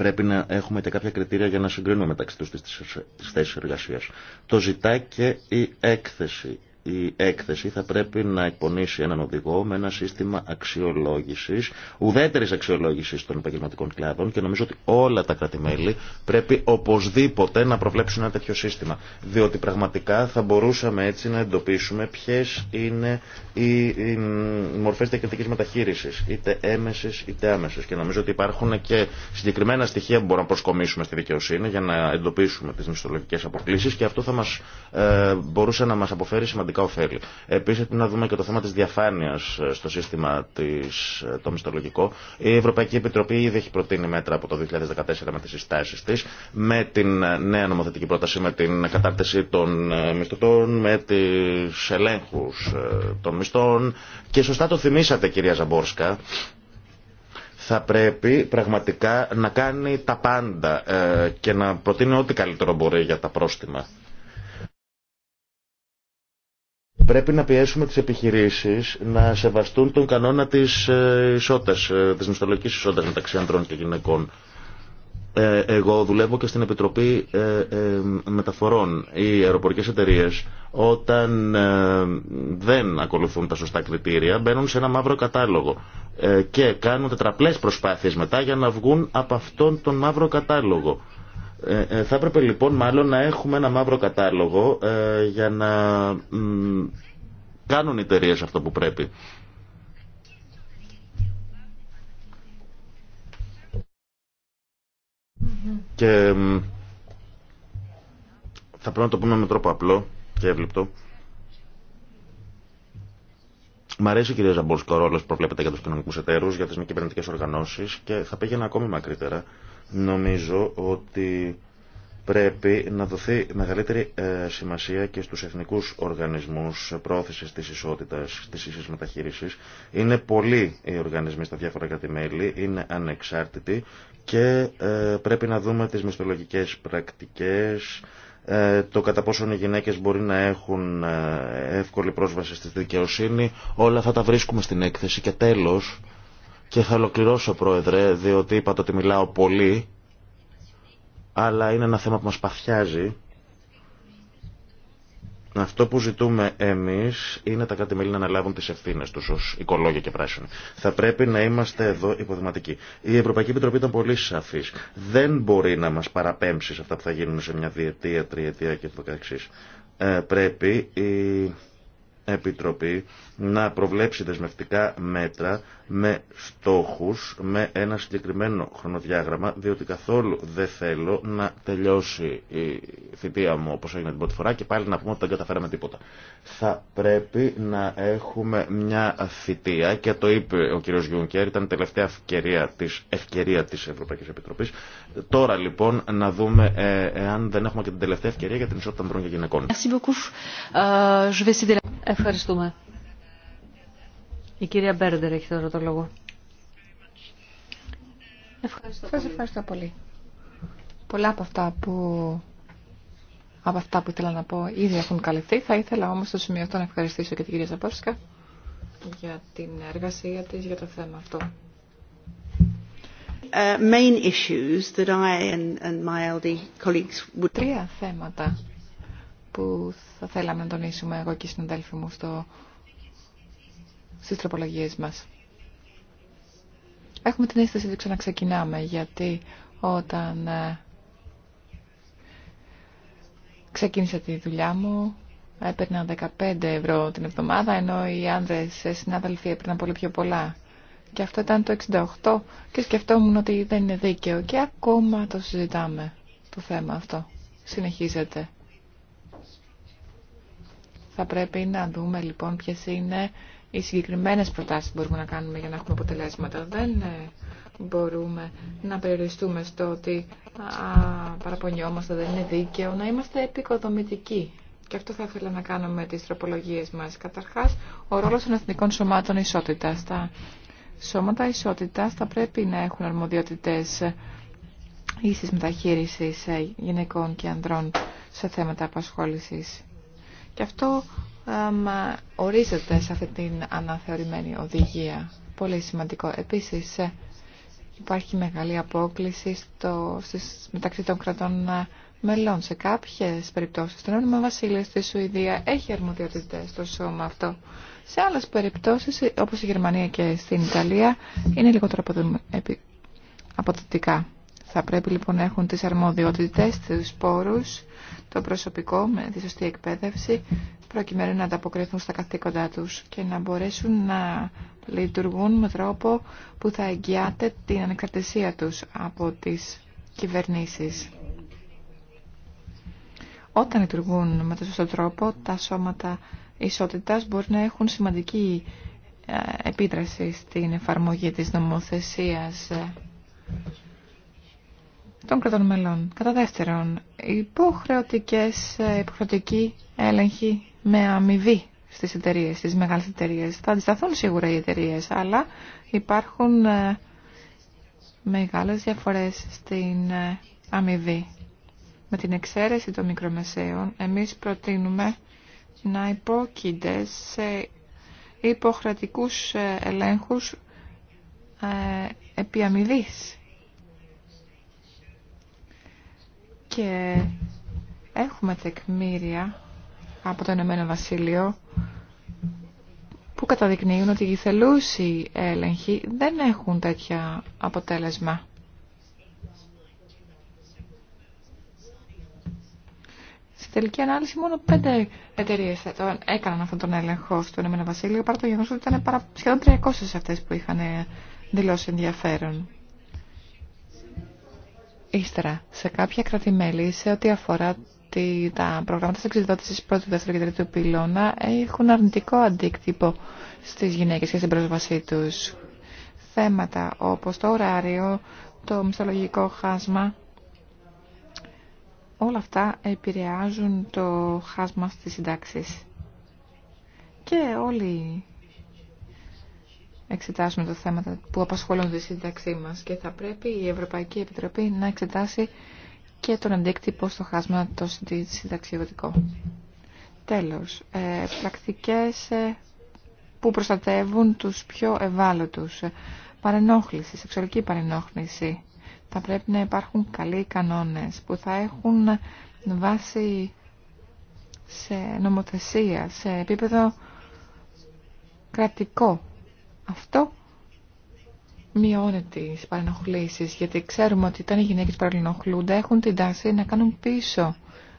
Πρέπει να έχουμε και κάποια κριτήρια για να συγκρίνουμε μεταξύ τους τις θέσεις εργασία. Το ζητάει και η έκθεση η έκθεση θα πρέπει να εκπονήσει έναν οδηγό με ένα σύστημα αξιολόγησης, ουδέτερης αξιολόγησης των επαγγελματικών κλάδων και νομίζω ότι όλα τα κρατημέλη πρέπει οπωσδήποτε να προβλέψουν ένα τέτοιο σύστημα. Διότι πραγματικά θα μπορούσαμε έτσι να εντοπίσουμε ποιε είναι οι, οι μορφές διακριτικής μεταχείρισης, είτε έμεσες είτε άμεσες. Και νομίζω ότι υπάρχουν και συγκεκριμένα στοιχεία που μπορούμε να προσκομίσουμε στη δικαιοσύνη για να εντοπίσουμε τις μισθολογικέ αποκλήσεις και αυτό θα μας, ε, μπορούσε να μας αποφέρει σημαντικά πραγματικά ωφέλη. Επίση, να δούμε και το θέμα τη διαφάνεια ε, στο σύστημα της, ε, το μισθολογικό. Η Ευρωπαϊκή Επιτροπή ήδη έχει προτείνει μέτρα από το 2014 με τι συστάσει τη, με την ε, νέα νομοθετική πρόταση, με την κατάρτιση των μισθωτών, με τι ελέγχου των μισθών. Και σωστά το θυμήσατε, κυρία Ζαμπόρσκα, θα πρέπει πραγματικά να κάνει τα πάντα και να προτείνει ό,τι καλύτερο μπορεί για τα πρόστιμα. Πρέπει να πιέσουμε τις επιχειρήσεις να σεβαστούν τον κανόνα της ε, ισότητας, ε, της μισθολογικής ισότητας μεταξύ ανδρών και γυναικών. Ε, εγώ δουλεύω και στην Επιτροπή Μεταφορών. Οι αεροπορικές εταιρείες όταν δεν ακολουθούν τα σωστά κριτήρια μπαίνουν σε ένα μαύρο κατάλογο και κάνουν τετραπλές προσπάθειες μετά για να βγουν από αυτόν τον μαύρο κατάλογο. Ε, ε, θα έπρεπε λοιπόν μάλλον να έχουμε ένα μαύρο κατάλογο ε, για να κάνουν οι εταιρείε αυτό που πρέπει. Και θα πρέπει να το πούμε με τρόπο απλό και εύληπτο. Μ' αρέσει η κυρία Ζαμπόλσκο ο ρόλο που προβλέπεται για του κοινωνικού εταίρου, για τι μη κυβερνητικέ οργανώσει και θα πήγαινα ακόμη μακρύτερα Νομίζω ότι πρέπει να δοθεί μεγαλύτερη ε, σημασία και στους εθνικούς οργανισμούς πρόθεση της ισότητας, της ίσης μεταχείρισης. Είναι πολλοί οι οργανισμοί στα διαφορα κατημέλη, είναι ανεξάρτητοι και ε, πρέπει να δούμε τις μισθολογικές πρακτικές, ε, το κατά πόσον οι γυναίκες μπορεί να έχουν εύκολη πρόσβαση στη δικαιοσύνη. Όλα θα τα βρίσκουμε στην έκθεση και τέλος και θα ολοκληρώσω, Πρόεδρε, διότι είπατε ότι μιλάω πολύ, αλλά είναι ένα θέμα που μας παθιάζει. Αυτό που ζητούμε εμείς είναι τα κράτη-μέλη να αναλάβουν τις ευθύνες τους ως οικολόγια και πράσινοι. Θα πρέπει να είμαστε εδώ υποδηματικοί. Η Ευρωπαϊκή Επιτροπή ήταν πολύ σαφής. Δεν μπορεί να μας παραπέμψει σε αυτά που θα γίνουν σε μια διετία, τριετία και το Ε, πρέπει η Επιτροπή να προβλέψει δεσμευτικά μέτρα με στόχους, με ένα συγκεκριμένο χρονοδιάγραμμα, διότι καθόλου δεν θέλω να τελειώσει η θητεία μου όπως έγινε την πρώτη φορά και πάλι να πούμε ότι δεν καταφέραμε τίποτα. Θα πρέπει να έχουμε μια θητεία και το είπε ο κ. Γιούνκερ, ήταν η τελευταία ευκαιρία της, ευκαιρία της Ευρωπαϊκής Επιτροπής. Τώρα λοιπόν να δούμε ε, εάν δεν έχουμε και την τελευταία ευκαιρία για την ισότητα ανδρών και γυναικών. Euh, Ευχαριστούμε. Η κυρία Μπέρντερ έχει τώρα το λόγο. Ευχαριστώ Σας πολύ. ευχαριστώ πολύ. Πολλά από αυτά που από αυτά που ήθελα να πω ήδη έχουν καλυφθεί. Θα ήθελα όμως στο σημείο αυτό να ευχαριστήσω και την κυρία Ζαπόρσκα για την εργασία της για το θέμα αυτό. Τρία θέματα που θα θέλαμε να τονίσουμε εγώ και οι συναδέλφοι μου στο στις τροπολογίες μας. Έχουμε την αίσθηση ότι ξαναξεκινάμε, γιατί όταν ε, ξεκίνησα τη δουλειά μου, έπαιρνα 15 ευρώ την εβδομάδα, ενώ οι άνδρες ε, συνάδελφοι έπαιρναν πολύ πιο πολλά. Και αυτό ήταν το 68 και σκεφτόμουν ότι δεν είναι δίκαιο και ακόμα το συζητάμε το θέμα αυτό. Συνεχίζεται. Θα πρέπει να δούμε λοιπόν ποιες είναι οι συγκεκριμένες προτάσεις που μπορούμε να κάνουμε για να έχουμε αποτελέσματα. Δεν ε, μπορούμε να περιοριστούμε στο ότι α, παραπονιόμαστε, δεν είναι δίκαιο, να είμαστε επικοδομητικοί. Και αυτό θα ήθελα να κάνω με τις τροπολογίες μας. Καταρχάς, ο ρόλος των εθνικών σωμάτων ισότητας. Τα σώματα ισότητας θα πρέπει να έχουν αρμοδιότητες ε, ίσης μεταχείρισης ε, γυναικών και ανδρών σε θέματα απασχόλησης. Και αυτό ορίζεται σε αυτή την αναθεωρημένη οδηγία. Πολύ σημαντικό. Επίσης, ε, υπάρχει μεγάλη απόκληση στο, μεταξύ των κρατών ε, μελών. Σε κάποιες περιπτώσεις, το όνομα Βασίλειο στη Σουηδία έχει αρμοδιότητες στο σώμα αυτό. Σε άλλες περιπτώσεις, όπως η Γερμανία και στην Ιταλία, είναι λιγότερο αποδοτικά. Θα πρέπει λοιπόν να έχουν τις αρμοδιότητες, τους πόρους, το προσωπικό με τη σωστή εκπαίδευση, προκειμένου να ανταποκριθούν στα καθήκοντά τους και να μπορέσουν να λειτουργούν με τρόπο που θα εγγυάται την ανεξαρτησία τους από τις κυβερνήσεις. Όταν λειτουργούν με τον σωστό τρόπο, τα σώματα ισότητας μπορεί να έχουν σημαντική ε, επίδραση στην εφαρμογή της νομοθεσίας των κρατών μελών. Κατά δεύτερον, υποχρεωτικές, ε, υποχρεωτική έλεγχη με αμοιβή στις εταιρείες, στις μεγάλες εταιρείες. Θα αντισταθούν σίγουρα οι εταιρείες, αλλά υπάρχουν ε, μεγάλες διαφορές στην ε, αμοιβή. Με την εξαίρεση των μικρομεσαίων, εμείς προτείνουμε να υπόκεινται σε υποχρεωτικούς ελέγχους επί αμοιβής και έχουμε τεκμήρια από το Ενωμένο Βασίλειο που καταδεικνύουν ότι οι θελούσιοι έλεγχοι δεν έχουν τέτοια αποτέλεσμα. Στη τελική ανάλυση μόνο πέντε εταιρείε έκαναν αυτόν τον έλεγχο στο Ενωμένο Βασίλειο παρά το γεγονός ότι ήταν σχεδόν 300 αυτές που είχαν δηλώσει ενδιαφέρον ύστερα σε κάποια κρατημέλη σε ό,τι αφορά ότι τα προγράμματα εξειδότησης πρώτου, δεύτερου και τρίτου πυλώνα έχουν αρνητικό αντίκτυπο στις γυναίκες και στην πρόσβασή τους. Θέματα όπως το ωράριο, το μισθολογικό χάσμα, όλα αυτά επηρεάζουν το χάσμα στις συντάξεις. Και όλοι εξετάσουμε τα θέματα που απασχολούν τη σύνταξή μας και θα πρέπει η Ευρωπαϊκή Επιτροπή να εξετάσει και τον αντίκτυπο στο χάσμα το συνταξιωτικό. Τέλος, ε, πρακτικές ε, που προστατεύουν τους πιο ευάλωτους. Ε, παρενόχληση, σεξουαλική παρενόχληση. Θα πρέπει να υπάρχουν καλοί κανόνες που θα έχουν βάση σε νομοθεσία, σε επίπεδο κρατικό αυτό μειώνει τις παρενοχλήσεις, γιατί ξέρουμε ότι όταν οι γυναίκες παρενοχλούνται έχουν την τάση να κάνουν πίσω.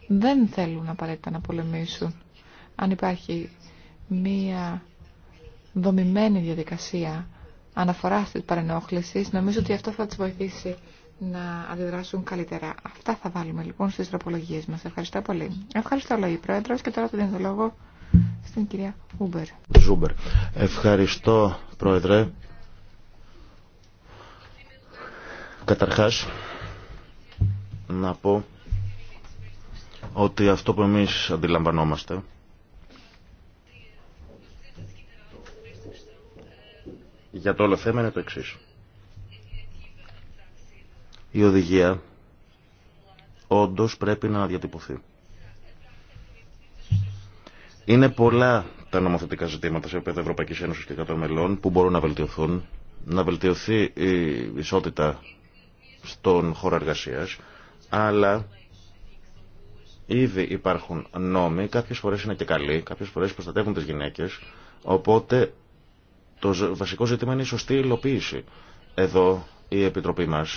Δεν θέλουν απαραίτητα να πολεμήσουν. Αν υπάρχει μία δομημένη διαδικασία αναφορά τη παρενόχληση. νομίζω ότι αυτό θα τι βοηθήσει να αντιδράσουν καλύτερα. Αυτά θα βάλουμε λοιπόν στι τροπολογίε μα. Ευχαριστώ πολύ. Ευχαριστώ, Λόγοι Πρόεδρο, και τώρα το δίνω λόγο στην κυρία Ούμπερ. Ζούμπερ. Ευχαριστώ, Πρόεδρε. Καταρχάς, να πω ότι αυτό που εμείς αντιλαμβανόμαστε για το όλο θέμα είναι το εξής. Η οδηγία όντως πρέπει να διατυπωθεί. Είναι πολλά τα νομοθετικά ζητήματα σε επίπεδο Ευρωπαϊκή Ένωση και 100 μελών που μπορούν να βελτιωθούν. Να βελτιωθεί η ισότητα στον χώρο εργασία, αλλά ήδη υπάρχουν νόμοι, κάποιε φορέ είναι και καλοί, κάποιε φορέ προστατεύουν τι γυναίκε. Οπότε το βασικό ζήτημα είναι η σωστή υλοποίηση. Εδώ η Επιτροπή μα,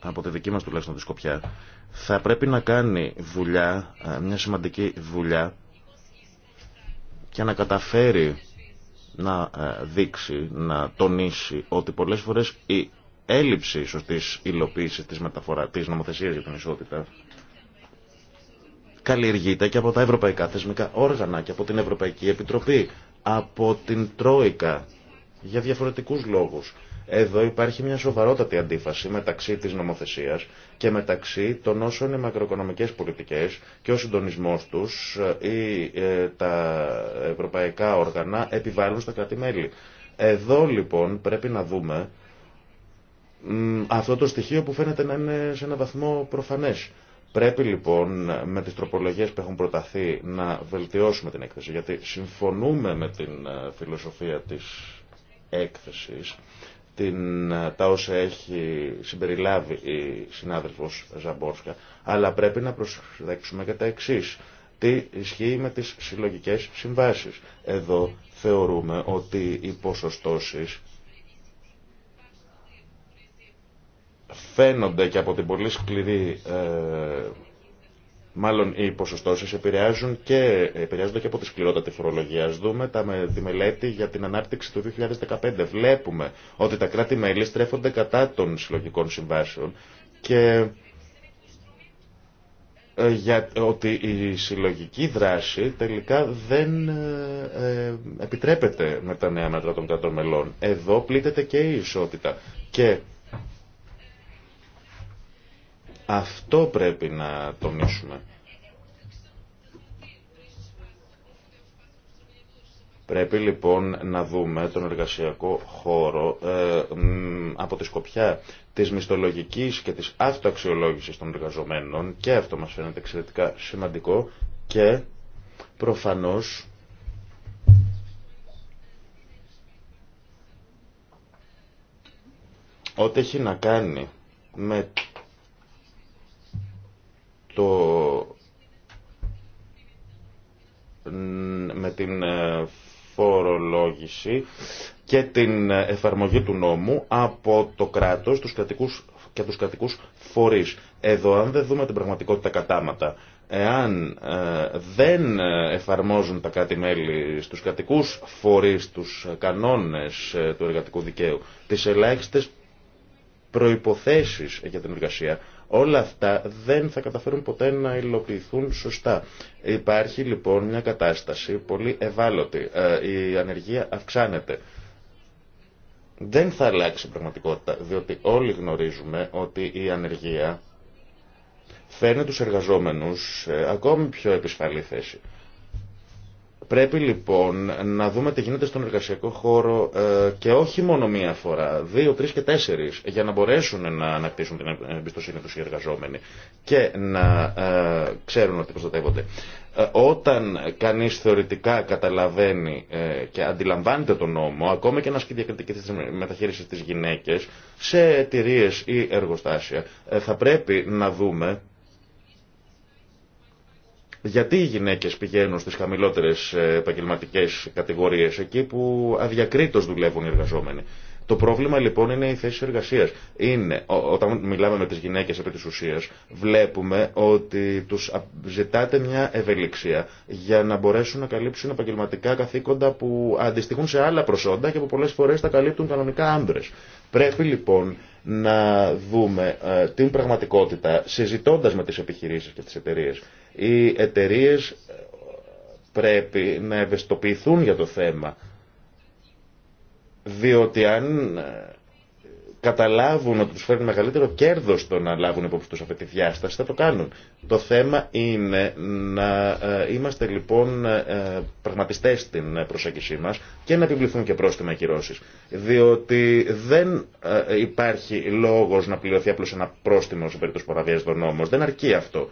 από τη δική μα τουλάχιστον τη Σκοπιά, θα πρέπει να κάνει δουλειά, ε, μια σημαντική δουλειά, και να καταφέρει να ε, δείξει, να τονίσει ότι πολλές φορές η έλλειψη σωστής υλοποίησης της μεταφορά της νομοθεσίας για την ισότητα καλλιεργείται και από τα ευρωπαϊκά θεσμικά όργανα και από την Ευρωπαϊκή Επιτροπή, από την Τρόικα για διαφορετικούς λόγους. Εδώ υπάρχει μια σοβαρότατη αντίφαση μεταξύ της νομοθεσίας και μεταξύ των όσων είναι μακροοικονομικές πολιτικές και ο συντονισμός τους ε, ή ε, τα ευρωπαϊκά όργανα επιβάλλουν στα κράτη-μέλη. Εδώ λοιπόν πρέπει να δούμε αυτό το στοιχείο που φαίνεται να είναι σε ένα βαθμό προφανές. Πρέπει λοιπόν με τις τροπολογίες που έχουν προταθεί να βελτιώσουμε την έκθεση γιατί συμφωνούμε με την ε, φιλοσοφία της έκθεσης την, τα όσα έχει συμπεριλάβει η συνάδελφος Ζαμπόρσκα, αλλά πρέπει να προσδέξουμε και τα εξή. Τι ισχύει με τις συλλογικές συμβάσεις. Εδώ θεωρούμε ότι οι ποσοστώσεις φαίνονται και από την πολύ σκληρή ε, Μάλλον οι ποσοστώσεις επηρεάζουν και, επηρεάζονται και από τη σκληρότατη τη φορολογία. Δούμε τα με, τη μελέτη για την ανάπτυξη του 2015. Βλέπουμε ότι τα κράτη-μέλη στρέφονται κατά των συλλογικών συμβάσεων και ε, για, ότι η συλλογική δράση τελικά δεν ε, ε, επιτρέπεται με τα νέα μέτρα των κρατών μελών. Εδώ πλήττεται και η ισότητα. Και αυτό πρέπει να τονίσουμε. Πρέπει λοιπόν να δούμε τον εργασιακό χώρο ε, από τη σκοπιά της μισθολογικής και της αυτοαξιολόγησης των εργαζομένων και αυτό μας φαίνεται εξαιρετικά σημαντικό και προφανώς ό,τι έχει να κάνει με το με την ε, φορολόγηση και την ε, εφαρμογή του νόμου από το κράτος τους και τους κρατικούς φορείς. Εδώ αν δεν δούμε την πραγματικότητα κατάματα, εάν ε, δεν εφαρμόζουν τα κράτη-μέλη στους κρατικούς φορείς τους κανόνες του εργατικού δικαίου, τις ελάχιστες προϋποθέσεις για την εργασία, Όλα αυτά δεν θα καταφέρουν ποτέ να υλοποιηθούν σωστά. Υπάρχει λοιπόν μια κατάσταση πολύ ευάλωτη. Ε, η ανεργία αυξάνεται. Δεν θα αλλάξει η πραγματικότητα, διότι όλοι γνωρίζουμε ότι η ανεργία φέρνει τους εργαζόμενους ακόμη πιο επισφαλή θέση. Πρέπει λοιπόν να δούμε τι γίνεται στον εργασιακό χώρο ε, και όχι μόνο μία φορά, δύο, τρεις και τέσσερις για να μπορέσουν να ανακτήσουν την εμπιστοσύνη τους οι εργαζόμενοι και να ε, ξέρουν ότι προστατεύονται. Ε, όταν κανείς θεωρητικά καταλαβαίνει και αντιλαμβάνεται τον νόμο, ακόμα και να διακριτική μεταχείριση στις γυναίκες σε εταιρείε ή εργοστάσια, θα πρέπει να δούμε γιατί οι γυναίκες πηγαίνουν στις χαμηλότερες ε, επαγγελματικέ κατηγορίες, εκεί που αδιακρίτως δουλεύουν οι εργαζόμενοι. Το πρόβλημα λοιπόν είναι η θέση εργασία. Είναι, όταν μιλάμε με τι γυναίκε επί τη ουσία, βλέπουμε ότι του ζητάτε μια ευελιξία για να μπορέσουν να καλύψουν επαγγελματικά καθήκοντα που αντιστοιχούν σε άλλα προσόντα και που πολλέ φορέ τα καλύπτουν κανονικά άντρε. Πρέπει λοιπόν να δούμε ε, την πραγματικότητα συζητώντα με τι επιχειρήσει και τι εταιρείε οι εταιρείε πρέπει να ευαισθητοποιηθούν για το θέμα. Διότι αν ε, καταλάβουν ότι του φέρνει μεγαλύτερο κέρδο το να λάβουν υπόψη του αυτή τη διάσταση, θα το κάνουν. Το θέμα είναι να ε, είμαστε λοιπόν ε, πραγματιστές στην προσέγγιση μα και να επιβληθούν και πρόστιμα κυρώσει. Διότι δεν υπάρχει λόγο να πληρωθεί απλώ ένα πρόστιμο σε περίπτωση παραβιάζει των νόμων. Δεν αρκεί αυτό.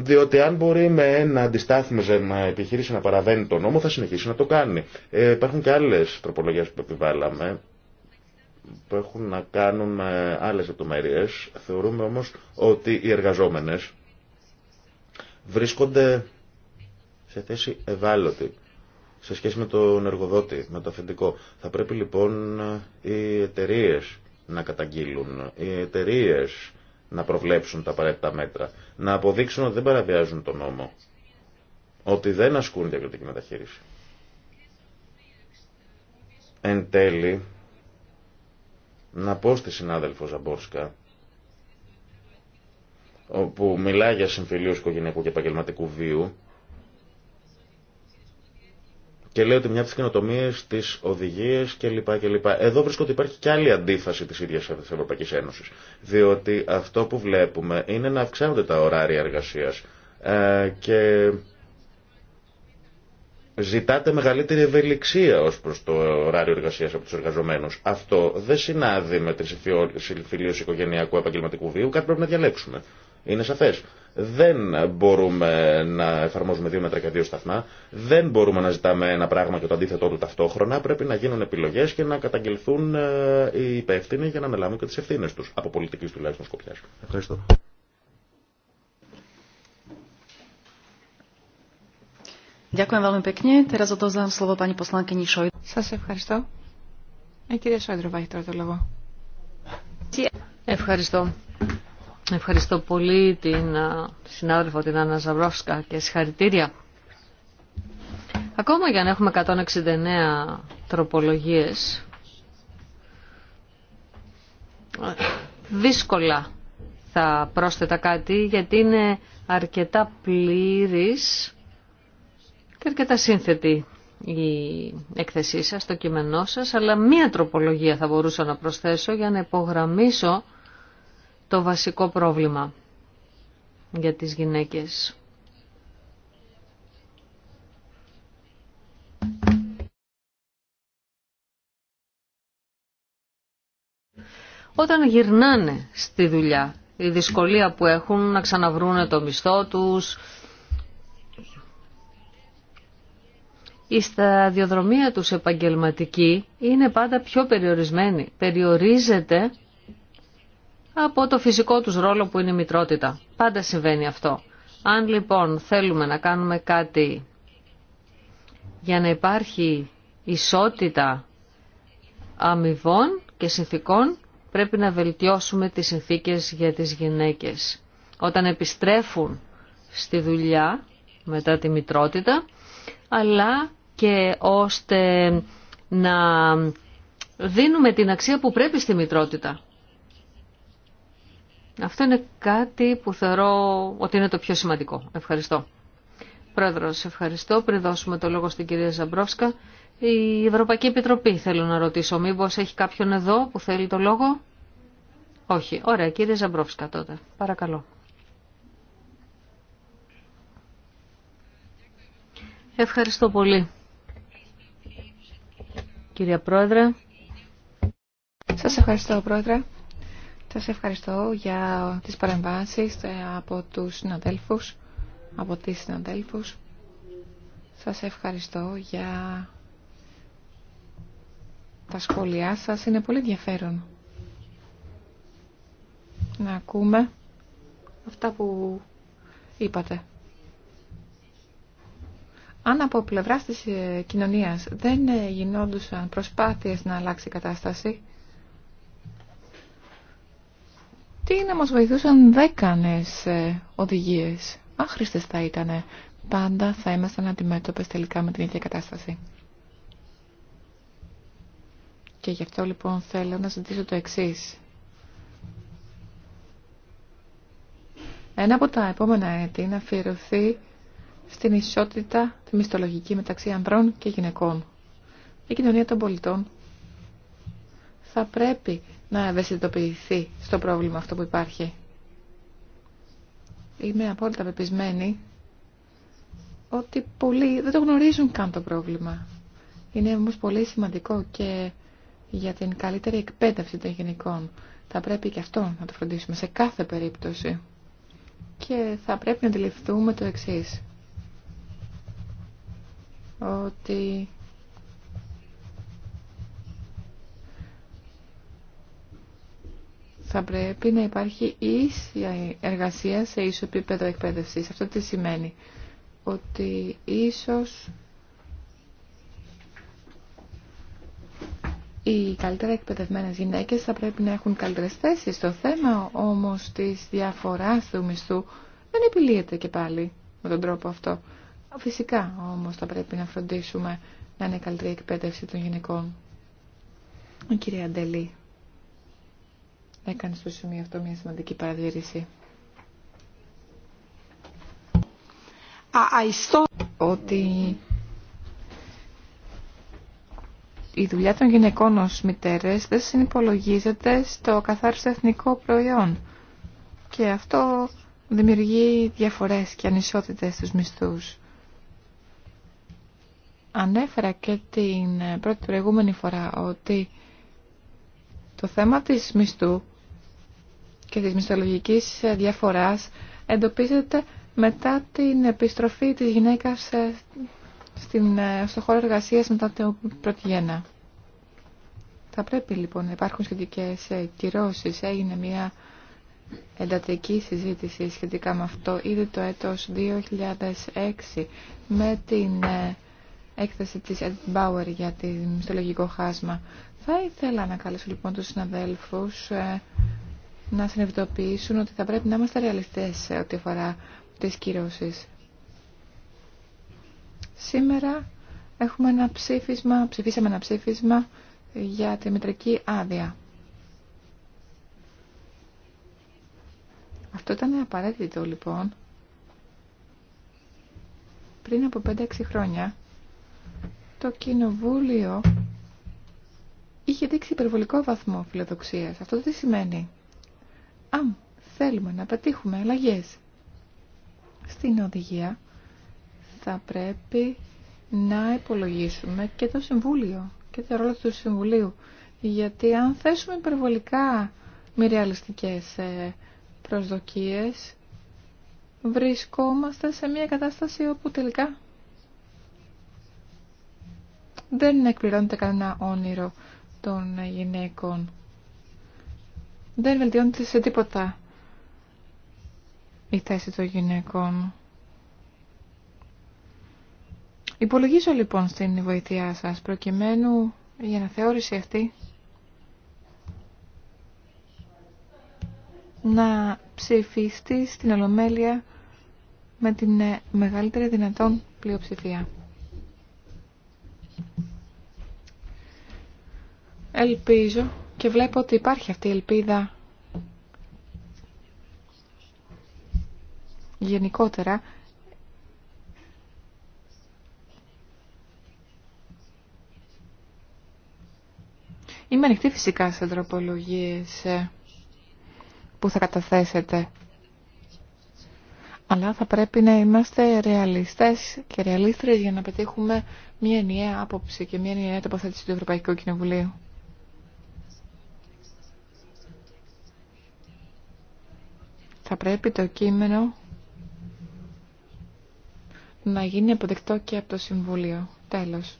Διότι αν μπορεί με ένα μια επιχείρηση να παραβαίνει τον νόμο, θα συνεχίσει να το κάνει. Ε, υπάρχουν και άλλε τροπολογίε που επιβάλαμε, που έχουν να κάνουν με άλλε λεπτομέρειε. Θεωρούμε όμω ότι οι εργαζόμενε βρίσκονται σε θέση ευάλωτη σε σχέση με τον εργοδότη, με το αφεντικό. Θα πρέπει λοιπόν οι εταιρείε να καταγγείλουν, οι εταιρείε να προβλέψουν τα απαραίτητα μέτρα, να αποδείξουν ότι δεν παραβιάζουν τον νόμο, ότι δεν ασκούν διακριτική μεταχείριση. Εν τέλει, να πω στη συνάδελφο Ζαμπόρσκα, όπου μιλάει για συμφιλίους οικογενειακού και επαγγελματικού βίου, και λέει ότι μια από τι καινοτομίε, τι οδηγίε κλπ. κλπ. Εδώ βρίσκω ότι υπάρχει και άλλη αντίφαση τη ίδια τη Ευρωπαϊκή Ένωση. Διότι αυτό που βλέπουμε είναι να αυξάνονται τα ωράρια εργασία ε, και ζητάτε μεγαλύτερη ευελιξία ω προ το ωράριο εργασία από του εργαζομένου. Αυτό δεν συνάδει με τη συμφιλίωση οικογενειακού επαγγελματικού βίου, κάτι πρέπει να διαλέξουμε. Είναι σαφέ. Δεν μπορούμε να εφαρμόζουμε δύο μέτρα και δύο σταθμά. Δεν μπορούμε να ζητάμε ένα πράγμα και το αντίθετό του ταυτόχρονα. Πρέπει να γίνουν επιλογέ και να καταγγελθούν ε, οι υπεύθυνοι για να αναλάβουν και τι ευθύνε του. Από πολιτική τουλάχιστον σκοπιά. Ευχαριστώ. Σα ευχαριστώ. Η ε, κυρία το λόγο. Ευχαριστώ. Ευχαριστώ πολύ την συνάδελφο την Άννα Ζαβρόφσκα και συγχαρητήρια. Ακόμα για να έχουμε 169 τροπολογίες, δύσκολα θα πρόσθετα κάτι γιατί είναι αρκετά πλήρης και αρκετά σύνθετη η έκθεσή σας, το κείμενό σας, αλλά μία τροπολογία θα μπορούσα να προσθέσω για να υπογραμμίσω το βασικό πρόβλημα για τις γυναίκες. Όταν γυρνάνε στη δουλειά, η δυσκολία που έχουν να ξαναβρούνε το μισθό τους, η σταδιοδρομία τους επαγγελματική είναι πάντα πιο περιορισμένη. Περιορίζεται από το φυσικό τους ρόλο που είναι η μητρότητα. Πάντα συμβαίνει αυτό. Αν λοιπόν θέλουμε να κάνουμε κάτι για να υπάρχει ισότητα αμοιβών και συνθήκων, πρέπει να βελτιώσουμε τις συνθήκες για τις γυναίκες. Όταν επιστρέφουν στη δουλειά μετά τη μητρότητα, αλλά και ώστε να δίνουμε την αξία που πρέπει στη μητρότητα. Αυτό είναι κάτι που θεωρώ ότι είναι το πιο σημαντικό. Ευχαριστώ. Πρόεδρο, ευχαριστώ. Πριν δώσουμε το λόγο στην κυρία Ζαμπρόφσκα, η Ευρωπαϊκή Επιτροπή θέλω να ρωτήσω. Μήπως έχει κάποιον εδώ που θέλει το λόγο. Όχι. Ωραία, κύριε Ζαμπρόσκα τότε. Παρακαλώ. Ευχαριστώ πολύ. Κυρία Πρόεδρε. Σας ευχαριστώ, Πρόεδρε. Σας ευχαριστώ για τις παρεμβάσεις ε, από τους συναδέλφους, από τις συναδέλφους. Σας ευχαριστώ για τα σχόλιά σας. Είναι πολύ ενδιαφέρον να ακούμε αυτά που είπατε. Αν από πλευρά της ε, κοινωνίας δεν ε, γινόντουσαν προσπάθειες να αλλάξει η κατάσταση, τι να μας βοηθούσαν δέκανες ε, οδηγίες. Άχρηστες θα ήτανε. Πάντα θα ήμασταν αντιμέτωπες τελικά με την ίδια κατάσταση. Και γι' αυτό λοιπόν θέλω να ζητήσω το εξής. Ένα από τα επόμενα έτη να αφιερωθεί στην ισότητα τη μισθολογική μεταξύ ανδρών και γυναικών. Η κοινωνία των πολιτών θα πρέπει να ευαισθητοποιηθεί στο πρόβλημα αυτό που υπάρχει. Είμαι απόλυτα πεπισμένη ότι πολλοί δεν το γνωρίζουν καν το πρόβλημα. Είναι όμως πολύ σημαντικό και για την καλύτερη εκπαίδευση των γενικών. Θα πρέπει και αυτό να το φροντίσουμε σε κάθε περίπτωση. Και θα πρέπει να αντιληφθούμε το εξής. Ότι θα πρέπει να υπάρχει ίσια εργασία σε ίσο επίπεδο εκπαίδευσης. Αυτό τι σημαίνει. Ότι ίσως οι καλύτερα εκπαιδευμένες γυναίκες θα πρέπει να έχουν καλύτερες θέσεις. Το θέμα όμως της διαφοράς του μισθού δεν επιλύεται και πάλι με τον τρόπο αυτό. Φυσικά όμως θα πρέπει να φροντίσουμε να είναι καλύτερη εκπαίδευση των γυναικών. Αντελή έκανε στο σημείο αυτό μια σημαντική παρατήρηση. Ότι η δουλειά των γυναικών ως μητέρες δεν συνυπολογίζεται στο καθάριστο εθνικό προϊόν. Και αυτό δημιουργεί διαφορές και ανισότητες στους μισθούς. Ανέφερα και την πρώτη προηγούμενη φορά ότι το θέμα της μισθού και της μισθολογικής ε, διαφοράς εντοπίζεται μετά την επιστροφή της γυναίκας ε, στην, ε, στο χώρο εργασίας μετά την πρώτη γέννα. Θα πρέπει λοιπόν να υπάρχουν σχετικές κυρώσεις. Έγινε μια εντατική συζήτηση σχετικά με αυτό ήδη το έτος 2006 με την έκθεση της Edith Bauer για το μισθολογικό χάσμα. Θα ήθελα να καλέσω λοιπόν τους συναδέλφους ε, να συνειδητοποιήσουν ότι θα πρέπει να είμαστε ρεαλιστές ό,τι αφορά τις κυρώσεις. Σήμερα έχουμε ένα ψήφισμα, ψηφίσαμε ένα ψήφισμα για τη μητρική άδεια. Αυτό ήταν απαραίτητο λοιπόν. Πριν από 5-6 χρόνια το Κοινοβούλιο είχε δείξει υπερβολικό βαθμό φιλοδοξίας. Αυτό τι σημαίνει. Αν θέλουμε να πετύχουμε αλλαγέ στην οδηγία, θα πρέπει να υπολογίσουμε και το Συμβούλιο και το ρόλο του Συμβουλίου. Γιατί αν θέσουμε υπερβολικά μη ρεαλιστικές ε, προσδοκίες, βρισκόμαστε σε μια κατάσταση όπου τελικά δεν εκπληρώνεται κανένα όνειρο των γυναίκων. Δεν βελτιώνεται σε τίποτα η θέση των γυναίκων. Υπολογίζω λοιπόν στην βοήθειά σας προκειμένου για να θεώρηση αυτή να ψηφιστεί στην Ολομέλεια με την μεγαλύτερη δυνατόν πλειοψηφία. Ελπίζω και βλέπω ότι υπάρχει αυτή η ελπίδα γενικότερα Είμαι ανοιχτή φυσικά σε τροπολογίες ε, που θα καταθέσετε. Αλλά θα πρέπει να είμαστε ρεαλιστές και ρεαλίστρες για να πετύχουμε μια ενιαία άποψη και μια ενιαία τοποθέτηση του Ευρωπαϊκού Κοινοβουλίου. Θα πρέπει το κείμενο να γίνει αποδεκτό και από το Συμβουλίο. Τέλος.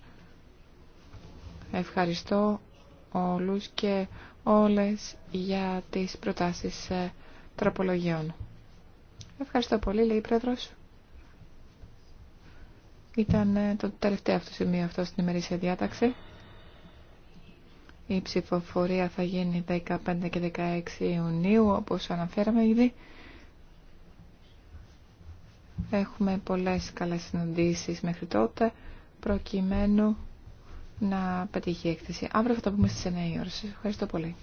Ευχαριστώ όλους και όλες για τις προτάσεις ε, τροπολογιών. Ευχαριστώ πολύ, λέει η Πρόεδρος. Ήταν ε, το τελευταίο αυτό σημείο αυτό στην ημερήσια διάταξη. Η ψηφοφορία θα γίνει 15 και 16 Ιουνίου, όπως αναφέραμε ήδη. Έχουμε πολλές καλές συναντήσεις μέχρι τότε, προκειμένου να πετύχει η έκθεση. Αύριο θα τα πούμε στις 9 ώρες. ευχαριστώ πολύ.